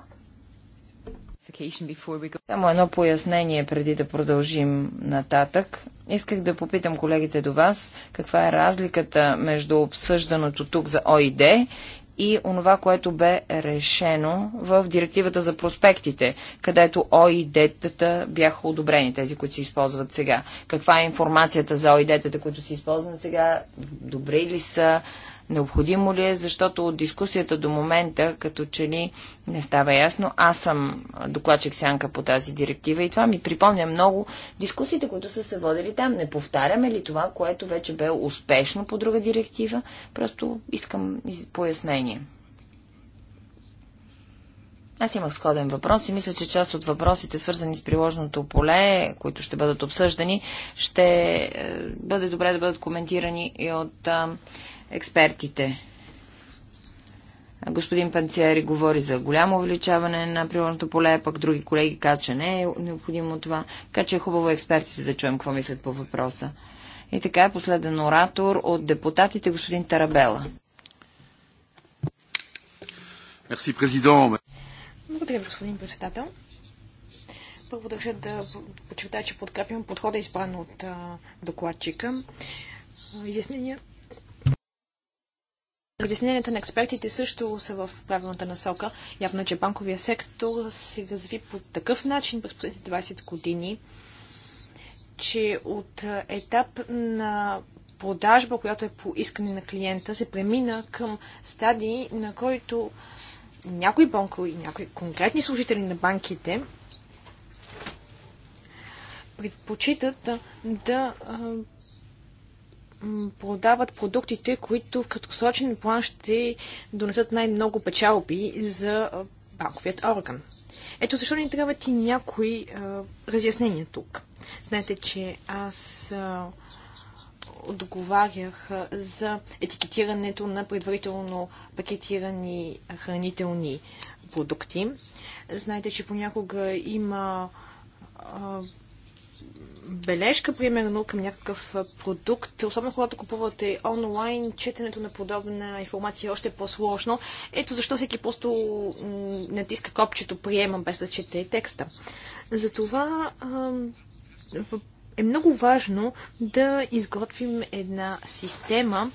Само едно пояснение преди да продължим нататък. Исках да попитам колегите до вас каква е разликата между обсъжданото тук за ОИД и онова, което бе решено в директивата за проспектите, където ОИД-тата бяха одобрени, тези, които се използват сега. Каква е информацията за ОИД-тата, които се използват сега? Добри ли са? Необходимо ли е, защото от дискусията до момента, като че ли не става ясно, аз съм докладчик сянка по тази директива и това ми припомня много дискусиите, които са се водили там. Не повтаряме ли това, което вече бе успешно по друга директива? Просто искам пояснение. Аз имах сходен въпрос и мисля, че част от въпросите, свързани с приложното поле, които ще бъдат обсъждани, ще е, бъде добре да бъдат коментирани и от експертите. Господин Панциери говори за голямо увеличаване на приложното поле, пък други колеги казват, че не е необходимо това. Така че е хубаво експертите да чуем какво мислят по въпроса. И така е последен оратор от депутатите, господин Тарабела. Благодаря, господин председател. Първо държа да подчертая, че подкрепям подхода, избран от а, докладчика. Изяснения. Разясненията на експертите също са в правилната насока. Явно, е, че банковия сектор се разви по такъв начин през последните 20 години, че от етап на продажба, която е по искане на клиента, се премина към стадии, на който някои банкови и някои конкретни служители на банките предпочитат да продават продуктите, които в краткосрочен план ще донесат най-много печалби за банковият орган. Ето защо ни трябват и някои а, разяснения тук. Знаете, че аз а, отговарях а, за етикетирането на предварително пакетирани хранителни продукти. Знаете, че понякога има а, бележка, примерно, към някакъв продукт, особено когато купувате онлайн, четенето на подобна информация е още по-сложно. Ето защо всеки просто натиска копчето приема без да чете текста. Затова е много важно да изготвим една система,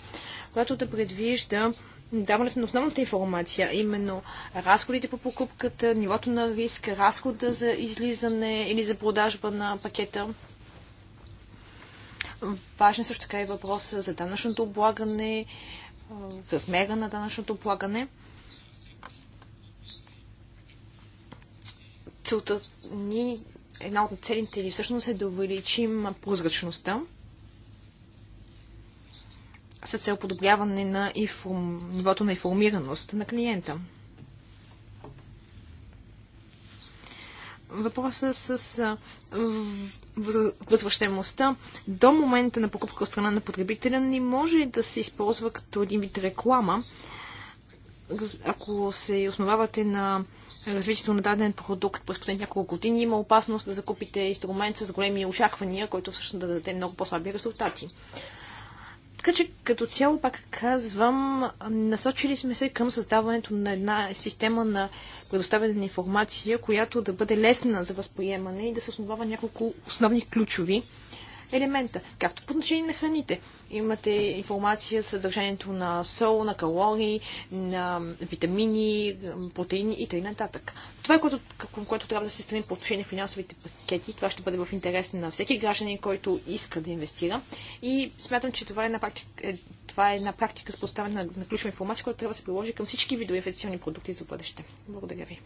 която да предвижда даването на основната информация, именно разходите по покупката, нивото на риск, разхода за излизане или за продажба на пакета. Важен също така и е въпроса за данъчното облагане, размера на данъчното облагане. Целта ни, една от целите ни всъщност е да увеличим прозрачността с цел подобряване на информ... нивото на информираност на клиента. Въпросът с възвръщаемостта до момента на покупка от страна на потребителя не може да се използва като един вид реклама, ако се основавате на развитието на даден продукт през последните няколко години, има опасност да закупите инструмент с големи очаквания, който всъщност да даде много по-слаби резултати. Така че като цяло, пак казвам, насочили сме се към създаването на една система на предоставяне на информация, която да бъде лесна за възприемане и да се основава няколко основни ключови елемента, както по отношение на храните. Имате информация за съдържанието на сол, на калории, на витамини, протеини и т.н. Това е което, към което трябва да се стремим по отношение на финансовите пакети. Това ще бъде в интерес на всеки гражданин, който иска да инвестира. И смятам, че това е на практика, е, това е една практика с поставяне на, на ключова информация, която трябва да се приложи към всички видове инфекционни продукти за бъдеще. Благодаря ви.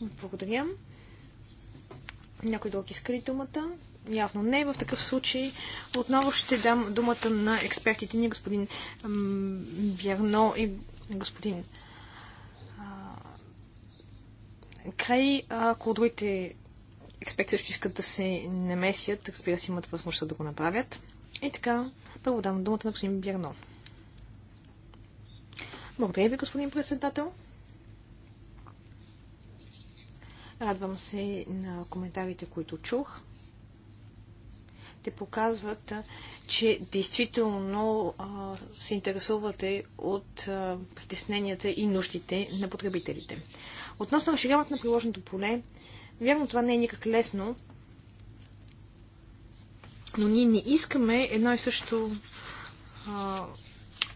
Благодаря. Някой друг иска ли думата? явно не. В такъв случай отново ще дам думата на експертите ни, господин Бярно и господин Край. Ако другите експерти също искат да се намесят, разбира се, имат възможността да го направят. И така, първо дам думата на господин Бярно. Благодаря ви, господин председател. Радвам се на коментарите, които чух те показват, че действително се интересувате от притесненията и нуждите на потребителите. Относно разширяването на приложеното поле, вярно това не е никак лесно, но ние не искаме едно и също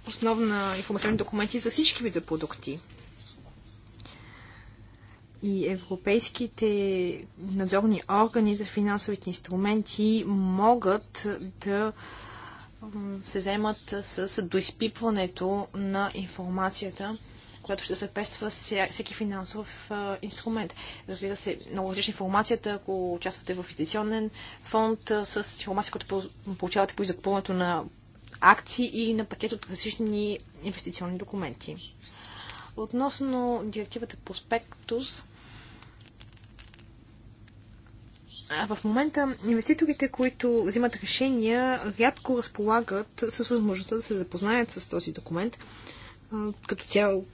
основна информационни документи за всички вида продукти и европейските надзорни органи за финансовите инструменти могат да се вземат с доизпипването на информацията, която ще съпества всеки финансов инструмент. Разбира се, много различна информацията, ако участвате в инвестиционен фонд с информация, която получавате по изкупуването на акции и на пакет от различни инвестиционни документи. Относно директивата по спектус, в момента инвеститорите, които взимат решения, рядко разполагат с възможността да се запознаят с този документ. Като цяло,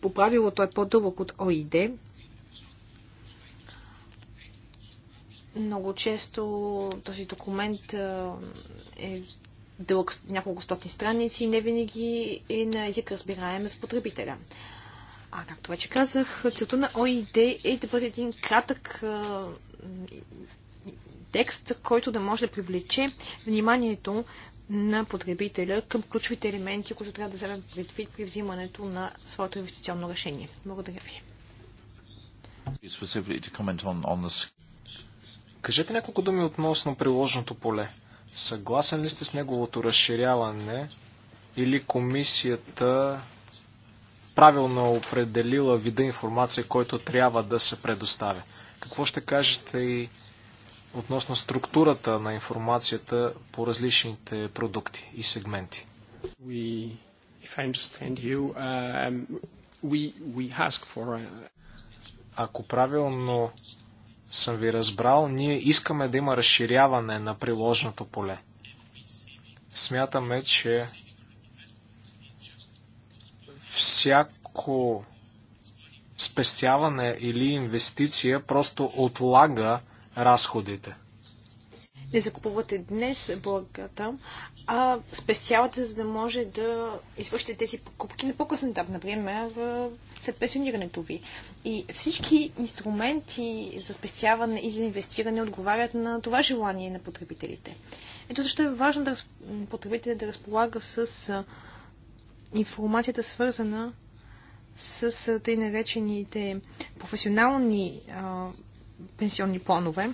по правило, той е по-дълъг от ОИД. Много често този документ е дълъг няколко стотни страници и не винаги е на език разбираем с потребителя. А както вече казах, целта на ОИД е да бъде един кратък текст, който да може да привлече вниманието на потребителя към ключовите елементи, които трябва да вземат предвид при взимането на своето инвестиционно решение. Благодаря ви. Кажете няколко думи относно приложното поле. Съгласен ли сте с неговото разширяване или комисията правилно е определила вида информация, който трябва да се предоставя? Какво ще кажете и относно структурата на информацията по различните продукти и сегменти? Um, Ако правилно съм ви разбрал, ние искаме да има разширяване на приложното поле. Смятаме, че всяко спестяване или инвестиция просто отлага разходите. Не закупувате днес благата, а спестявате, за да може да извършите тези покупки на по-късен етап, например след пенсионирането ви. И всички инструменти за спестяване и за инвестиране отговарят на това желание на потребителите. Ето защо е важно да потребителите да разполага с информацията свързана с тъй наречените професионални а, пенсионни планове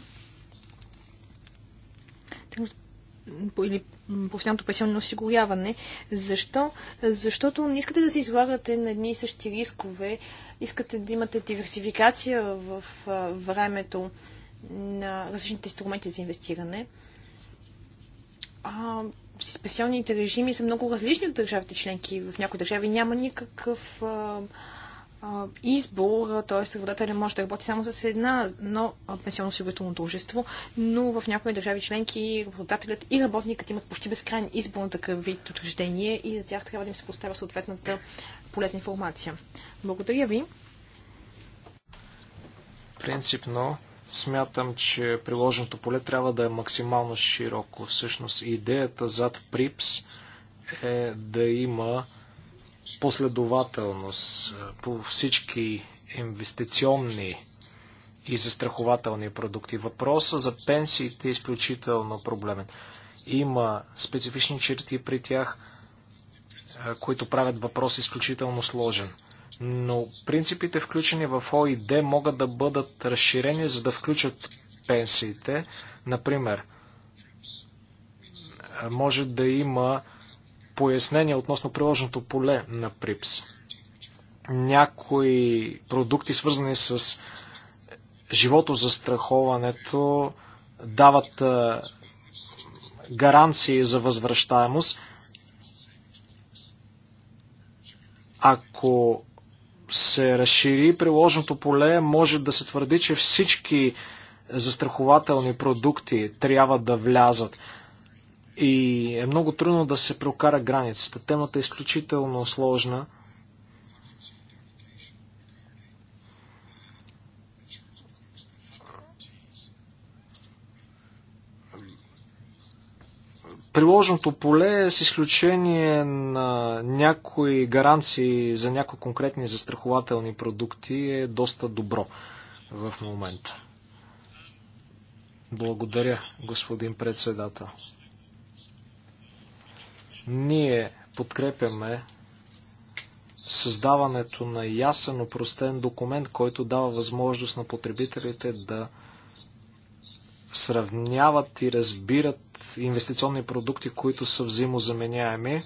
или професионалното пенсионно осигуряване. Защо? Защото не искате да се излагате на едни и същи рискове, искате да имате диверсификация в а, времето на различните инструменти за инвестиране. А, специалните режими са много различни от държавите членки. В някои държави няма никакъв а, а, избор, т.е. работодателят може да работи само с една, но пенсионно-осигурително дружество, но в някои държави членки работодателят и работникът имат почти безкрайен избор на такъв вид учреждение и за тях трябва да им се поставя съответната полезна информация. Благодаря ви. Принципно Смятам, че приложеното поле трябва да е максимално широко. Всъщност идеята зад ПРИПС е да има последователност е, по всички инвестиционни и застрахователни продукти. Въпроса за пенсиите е изключително проблемен. Има специфични черти при тях, е, които правят въпрос изключително сложен но принципите включени в ОИД могат да бъдат разширени, за да включат пенсиите. Например, може да има пояснение относно приложеното поле на ПРИПС. Някои продукти, свързани с живото застраховането, дават гаранции за възвръщаемост. Ако се разшири приложното поле, може да се твърди, че всички застрахователни продукти трябва да влязат. И е много трудно да се прокара границата. Темата е изключително сложна. приложното поле с изключение на някои гаранции за някои конкретни застрахователни продукти е доста добро в момента. Благодаря, господин председател. Ние подкрепяме създаването на ясен, опростен документ, който дава възможност на потребителите да сравняват и разбират инвестиционни продукти, които са взаимозаменяеми.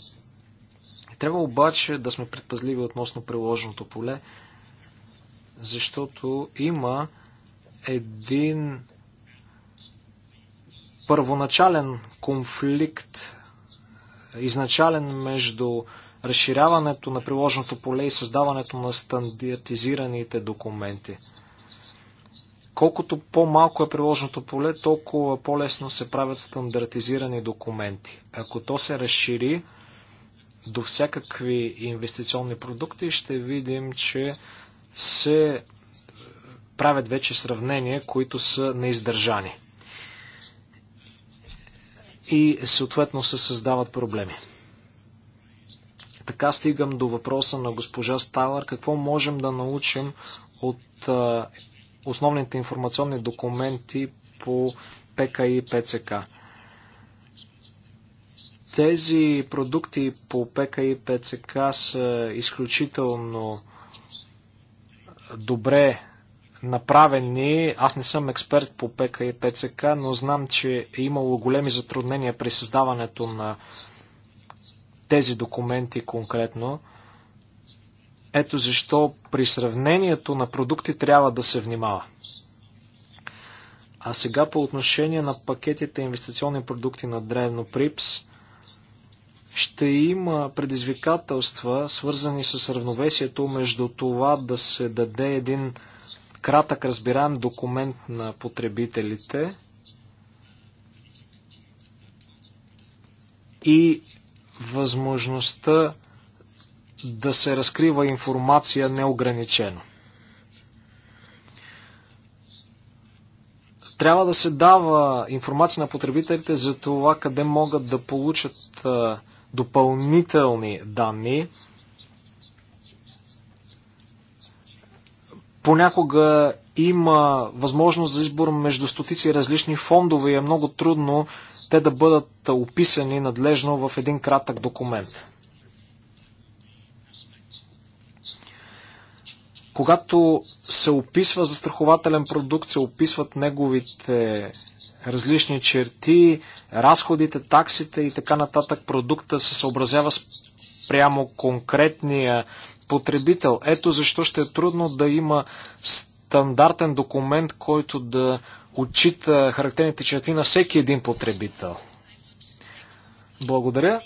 Трябва обаче да сме предпазливи относно приложеното поле, защото има един първоначален конфликт, изначален между разширяването на приложеното поле и създаването на стандартизираните документи. Колкото по-малко е приложното поле, толкова по-лесно се правят стандартизирани документи. Ако то се разшири до всякакви инвестиционни продукти, ще видим, че се правят вече сравнения, които са неиздържани. И съответно се създават проблеми. Така стигам до въпроса на госпожа Стайлър. Какво можем да научим от основните информационни документи по ПК и ПЦК. Тези продукти по ПК и ПЦК са изключително добре направени. Аз не съм експерт по ПК и ПЦК, но знам, че е имало големи затруднения при създаването на тези документи конкретно. Ето защо при сравнението на продукти трябва да се внимава. А сега по отношение на пакетите инвестиционни продукти на Древно Припс, ще има предизвикателства, свързани с равновесието между това да се даде един кратък разбираем документ на потребителите и възможността да се разкрива информация неограничено. Трябва да се дава информация на потребителите за това къде могат да получат допълнителни данни. Понякога има възможност за избор между стотици различни фондове и е много трудно те да бъдат описани надлежно в един кратък документ. Когато се описва застрахователен продукт, се описват неговите различни черти, разходите, таксите и така нататък. Продукта се съобразява с прямо конкретния потребител. Ето защо ще е трудно да има стандартен документ, който да отчита характерните черти на всеки един потребител. Благодаря.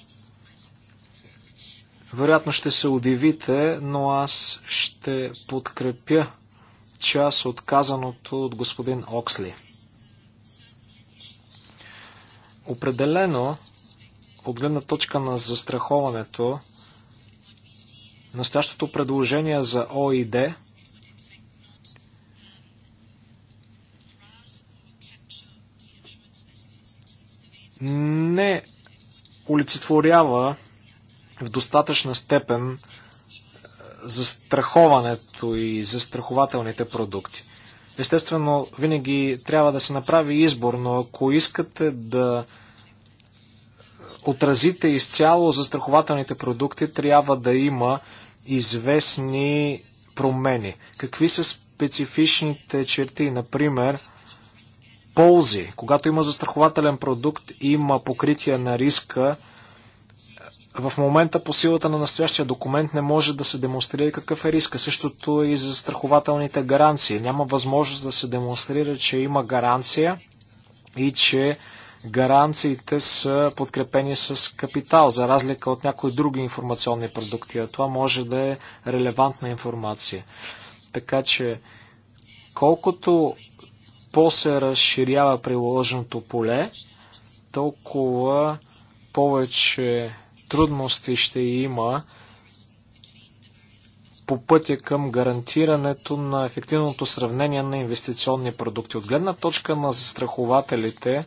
Вероятно ще се удивите, но аз ще подкрепя част от казаното от господин Оксли. Определено, от гледна точка на застраховането, настоящото предложение за ОИД не олицетворява в достатъчна степен е, застраховането и застрахователните продукти. Естествено, винаги трябва да се направи избор, но ако искате да отразите изцяло застрахователните продукти, трябва да има известни промени. Какви са специфичните черти? Например, ползи. Когато има застрахователен продукт, има покритие на риска, в момента по силата на настоящия документ не може да се демонстрира какъв е риска. Същото и за страхователните гаранции. Няма възможност да се демонстрира, че има гаранция и че гаранциите са подкрепени с капитал, за разлика от някои други информационни продукти. А това може да е релевантна информация. Така че, колкото по-се разширява приложеното поле, толкова повече трудности ще има по пътя към гарантирането на ефективното сравнение на инвестиционни продукти. От гледна точка на застрахователите,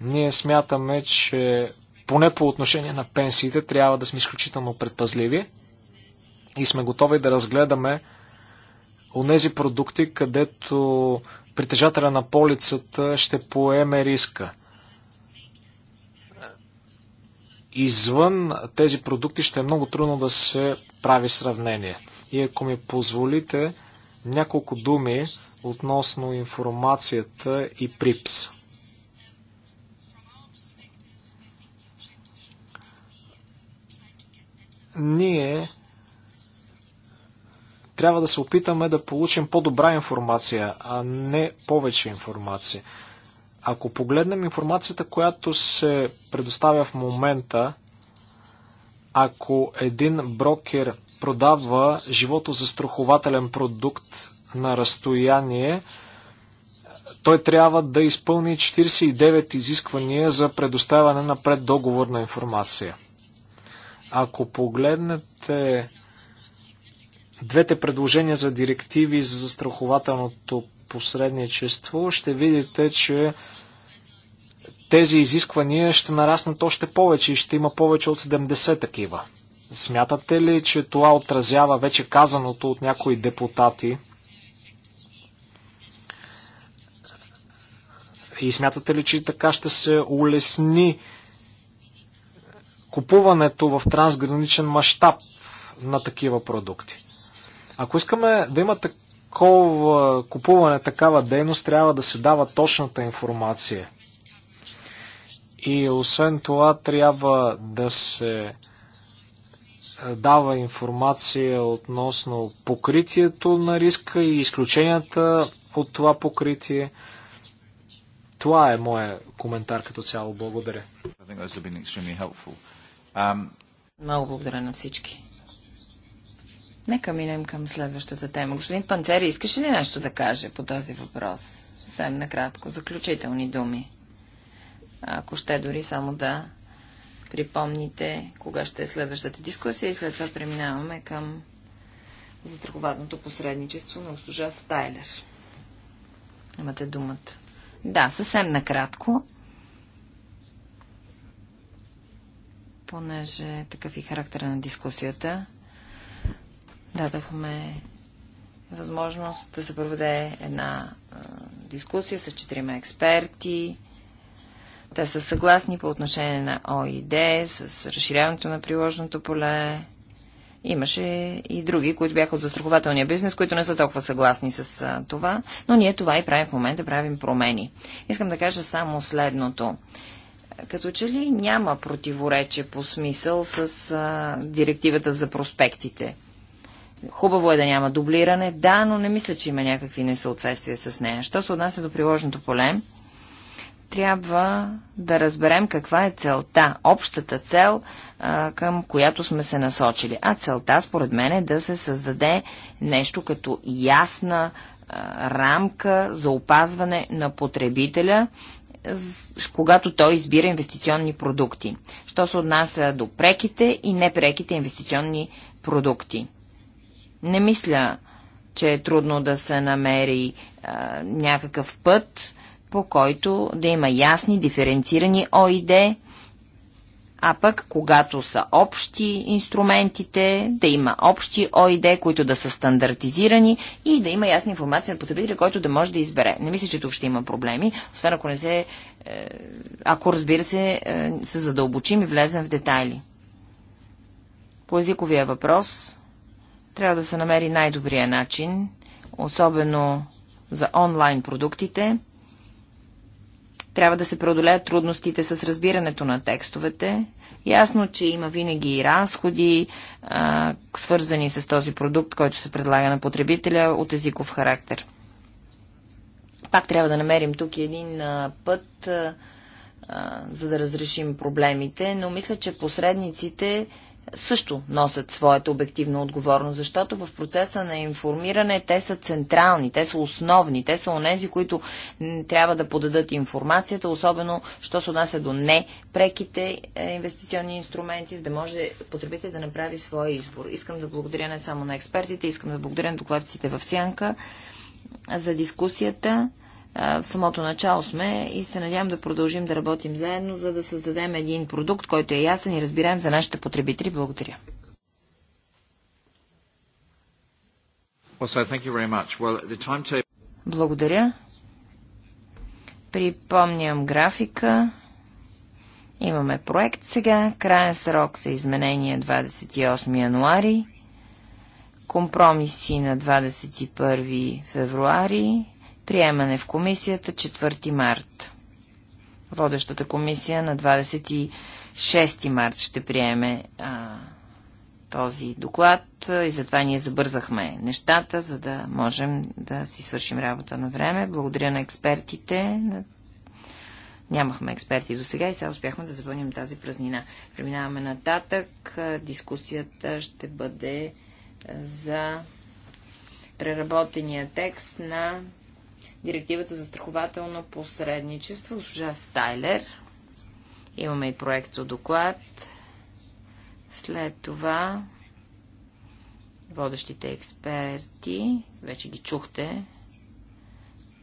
ние смятаме, че поне по отношение на пенсиите трябва да сме изключително предпазливи и сме готови да разгледаме онези продукти, където притежателя на полицата ще поеме риска. извън тези продукти ще е много трудно да се прави сравнение. И ако ми позволите няколко думи относно информацията и ПРИПС. Ние трябва да се опитаме да получим по-добра информация, а не повече информация. Ако погледнем информацията, която се предоставя в момента, ако един брокер продава животозастрахователен продукт на разстояние, той трябва да изпълни 49 изисквания за предоставяне на преддоговорна информация. Ако погледнете двете предложения за директиви за застрахователното посредничество, ще видите, че тези изисквания ще нараснат още повече и ще има повече от 70 такива. Смятате ли, че това отразява вече казаното от някои депутати? И смятате ли, че така ще се улесни купуването в трансграничен мащаб на такива продукти? Ако искаме да има такова купуване, такава дейност, трябва да се дава точната информация – и освен това трябва да се е, дава информация относно покритието на риска и изключенията от това покритие. Това е моя коментар като цяло. Благодаря. Um, Много благодаря на всички. Нека минем към следващата тема. Господин Панцери, искаш ли нещо да каже по този въпрос? Съвсем накратко. Заключителни думи. Ако ще дори само да припомните кога ще е следващата дискусия и след това преминаваме към застрахователното посредничество на госпожа Стайлер. Имате думата. Да, съвсем накратко. Понеже такъв и характера на дискусията, дадахме възможност да се проведе една а, дискусия с четирима експерти, те са съгласни по отношение на ОИД, с разширяването на приложното поле. Имаше и други, които бяха от застрахователния бизнес, които не са толкова съгласни с това, но ние това и правим в момента, правим промени. Искам да кажа само следното. Като че ли няма противоречие по смисъл с а, директивата за проспектите? Хубаво е да няма дублиране, да, но не мисля, че има някакви несъответствия с нея. Що се отнася до приложното поле, трябва да разберем каква е целта, общата цел, към която сме се насочили. А целта, според мен, е да се създаде нещо като ясна рамка за опазване на потребителя, когато той избира инвестиционни продукти. Що се отнася до преките и непреките инвестиционни продукти. Не мисля, че е трудно да се намери а, някакъв път, по който да има ясни, диференцирани ОИД, а пък когато са общи инструментите, да има общи ОИД, които да са стандартизирани и да има ясна информация на потребителя, който да може да избере. Не мисля, че тук ще има проблеми, освен ако не се, е, ако разбира се, е, се задълбочим и влезем в детайли. По езиковия въпрос трябва да се намери най-добрия начин, особено за онлайн продуктите, трябва да се преодолеят трудностите с разбирането на текстовете. Ясно, че има винаги и разходи, а, свързани с този продукт, който се предлага на потребителя от езиков характер. Пак трябва да намерим тук един а, път, а, за да разрешим проблемите, но мисля, че посредниците а, също носят своята обективна отговорност, защото в процеса на информиране те са централни, те са основни, те са онези, които трябва да подадат информацията, особено, що се отнася до непреките е, инвестиционни инструменти, за да може потребител да направи своя избор. Искам да благодаря не само на експертите, искам да благодаря на докладците в Сянка за дискусията в самото начало сме и се надявам да продължим да работим заедно, за да създадем един продукт, който е ясен и разбираем за нашите потребители. Благодаря. Благодаря. Припомням графика. Имаме проект сега. Крайен срок за изменение 28 е януари. Компромиси на 21 февруари Приемане в комисията 4 март. Водещата комисия на 26 март ще приеме а, този доклад и затова ние забързахме нещата, за да можем да си свършим работа на време. Благодаря на експертите. Нямахме експерти до сега и сега успяхме да запълним тази празнина. Преминаваме нататък. Дискусията ще бъде за преработения текст на директивата за страхователно посредничество. Госпожа Стайлер. Имаме и проекто доклад. След това водещите експерти, вече ги чухте,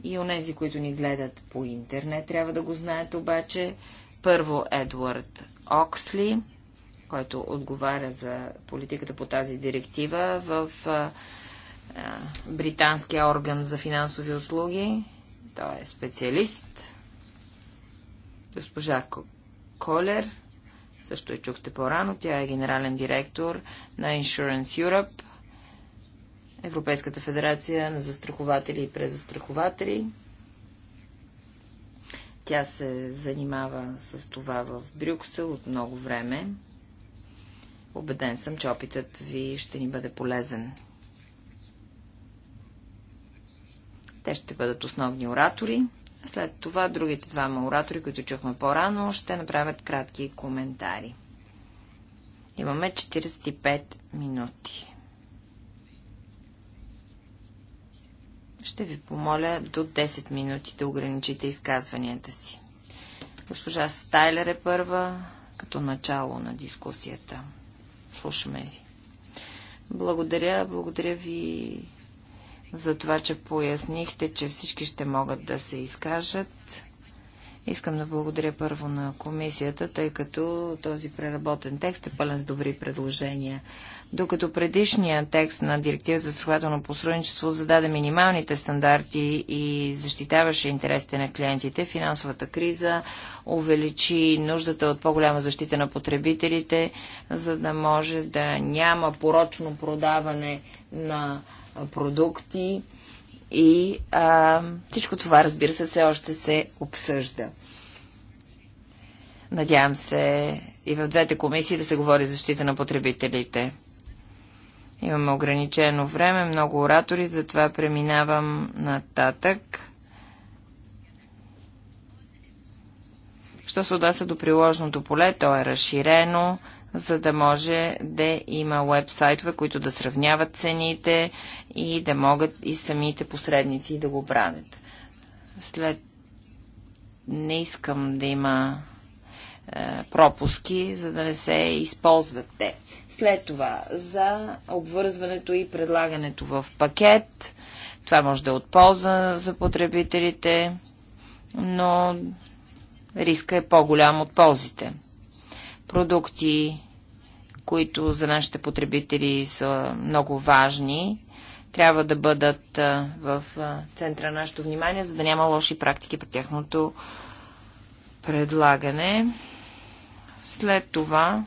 и онези, които ни гледат по интернет, трябва да го знаят обаче. Първо Едвард Оксли, който отговаря за политиката по тази директива в британския орган за финансови услуги. Той е специалист. Госпожа Колер, също я чухте по-рано, тя е генерален директор на Insurance Europe, Европейската федерация на застрахователи и презастрахователи. Тя се занимава с това в Брюксел от много време. Обеден съм, че опитът ви ще ни бъде полезен. Те ще бъдат основни оратори. След това другите двама оратори, които чухме по-рано, ще направят кратки коментари. Имаме 45 минути. Ще ви помоля до 10 минути да ограничите изказванията си. Госпожа Стайлер е първа като начало на дискусията. Слушаме ви. Благодаря, благодаря ви за това, че пояснихте, че всички ще могат да се изкажат. Искам да благодаря първо на комисията, тъй като този преработен текст е пълен с добри предложения. Докато предишният текст на директива за страхователно посредничество зададе минималните стандарти и защитаваше интересите на клиентите, финансовата криза увеличи нуждата от по-голяма защита на потребителите, за да може да няма порочно продаване на продукти и а, всичко това, разбира се, все още се обсъжда. Надявам се и в двете комисии да се говори защита на потребителите. Имаме ограничено време, много оратори, затова преминавам нататък. Що се отнася до приложното поле, то е разширено за да може да има уебсайтове, които да сравняват цените и да могат и самите посредници да го правят. След не искам да има е, пропуски, за да не се използват те. След това, за обвързването и предлагането в пакет, това може да е от полза за потребителите, но риска е по-голям от ползите. Продукти които за нашите потребители са много важни, трябва да бъдат в центъра на нашето внимание, за да няма лоши практики при тяхното предлагане. След това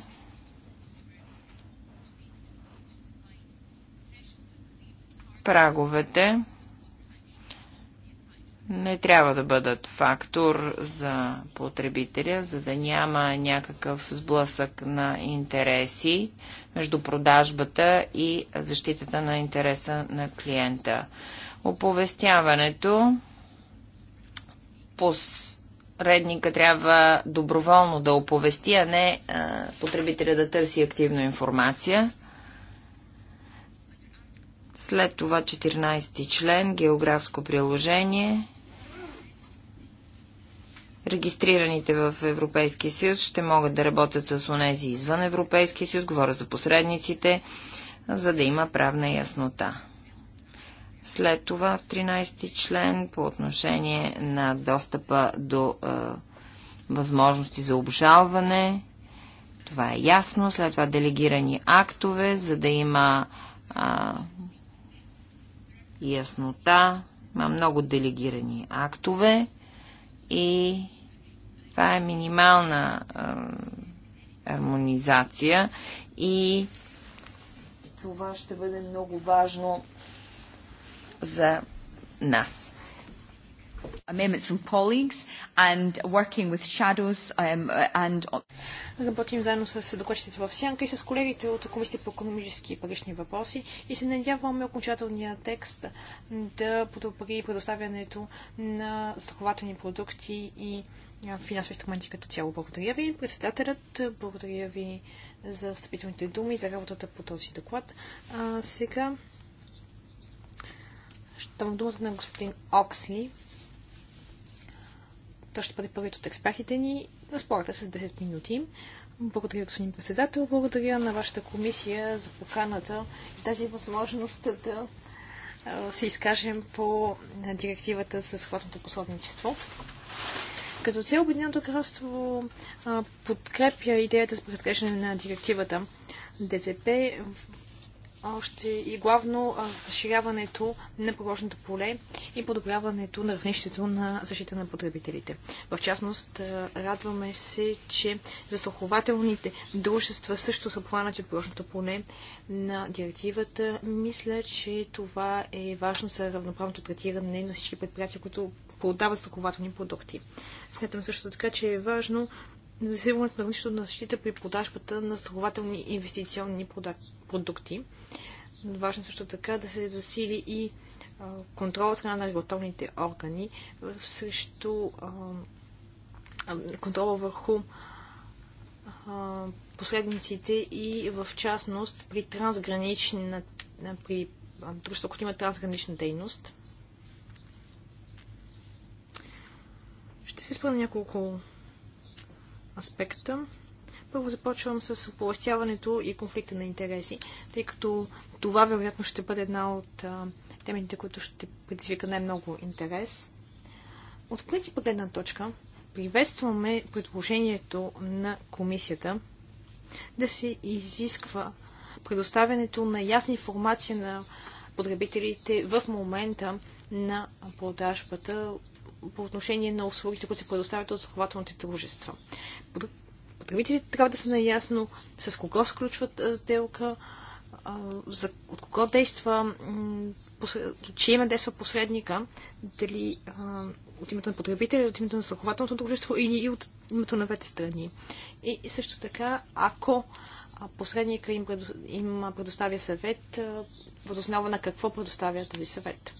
праговете не трябва да бъдат фактор за потребителя, за да няма някакъв сблъсък на интереси между продажбата и защитата на интереса на клиента. Оповестяването посредника трябва доброволно да оповести, а не потребителя да търси активно информация. След това 14 член, географско приложение регистрираните в Европейския съюз ще могат да работят с онези извън Европейския съюз, говоря за посредниците, за да има правна яснота. След това в 13 член по отношение на достъпа до е, възможности за обжалване, това е ясно. След това делегирани актове, за да има а, яснота. Има много делегирани актове и това е минимална а, хармонизация и това ще бъде много важно за нас amendments from colleagues and working with shadows um, and... Работим заедно с докладчиците в Сянка и с колегите от Комисията по економически и парични въпроси и се надяваме окончателния текст да подобри предоставянето на страхователни продукти и финансови инструменти като цяло. Благодаря ви, председателят. Благодаря ви за встъпителните думи и за работата по този доклад. А, сега ще дам думата на господин Оксли. Той ще бъде първият от експертите ни. Разполагате с 10 минути. Благодаря, господин председател. Благодаря на вашата комисия за поканата и за тази възможност да се изкажем по директивата с хватното пособничество. Като цяло Обединеното кралство а, подкрепя идеята с преразглеждане на директивата ДЦП, още и главно разширяването на приложното поле и подобряването на равнището на защита на потребителите. В частност, радваме се, че застрахователните дружества също са обхванати от приложното поле на директивата. Мисля, че това е важно за равноправното третиране на всички предприятия, които продават стоколателни продукти. Смятам също така, че е важно засилването на равнището на защита при продажбата на страхователни инвестиционни продукти. Важно е също така да се засили и контрол от страна на регулаторните органи срещу контрола върху посредниците и в частност при трансгранична, при дружество, което има трансгранична дейност. Ще се спра няколко аспекта. Първо започвам с оповестяването и конфликта на интереси, тъй като това вероятно ще бъде една от а, темите, които ще предизвика най-много интерес. От принципа гледна точка, приветстваме предложението на комисията да се изисква предоставянето на ясна информация на потребителите в момента на продажбата по отношение на услугите, които се предоставят от захователните дружества. Потребителите трябва да са наясно с кого сключват сделка, за, от кого действа, че има действа посредника, дали а, от името на потребителя, от името на страхователното дружество или от името на двете страни. И също така, ако посредника им, предо, им предоставя съвет, възоснова на какво предоставя този съвет.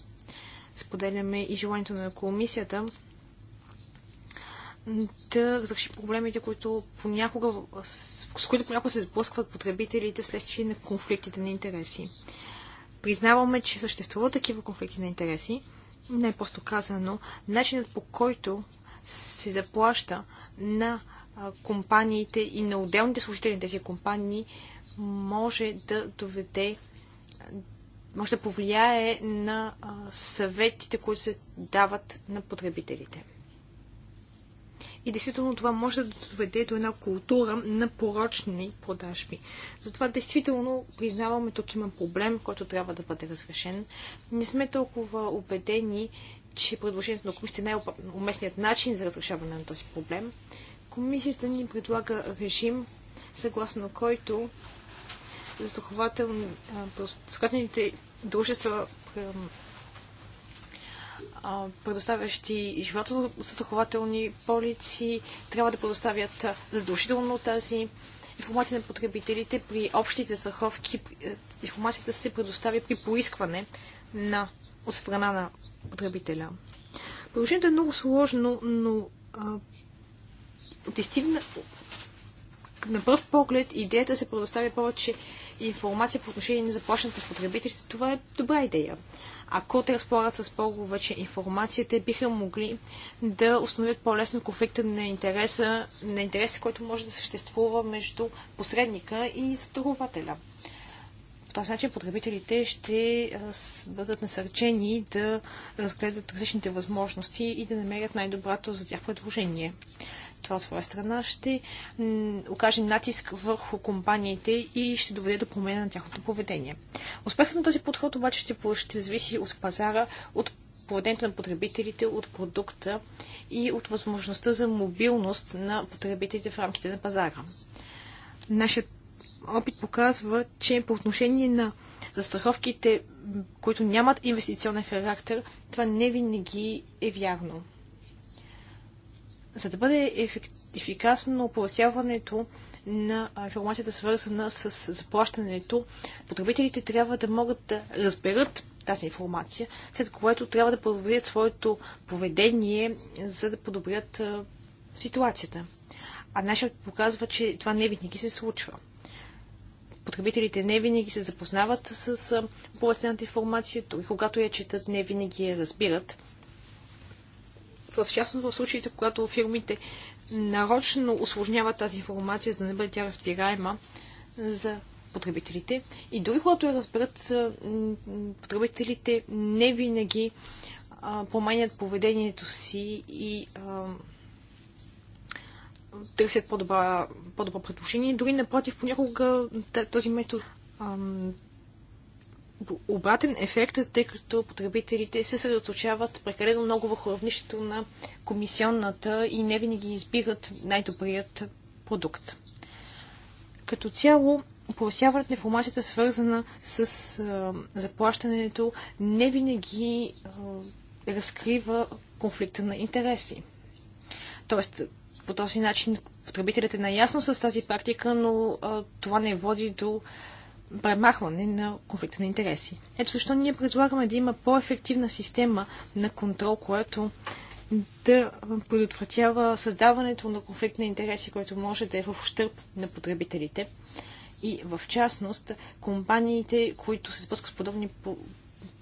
Споделяме и желанието на комисията да разреши проблемите, които понякога, с които понякога се сблъскват потребителите вследствие на конфликтите на интереси. Признаваме, че съществуват такива конфликти на интереси. Не е просто казано. Начинът по който се заплаща на компаниите и на отделните служители на тези компании може да доведе може да повлияе на съветите, които се дават на потребителите. И действително това може да доведе до една култура на порочни продажби. Затова действително признаваме, тук има проблем, който трябва да бъде разрешен. Не сме толкова убедени, че предложението на комисията е най-уместният начин за разрешаване на този проблем. Комисията ни предлага режим, съгласно който застрахователните дружества, предоставящи живота застрахователни полици, трябва да предоставят задължително тази информация на потребителите при общите страховки. Информацията се предоставя при поискване на, от страна на потребителя. Положението е много сложно, но а, на пръв поглед идеята се предоставя повече информация по отношение на заплащането потребителите, това е добра идея. Ако те разполагат с по информация, те биха могли да установят по-лесно конфликта на интереса, на интереса, който може да съществува между посредника и страхователя. По този начин потребителите ще бъдат насърчени да разгледат различните възможности и да намерят най-доброто за тях предложение. Това от своя страна ще окаже натиск върху компаниите и ще доведе до промена на тяхното поведение. Успехът на този подход обаче ще, ще зависи от пазара, от поведението на потребителите, от продукта и от възможността за мобилност на потребителите в рамките на пазара. Нашият опит показва, че по отношение на застраховките, които нямат инвестиционен характер, това не винаги е вярно. За да бъде ефик... ефикасно оповестяването на информацията, свързана с заплащането, потребителите трябва да могат да разберат тази информация, след което трябва да подобрят своето поведение, за да подобрят а, ситуацията. А нашият показва, че това не винаги се случва. Потребителите не винаги се запознават с повестената информация, и когато я четат, не винаги я разбират в частност в случаите, когато фирмите нарочно осложняват тази информация, за да не бъде тя разбираема за потребителите. И дори когато я разберат, потребителите не винаги променят поведението си и а, търсят по-добро предложение. Дори напротив, понякога този метод обратен ефект, тъй като потребителите се съсредоточават прекалено много върху равнището на комисионната и не винаги избират най-добрият продукт. Като цяло, оповестяването на информацията, свързана с а, заплащането, не винаги а, разкрива конфликта на интереси. Тоест, по този начин потребителят е наясно с тази практика, но а, това не води до а, премахване на конфликта на интереси. Ето защо ние предлагаме да има по-ефективна система на контрол, която да предотвратява създаването на конфликт на интереси, който може да е в ущърп на потребителите. И в частност, компаниите, които се спускат с подобни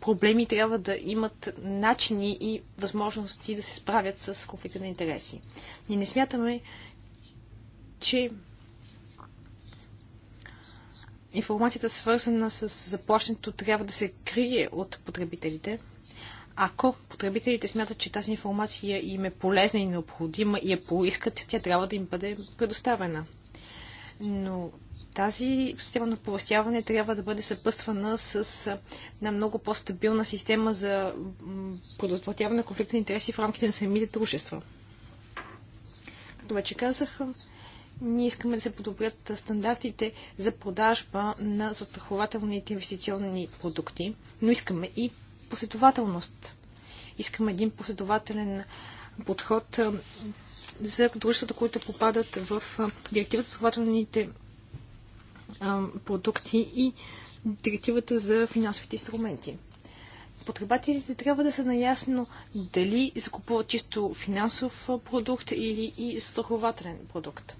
проблеми, трябва да имат начини и възможности да се справят с конфликта на интереси. Ние не смятаме, че информацията свързана с заплащането трябва да се крие от потребителите. Ако потребителите смятат, че тази информация им е полезна и необходима и я поискат, тя трябва да им бъде предоставена. Но тази система на оповестяване трябва да бъде съпъствана с една много по-стабилна система за предотвратяване на конфликта на интереси в рамките на самите дружества. Като вече казах, ние искаме да се подобрят стандартите за продажба на застрахователните инвестиционни продукти, но искаме и последователност. Искаме един последователен подход за дружествата, които попадат в директивата за застрахователните продукти и директивата за финансовите инструменти. Потребателите трябва да са наясно дали закупуват чисто финансов продукт или и застрахователен продукт.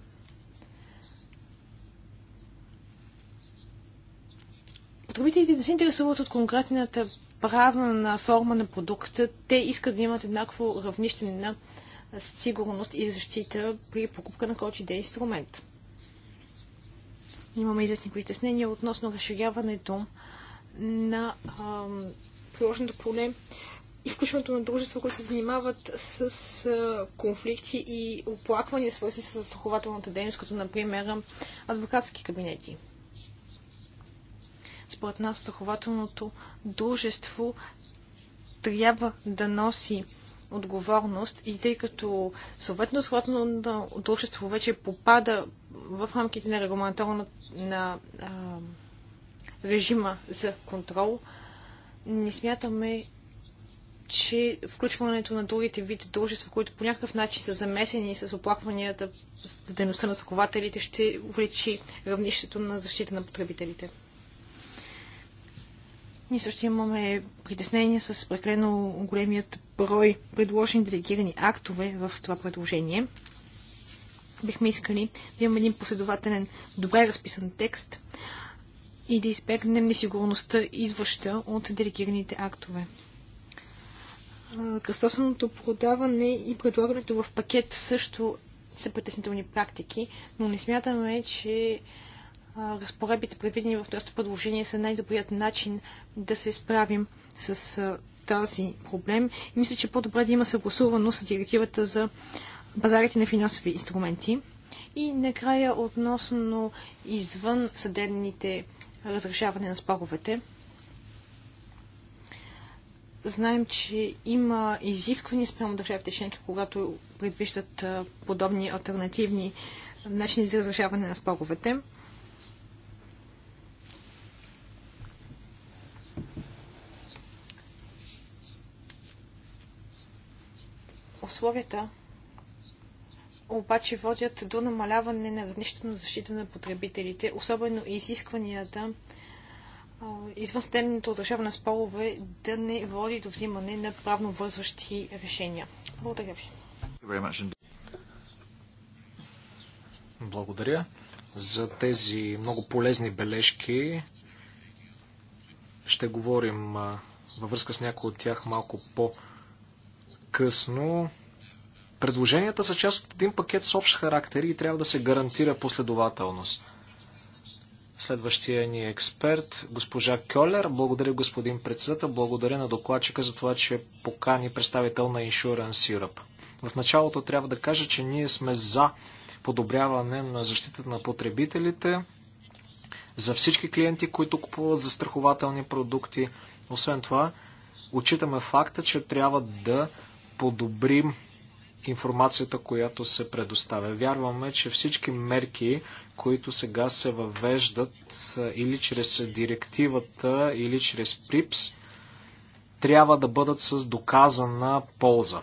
потребителите да се интересуват от конкретната правна форма на продукта. Те искат да имат еднакво равнище на сигурност и защита при покупка на който и да е инструмент. Имаме известни притеснения относно разширяването на приложеното поле и включването на дружества, които се занимават с а, конфликти и оплаквания, свързани с страхователната дейност, като например адвокатски кабинети. Според нас, страхователното дружество трябва да носи отговорност и тъй като съответно сходното дружество вече попада в рамките на регламентарно на а, режима за контрол, не смятаме, че включването на другите вид дружества, които по някакъв начин са замесени с оплакванията за дейността на закователите, ще увеличи равнището на защита на потребителите. Ние също имаме притеснения с прекалено големият брой предложени делегирани актове в това предложение. Бихме искали да имаме един последователен, добре разписан текст и да избегнем несигурността, идваща от делегираните актове. Кръстосаното продаване и предлагането в пакет също са притеснителни практики, но не смятаме, че разпоредбите, предвидени в този предложение, са най-добрият начин да се справим с а, този проблем. И мисля, че по-добре да има съгласувано с директивата за базарите на финансови инструменти. И накрая относно извън съдебните разрешаване на споровете. Знаем, че има изисквания спрямо държавите членки, когато предвиждат подобни альтернативни начини за разрешаване на споровете. условията обаче водят до намаляване на равнището на защита на потребителите, особено изискванията извънсъдебното разрешаване на спорове да не води до взимане на правно вързващи решения. Благодаря ви. Благодаря за тези много полезни бележки. Ще говорим във връзка с някои от тях малко по-късно късно. Предложенията са част от един пакет с общ характер и трябва да се гарантира последователност. Следващия ни експерт, госпожа Кьолер. Благодаря, господин председател. Благодаря на докладчика за това, че покани представител на Insurance Europe. В началото трябва да кажа, че ние сме за подобряване на защитата на потребителите, за всички клиенти, които купуват застрахователни продукти. Освен това, отчитаме факта, че трябва да подобрим информацията, която се предоставя. Вярваме, че всички мерки, които сега се въвеждат или чрез директивата, или чрез ПРИПС, трябва да бъдат с доказана полза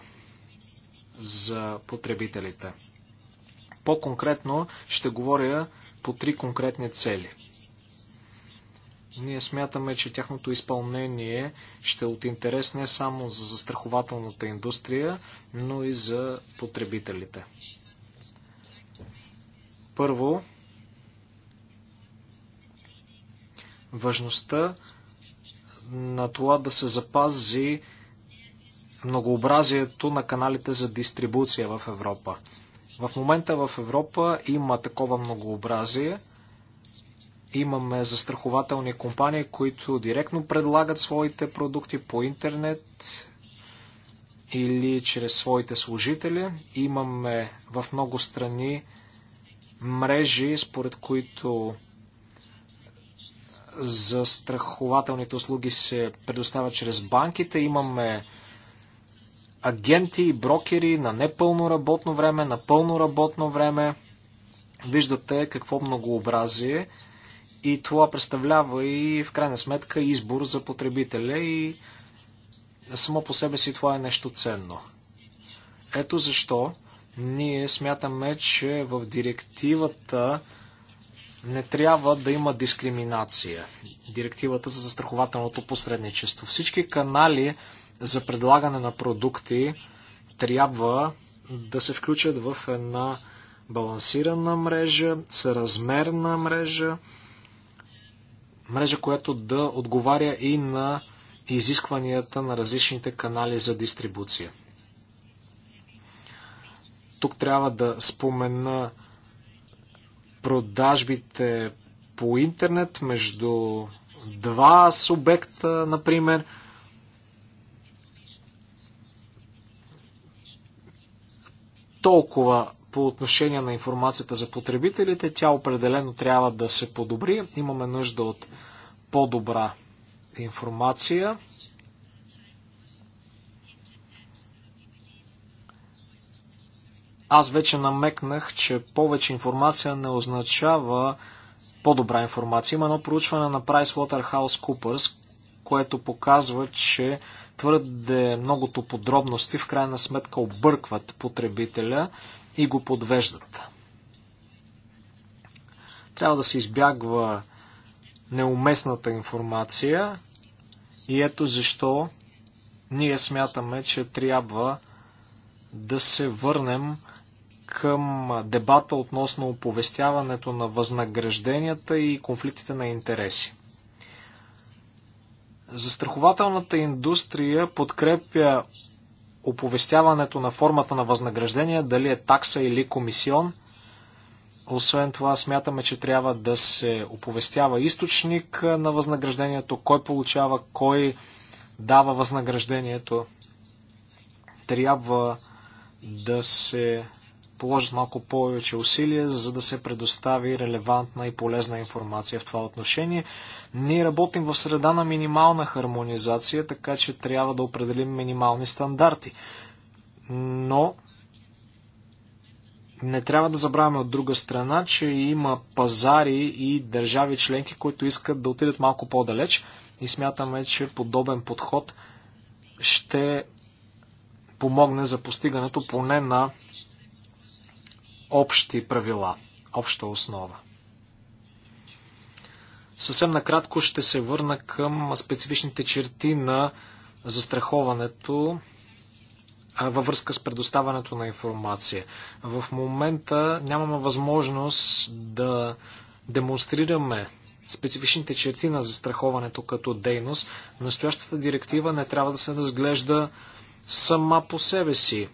за потребителите. По-конкретно ще говоря по три конкретни цели – ние смятаме, че тяхното изпълнение ще е от интерес не само за застрахователната индустрия, но и за потребителите. Първо, важността на това да се запази многообразието на каналите за дистрибуция в Европа. В момента в Европа има такова многообразие – Имаме застрахователни компании, които директно предлагат своите продукти по интернет или чрез своите служители. Имаме в много страни мрежи, според които застрахователните услуги се предоставят чрез банките. Имаме агенти и брокери на непълно работно време, на пълно работно време. Виждате какво многообразие. И това представлява и в крайна сметка избор за потребителя и само по себе си това е нещо ценно. Ето защо ние смятаме, че в директивата не трябва да има дискриминация. Директивата за застрахователното посредничество. Всички канали за предлагане на продукти трябва да се включат в една балансирана мрежа, съразмерна мрежа, мрежа, която да отговаря и на изискванията на различните канали за дистрибуция. Тук трябва да спомена продажбите по интернет между два субекта, например. Толкова по отношение на информацията за потребителите. Тя определено трябва да се подобри. Имаме нужда от по-добра информация. Аз вече намекнах, че повече информация не означава по-добра информация. Има едно проучване на PricewaterhouseCoopers, което показва, че твърде многото подробности в крайна сметка объркват потребителя и го подвеждат. Трябва да се избягва неуместната информация и ето защо ние смятаме, че трябва да се върнем към дебата относно оповестяването на възнагражденията и конфликтите на интереси. Застрахователната индустрия подкрепя оповестяването на формата на възнаграждение, дали е такса или комисион. Освен това, смятаме, че трябва да се оповестява източник на възнаграждението, кой получава, кой дава възнаграждението. Трябва да се положат малко повече усилия, за да се предостави релевантна и полезна информация в това отношение. Ние работим в среда на минимална хармонизация, така че трябва да определим минимални стандарти. Но не трябва да забравяме от друга страна, че има пазари и държави членки, които искат да отидат малко по-далеч и смятаме, че подобен подход ще помогне за постигането поне на общи правила, обща основа. Съвсем накратко ще се върна към специфичните черти на застраховането във връзка с предоставянето на информация. В момента нямаме възможност да демонстрираме специфичните черти на застраховането като дейност. Настоящата директива не трябва да се разглежда сама по себе си.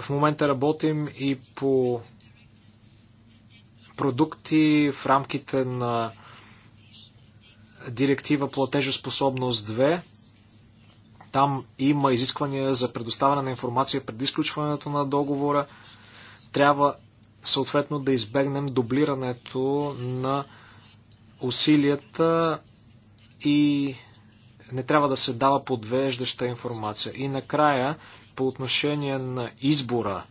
В момента работим и по продукти в рамките на директива платежоспособност 2. Там има изисквания за предоставяне на информация преди изключването на договора. Трябва съответно да избегнем дублирането на усилията и не трябва да се дава подвеждаща информация. И накрая, по отношение на избора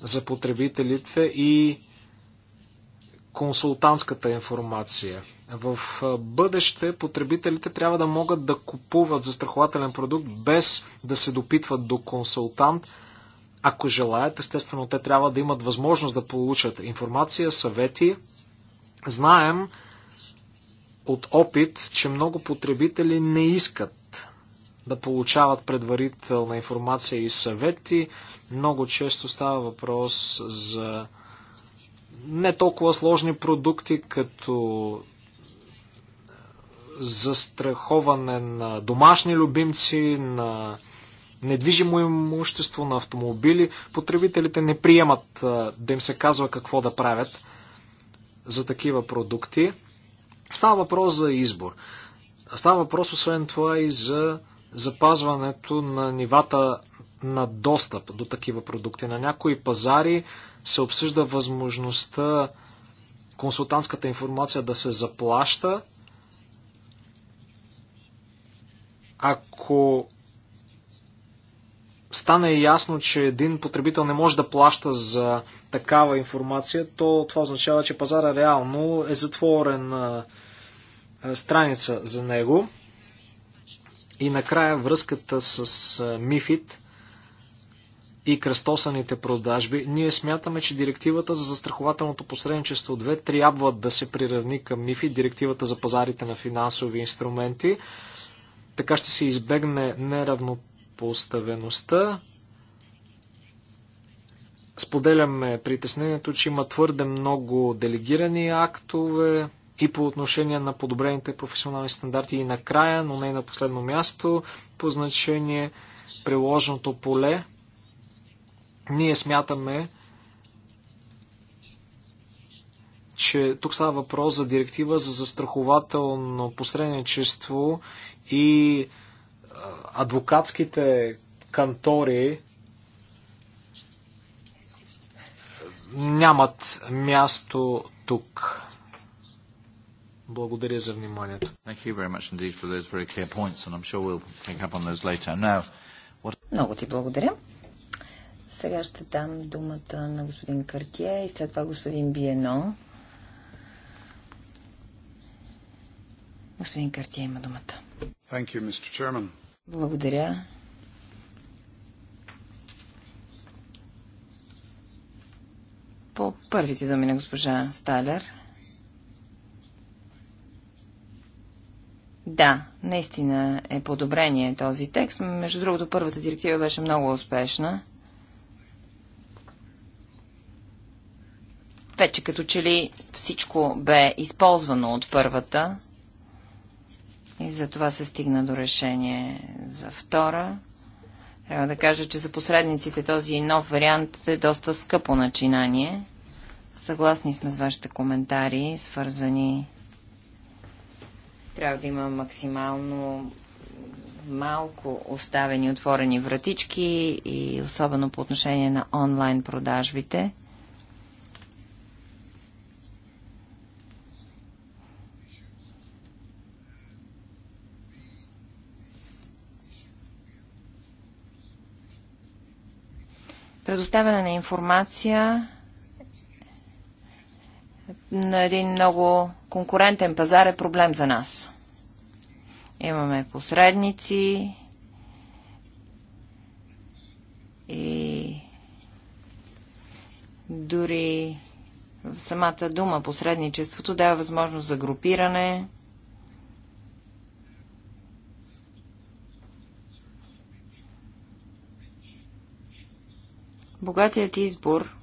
за потребителите и консултантската информация. В бъдеще потребителите трябва да могат да купуват застрахователен продукт без да се допитват до консултант. Ако желаят, естествено, те трябва да имат възможност да получат информация, съвети. Знаем от опит, че много потребители не искат да получават предварителна информация и съвети. Много често става въпрос за не толкова сложни продукти, като застраховане на домашни любимци, на недвижимо имущество, на автомобили. Потребителите не приемат да им се казва какво да правят за такива продукти. Става въпрос за избор. Става въпрос, освен това, и за запазването на нивата на достъп до такива продукти. На някои пазари се обсъжда възможността консултантската информация да се заплаща. Ако стане ясно, че един потребител не може да плаща за такава информация, то това означава, че пазара реално е затворен страница за него. И накрая връзката с МИФИД и кръстосаните продажби. Ние смятаме, че директивата за застрахователното посредничество 2 трябва да се приравни към Мифит, директивата за пазарите на финансови инструменти. Така ще се избегне неравнопоставеността. Споделяме притеснението, че има твърде много делегирани актове, и по отношение на подобрените професионални стандарти и накрая, но не на последно място, по значение приложното поле. Ние смятаме, че тук става въпрос за директива за застрахователно посредничество и адвокатските кантори нямат място тук. Благодаря за вниманието. Много ти благодаря. Сега ще дам думата на господин Картия и след това господин Биено. Господин Картия има думата. You, благодаря. По първите думи на госпожа Сталер – Да, наистина е подобрение този текст. Между другото, първата директива беше много успешна. Вече като че ли всичко бе използвано от първата и затова се стигна до решение за втора. Трябва да кажа, че за посредниците този нов вариант е доста скъпо начинание. Съгласни сме с вашите коментари, свързани трябва да има максимално малко оставени отворени вратички и особено по отношение на онлайн продажбите. Предоставяне на информация на един много конкурентен пазар е проблем за нас. Имаме посредници и дори в самата дума посредничеството дава възможност за групиране. Богатият избор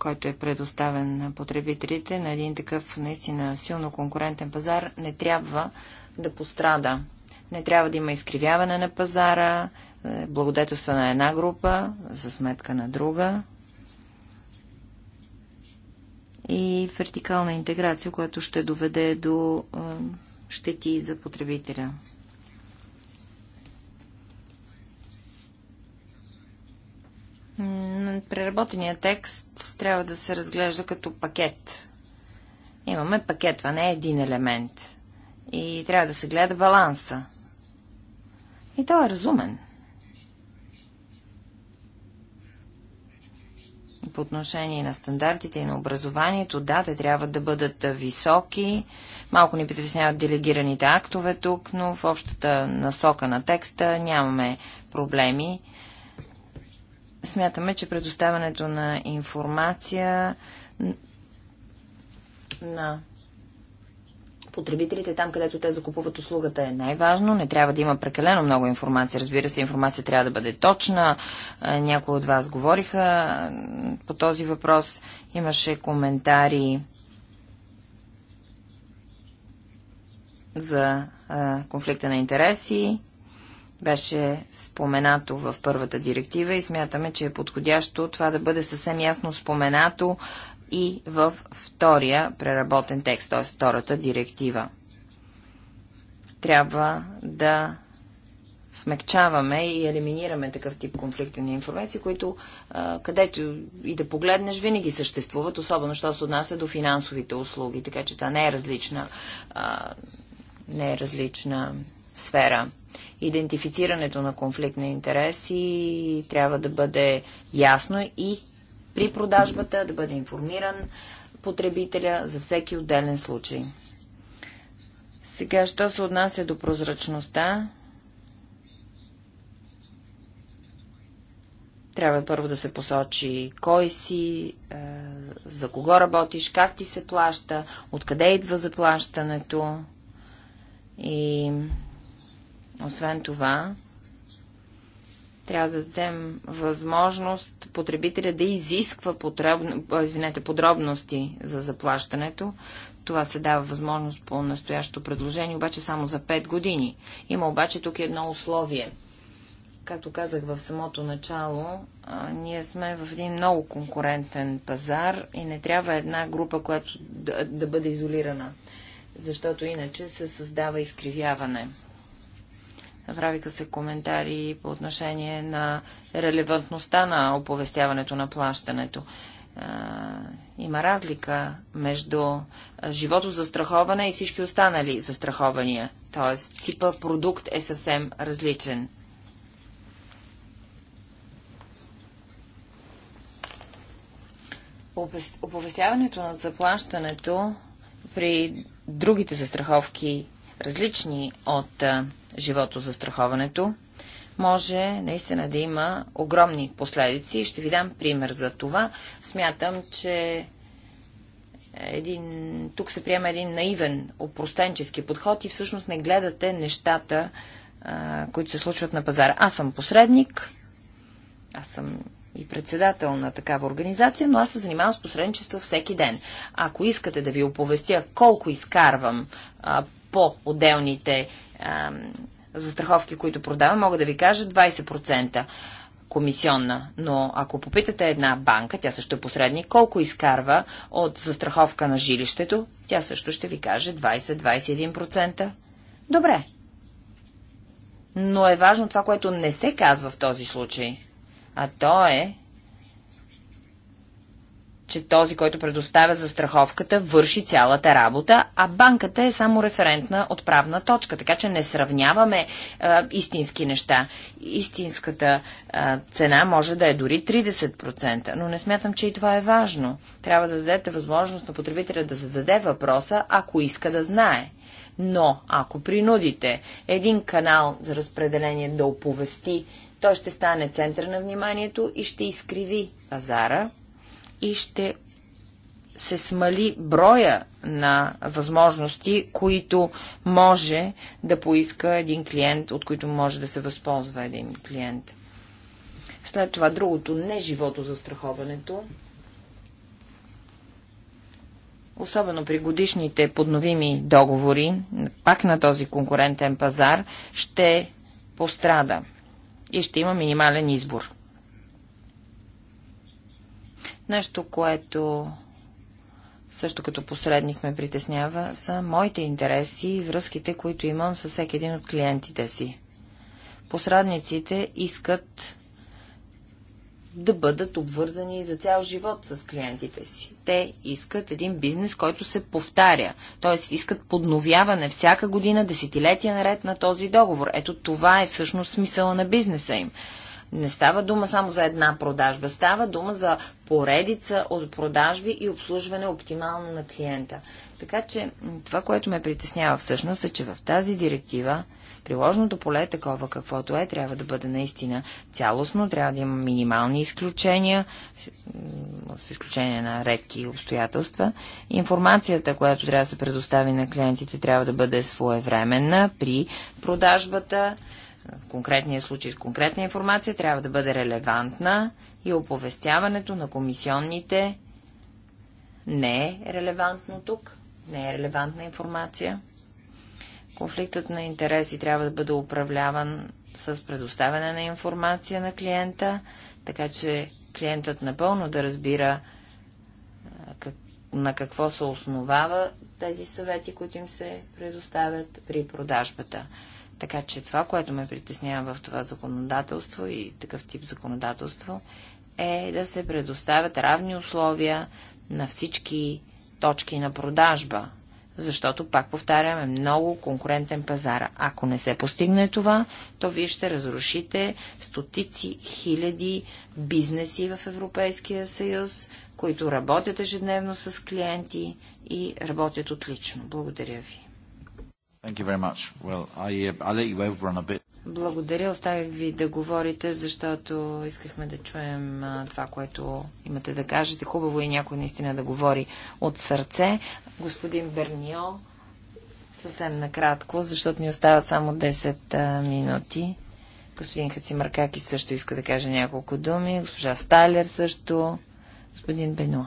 който е предоставен на потребителите на един такъв наистина силно конкурентен пазар, не трябва да пострада. Не трябва да има изкривяване на пазара, е, благодетелство на една група за сметка на друга и вертикална интеграция, която ще доведе до е, щети за потребителя. Преработеният текст трябва да се разглежда като пакет. Имаме пакет, това не е един елемент. И трябва да се гледа баланса. И той е разумен. По отношение на стандартите и на образованието, да, те трябва да бъдат високи. Малко ни притесняват делегираните актове тук, но в общата насока на текста нямаме проблеми Смятаме, че предоставянето на информация на потребителите там, където те закупуват услугата е най-важно. Не трябва да има прекалено много информация. Разбира се, информация трябва да бъде точна. Е, някои от вас говориха по този въпрос. Имаше коментари за е, конфликта на интереси беше споменато в първата директива и смятаме, че е подходящо това да бъде съвсем ясно споменато и в втория преработен текст, т.е. втората директива. Трябва да смекчаваме и елиминираме такъв тип конфликти на информация, които където и да погледнеш винаги съществуват, особено що се отнася до финансовите услуги, така че това не е различна, не е различна сфера идентифицирането на конфликт на интереси трябва да бъде ясно и при продажбата да бъде информиран потребителя за всеки отделен случай. Сега, що се отнася до прозрачността, трябва първо да се посочи кой си, е, за кого работиш, как ти се плаща, откъде идва заплащането и освен това, трябва да дадем възможност потребителя да изисква потребно, извинете, подробности за заплащането. Това се дава възможност по настоящото предложение, обаче само за 5 години. Има обаче тук едно условие. Както казах в самото начало, а, ние сме в един много конкурентен пазар и не трябва една група, която да, да бъде изолирана, защото иначе се създава изкривяване. Направиха се коментари по отношение на релевантността на оповестяването на плащането. Има разлика между живото застраховане и всички останали застрахования. Тоест, типа продукт е съвсем различен. Оповестяването на заплащането при другите застраховки различни от живото застраховането, може наистина да има огромни последици. Ще ви дам пример за това. Смятам, че един, тук се приема един наивен, опростенчески подход и всъщност не гледате нещата, които се случват на пазара. Аз съм посредник, аз съм и председател на такава организация, но аз се занимавам с посредничество всеки ден. Ако искате да ви оповестя колко изкарвам а, по отделните а, застраховки, които продавам, мога да ви кажа 20% комисионна. Но ако попитате една банка, тя също е посредник, колко изкарва от застраховка на жилището, тя също ще ви каже 20-21%. Добре. Но е важно това, което не се казва в този случай. А то е, че този, който предоставя застраховката, върши цялата работа, а банката е само референтна отправна точка. Така че не сравняваме а, е, истински неща. Истинската а, е, цена може да е дори 30%, но не смятам, че и това е важно. Трябва да дадете възможност на потребителя да зададе въпроса, ако иска да знае. Но ако принудите един канал за разпределение да оповести, той ще стане център на вниманието и ще изкриви пазара, и ще се смали броя на възможности, които може да поиска един клиент, от които може да се възползва един клиент. След това другото, не живото за страховането. особено при годишните подновими договори, пак на този конкурентен пазар, ще пострада и ще има минимален избор. Нещо, което също като посредник ме притеснява, са моите интереси и връзките, които имам с всеки един от клиентите си. Посредниците искат да бъдат обвързани за цял живот с клиентите си. Те искат един бизнес, който се повтаря. Т.е. искат подновяване всяка година, десетилетия наред на този договор. Ето това е всъщност смисъла на бизнеса им. Не става дума само за една продажба, става дума за поредица от продажби и обслужване оптимално на клиента. Така че това, което ме притеснява всъщност е, че в тази директива приложното поле е такова каквото е, трябва да бъде наистина цялостно, трябва да има минимални изключения, с изключение на редки обстоятелства. Информацията, която трябва да се предостави на клиентите, трябва да бъде своевременна при продажбата в конкретния случай с конкретна информация трябва да бъде релевантна и оповестяването на комисионните не е релевантно тук, не е релевантна информация. Конфликтът на интереси трябва да бъде управляван с предоставяне на информация на клиента, така че клиентът напълно да разбира как, на какво се основава тези съвети, които им се предоставят при продажбата. Така че това, което ме притеснява в това законодателство и такъв тип законодателство, е да се предоставят равни условия на всички точки на продажба. Защото, пак повтаряме, много конкурентен пазар. Ако не се постигне това, то вие ще разрушите стотици хиляди бизнеси в Европейския съюз, които работят ежедневно с клиенти и работят отлично. Благодаря ви. Well, I, uh, I Благодаря. Оставих ви да говорите, защото искахме да чуем това, което имате да кажете. Хубаво и е някой наистина да говори от сърце. Господин Бернио, съвсем накратко, защото ни остават само 10 минути. Господин Хацимаркаки също иска да каже няколко думи. Госпожа Сталер също. Господин Бенуа.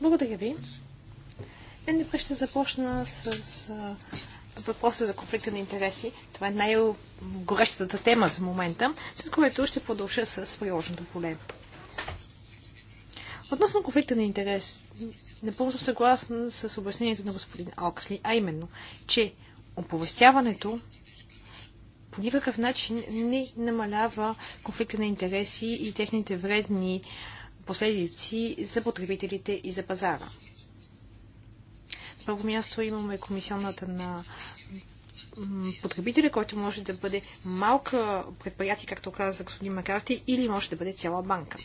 Благодаря ви. Днес добре ще започна с въпроса за конфликта на интереси. Това е най-горещата тема за момента, след което ще продължа с приложното поле. Относно конфликта на интерес, напълно съм съгласна с обяснението на господин Оксли, а именно, че оповестяването по никакъв начин не намалява конфликта на интереси и техните вредни последици за потребителите и за пазара първо място имаме комисионната на потребителя, който може да бъде малка предприятие, както каза господин Макарти, или може да бъде цяла банка.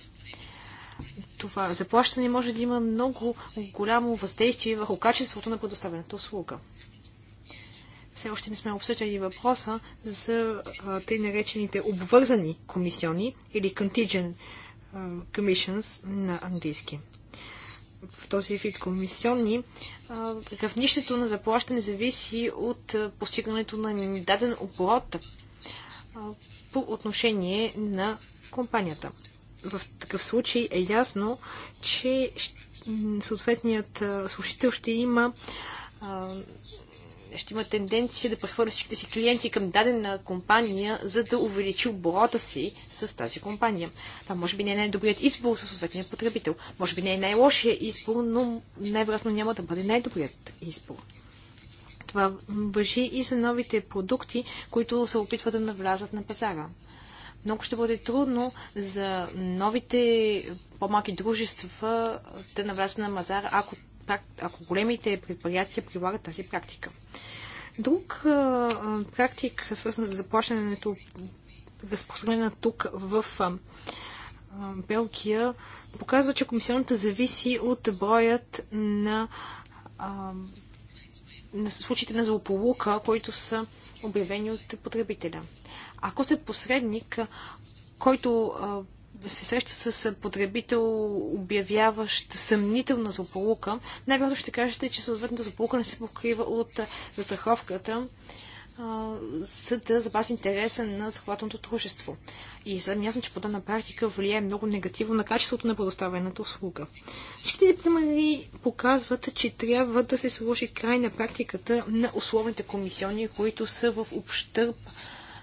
Това заплащане може да има много голямо въздействие върху качеството на предоставената услуга. Все още не сме обсъждали въпроса за тъй наречените обвързани комисиони или contingent commissions на английски в този вид комисионни, равнището на заплащане зависи от постигането на даден оборот по отношение на компанията. В такъв случай е ясно, че съответният служител ще има ще има тенденция да прехвърля всичките си клиенти към дадена компания, за да увеличи оборота си с тази компания. Това може би не е най-добрият избор за съответния потребител. Може би не е най-лошия избор, но най-вероятно няма да бъде най-добрият избор. Това въжи и за новите продукти, които се опитват да навлязат на пазара. Много ще бъде трудно за новите по-малки дружества да навлязат на пазара, ако ако големите предприятия прилагат тази практика. Друг а, практик, свързан с заплащането, разпространена тук в а, Белгия, показва, че комисионната зависи от броят на, а, на случаите на злополука, които са обявени от потребителя. Ако сте посредник, който се среща с потребител, обявяващ съмнителна злополука, най-вероятно ще кажете, че съответната злополука не се покрива от застраховката, за да запази интереса на захватното дружество. И съм ясно, че подобна практика влияе много негативно на качеството на предоставената услуга. Всичките примери показват, че трябва да се сложи край на практиката на условните комисиони, които са в общърп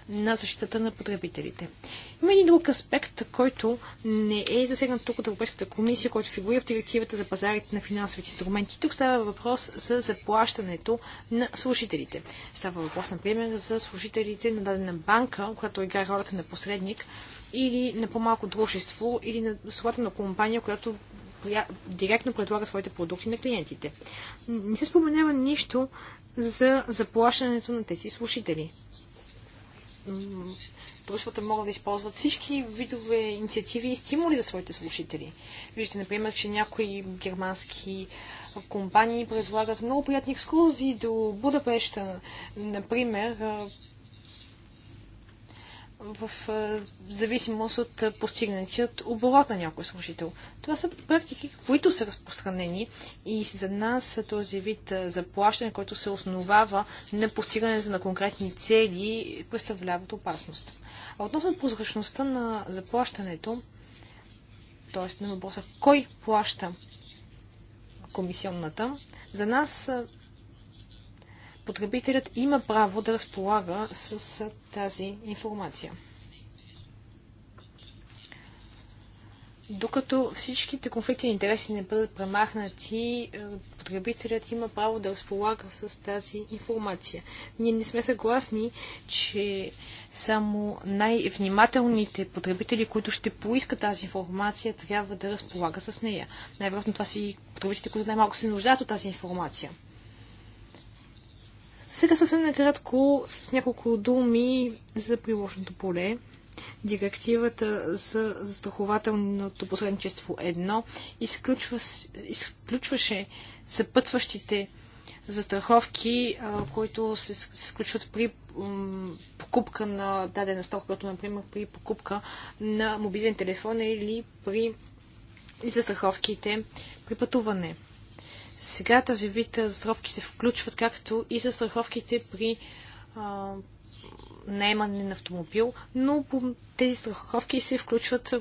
на защитата на потребителите. Има един друг аспект, който не е засегнат тук от Европейската комисия, който фигурира в директивата за пазарите на финансовите инструменти. Тук става въпрос за заплащането на служителите. Става въпрос, например, за служителите на дадена банка, която играе ролята на посредник, или на по-малко дружество, или на слата на компания, която директно предлага своите продукти на клиентите. Не се споменава нищо за заплащането на тези служители дружествата могат да използват всички видове инициативи и стимули за своите слушатели. Вижте, например, че някои германски компании предлагат много приятни екскурзии до Будапеща. Например, в зависимост от постигнатият оборот на някой служител. Това са практики, които са разпространени и за нас този вид заплащане, който се основава на постигането на конкретни цели, представляват опасност. А относно прозрачността на заплащането, т.е. на въпроса кой плаща комисионната, за нас потребителят има право да разполага с тази информация. Докато всичките конфликти и интереси не бъдат премахнати, е, потребителят има право да разполага с тази информация. Ние не сме съгласни, че само най-внимателните потребители, които ще поискат тази информация, трябва да разполага с нея. Най-вероятно това си потребителите, които най-малко се нуждаят от тази информация. Сега съвсем накратко с няколко думи за приложното поле. Директивата за застрахователното посредничество 1 изключва, изключваше съпътващите застраховки, които се сключват при покупка на дадена стока, като например при покупка на мобилен телефон или при застраховките при пътуване. Сега тази вид застраховки се включват както и за страховките при а, наемане на автомобил, но тези страховки се включват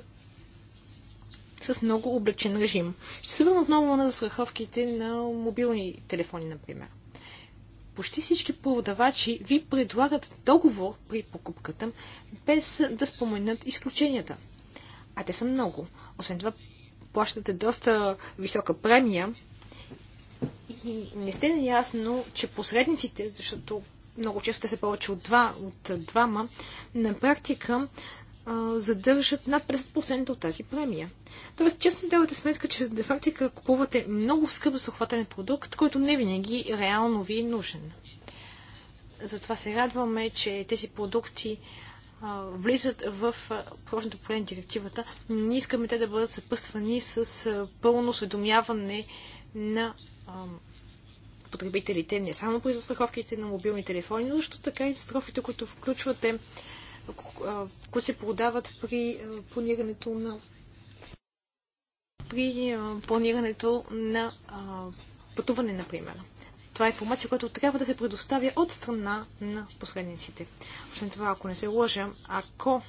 с много облечен режим. Ще се върна отново на застраховките на мобилни телефони, например. Почти всички продавачи ви предлагат договор при покупката, без да споменат изключенията. А те са много. Освен това, плащате доста висока премия, и не сте наясно, че посредниците, защото много често те са повече от два, от двама, на практика а, задържат над 50% от тази премия. Тоест, честно давате сметка, че де фактика купувате много скъп захватен продукт, който не винаги реално ви е нужен. Затова се радваме, че тези продукти а, влизат в прочното поле на директивата, но не искаме те да бъдат съпъствани с а, пълно осведомяване на потребителите, не само при застраховките на мобилни телефони, но също така и застраховките, които включвате, които се продават при планирането на при планирането на пътуване, например. Това е информация, която трябва да се предоставя от страна на посредниците. Освен това, ако не се лъжа, ако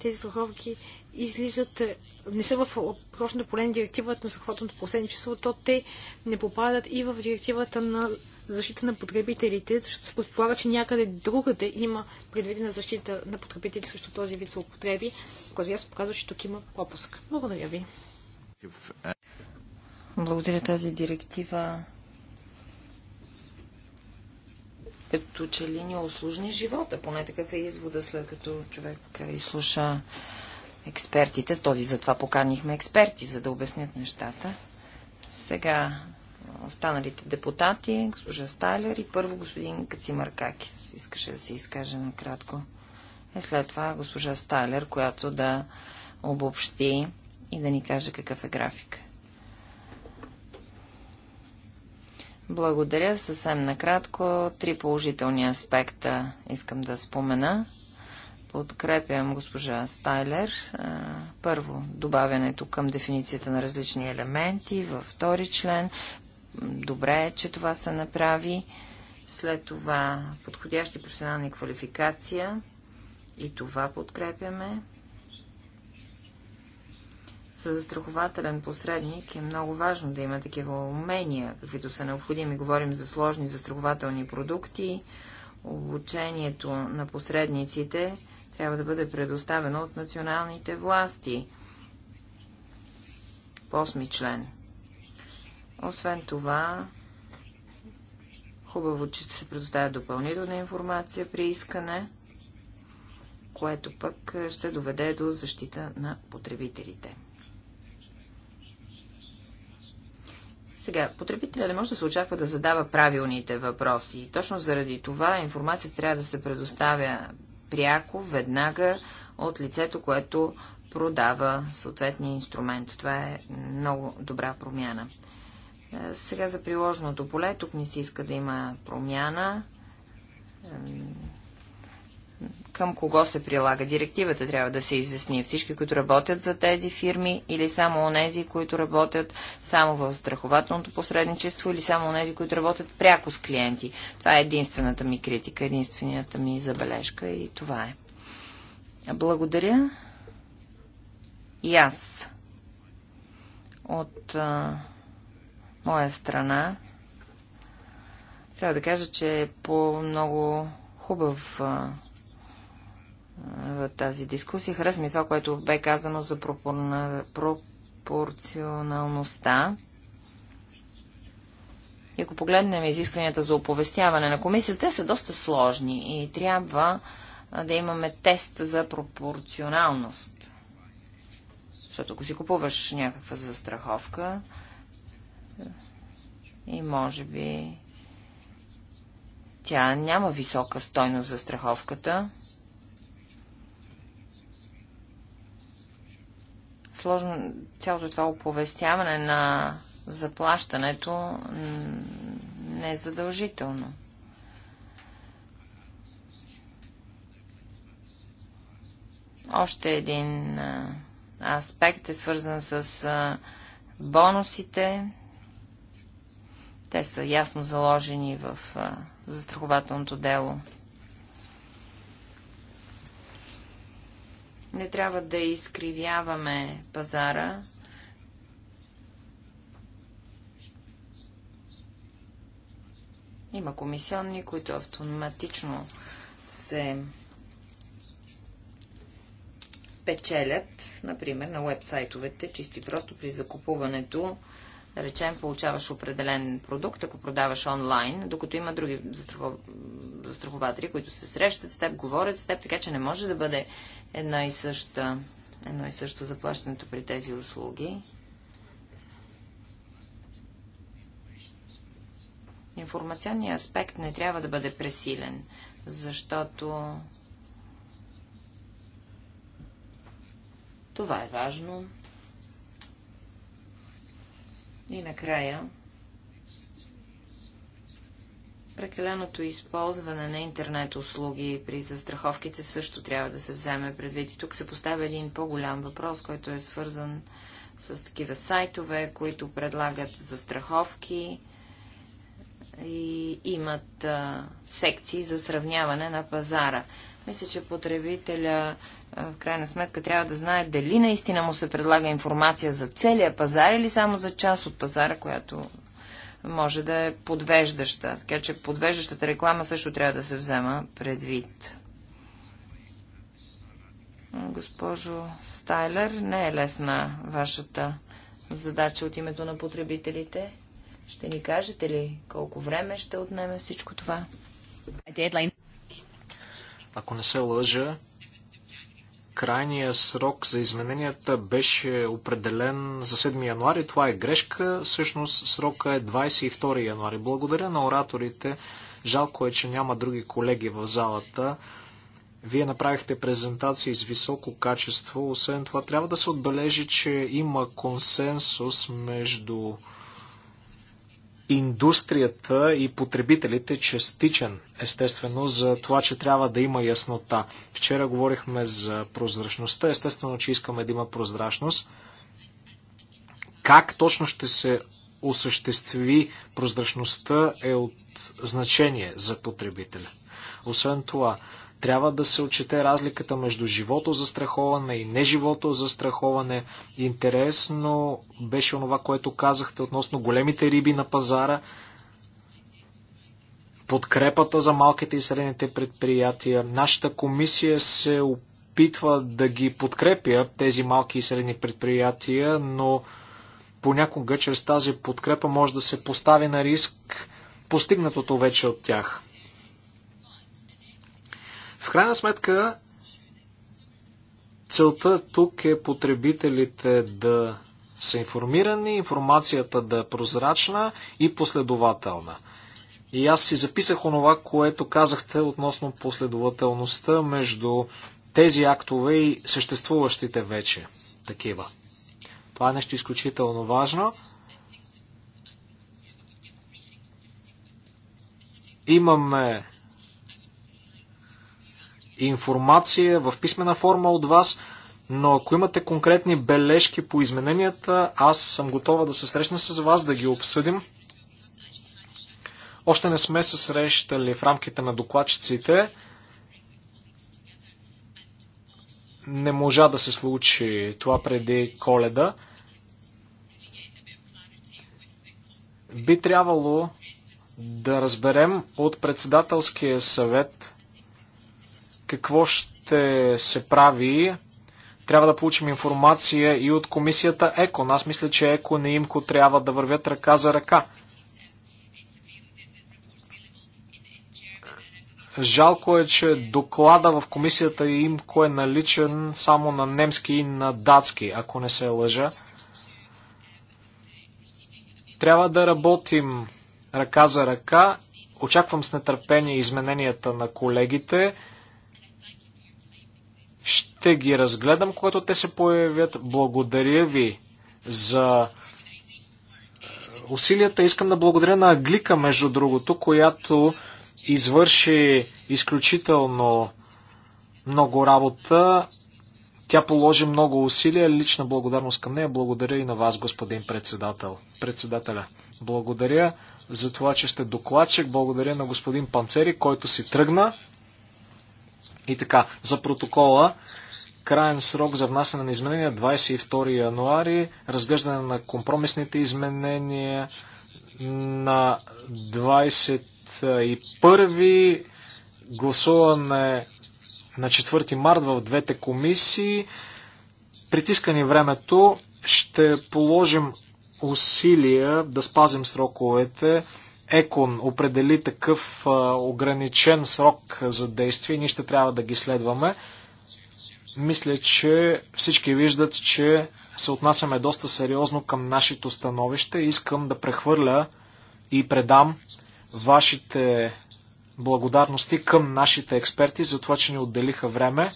тези страховки излизат, е, не са в прочното поле на директивата на съхватното посредничество, то те не попадат и в директивата на защита на потребителите, защото се предполага, че някъде другаде има предвидена защита на потребителите срещу този вид злоупотреби, което аз показва, че тук има пропуск. Благодаря ви. Благодаря тази директива като че ли ни осложни живота. Поне такъв е извода, след като човек изслуша експертите. С този затова поканихме експерти, за да обяснят нещата. Сега останалите депутати, госпожа Стайлер и първо господин Кацимаркакис искаше да се изкаже накратко. И е, след това госпожа Стайлер, която да обобщи и да ни каже какъв е график. Благодаря. Съвсем накратко три положителни аспекта искам да спомена. Подкрепям госпожа Стайлер. Първо, добавянето към дефиницията на различни елементи във втори член. Добре е, че това се направи. След това подходящи професионални квалификация. И това подкрепяме. За застрахователен посредник е много важно да има такива умения, каквито са необходими. Говорим за сложни застрахователни продукти. Обучението на посредниците трябва да бъде предоставено от националните власти. По член. Освен това, хубаво, че ще се предоставя допълнителна информация при искане, което пък е, ще доведе до защита на потребителите. Сега, потребителя не може да се очаква да задава правилните въпроси. Точно заради това информацията трябва да се предоставя пряко, веднага от лицето, което продава съответния инструмент. Това е много добра промяна. Е, сега за приложеното поле. Тук не се иска да има промяна към кого се прилага директивата, трябва да се изясни. Всички, които работят за тези фирми или само онези, които работят само в страхователното посредничество или само онези, които работят пряко с клиенти. Това е единствената ми критика, единствената ми забележка и това е. Благодаря. И аз от а, моя страна трябва да кажа, че е по много хубав а, в тази дискусия. Хареса ми това, което бе казано за пропорционалността. И ако погледнем изискванията за оповестяване на комисията, те са доста сложни и трябва да имаме тест за пропорционалност. Защото ако си купуваш някаква застраховка и може би тя няма висока стойност за страховката, сложно, цялото това оповестяване на заплащането не е задължително. Още един аспект е свързан с бонусите. Те са ясно заложени в застрахователното дело. Не трябва да изкривяваме пазара. Има комисионни, които автоматично се печелят, например, на вебсайтовете, чисто и просто при закупуването да речем, получаваш определен продукт, ако продаваш онлайн, докато има други застрахователи, които се срещат с теб, говорят с теб, така че не може да бъде една и съща, едно и също заплащането при тези услуги. Информационният аспект не трябва да бъде пресилен, защото това е важно. И накрая, прекаленото използване на интернет услуги при застраховките също трябва да се вземе предвид. И тук се поставя един по-голям въпрос, който е свързан с такива сайтове, които предлагат застраховки и имат а, секции за сравняване на пазара. Мисля, че потребителя в крайна сметка трябва да знае дали наистина му се предлага информация за целия пазар или само за част от пазара, която може да е подвеждаща. Така че подвеждащата реклама също трябва да се взема предвид. Госпожо Стайлер, не е лесна вашата задача от името на потребителите. Ще ни кажете ли колко време ще отнеме всичко това? Ако не се лъжа, крайния срок за измененията беше определен за 7 януари. Това е грешка. Всъщност срока е 22 януари. Благодаря на ораторите. Жалко е, че няма други колеги в залата. Вие направихте презентации с високо качество. Освен това, трябва да се отбележи, че има консенсус между индустрията и потребителите частичен, естествено, за това, че трябва да има яснота. Вчера говорихме за прозрачността. Естествено, че искаме да има прозрачност. Как точно ще се осъществи прозрачността е от значение за потребителя. Освен това, трябва да се отчете разликата между живото застраховане и неживото застраховане. Интересно беше онова, което казахте относно големите риби на пазара, подкрепата за малките и средните предприятия. Нашата комисия се опитва да ги подкрепя тези малки и средни предприятия, но понякога чрез тази подкрепа може да се постави на риск постигнатото вече от тях. В крайна сметка, целта тук е потребителите да са информирани, информацията да е прозрачна и последователна. И аз си записах онова, което казахте относно последователността между тези актове и съществуващите вече такива. Това е нещо изключително важно. Имаме информация в писмена форма от вас, но ако имате конкретни бележки по измененията, аз съм готова да се срещна с вас, да ги обсъдим. Още не сме се срещали в рамките на докладчиците. Не можа да се случи това преди коледа. Би трябвало да разберем от председателския съвет какво ще се прави, трябва да получим информация и от комисията ЕКО. Аз мисля, че ЕКО не ИМКО трябва да вървят ръка за ръка. Жалко е, че доклада в комисията ИМКО е наличен само на немски и на датски, ако не се лъжа. Трябва да работим ръка за ръка. Очаквам с нетърпение измененията на колегите. Ще ги разгледам, когато те се появят. Благодаря ви за е, усилията. Искам да благодаря на Аглика, между другото, която извърши изключително много работа. Тя положи много усилия. Лична благодарност към нея. Благодаря и на вас, господин председател. Председателя. Благодаря за това, че сте докладчик. Благодаря на господин Панцери, който си тръгна. И така, за протокола, крайен срок за внасяне на изменения 22 януари, разглеждане на компромисните изменения на 21 гласуване на 4 март в двете комисии. Притискани времето ще положим усилия да спазим сроковете. ЕКОН определи такъв ограничен срок за действие, ние ще трябва да ги следваме. Мисля, че всички виждат, че се отнасяме доста сериозно към нашето становище. Искам да прехвърля и предам вашите благодарности към нашите експерти за това, че ни отделиха време.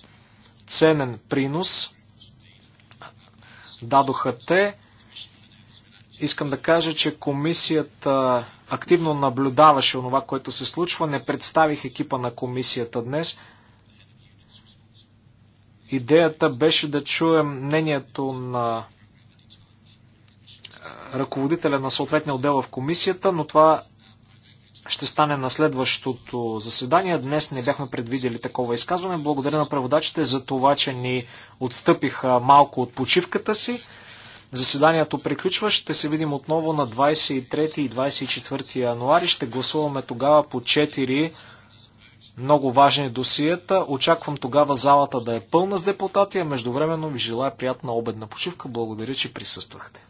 Ценен принос дадоха те. Искам да кажа, че комисията активно наблюдаваше онова, което се случва. Не представих екипа на комисията днес. Идеята беше да чуем мнението на ръководителя на съответния отдел в комисията, но това ще стане на следващото заседание. Днес не бяхме предвидели такова изказване. Благодаря на преводачите за това, че ни отстъпиха малко от почивката си. Заседанието приключва. Ще се видим отново на 23 и 24 януари. Ще гласуваме тогава по 4 много важни досиета. Очаквам тогава залата да е пълна с депутати, а междувременно ви желая приятна обедна почивка. Благодаря, че присъствахте.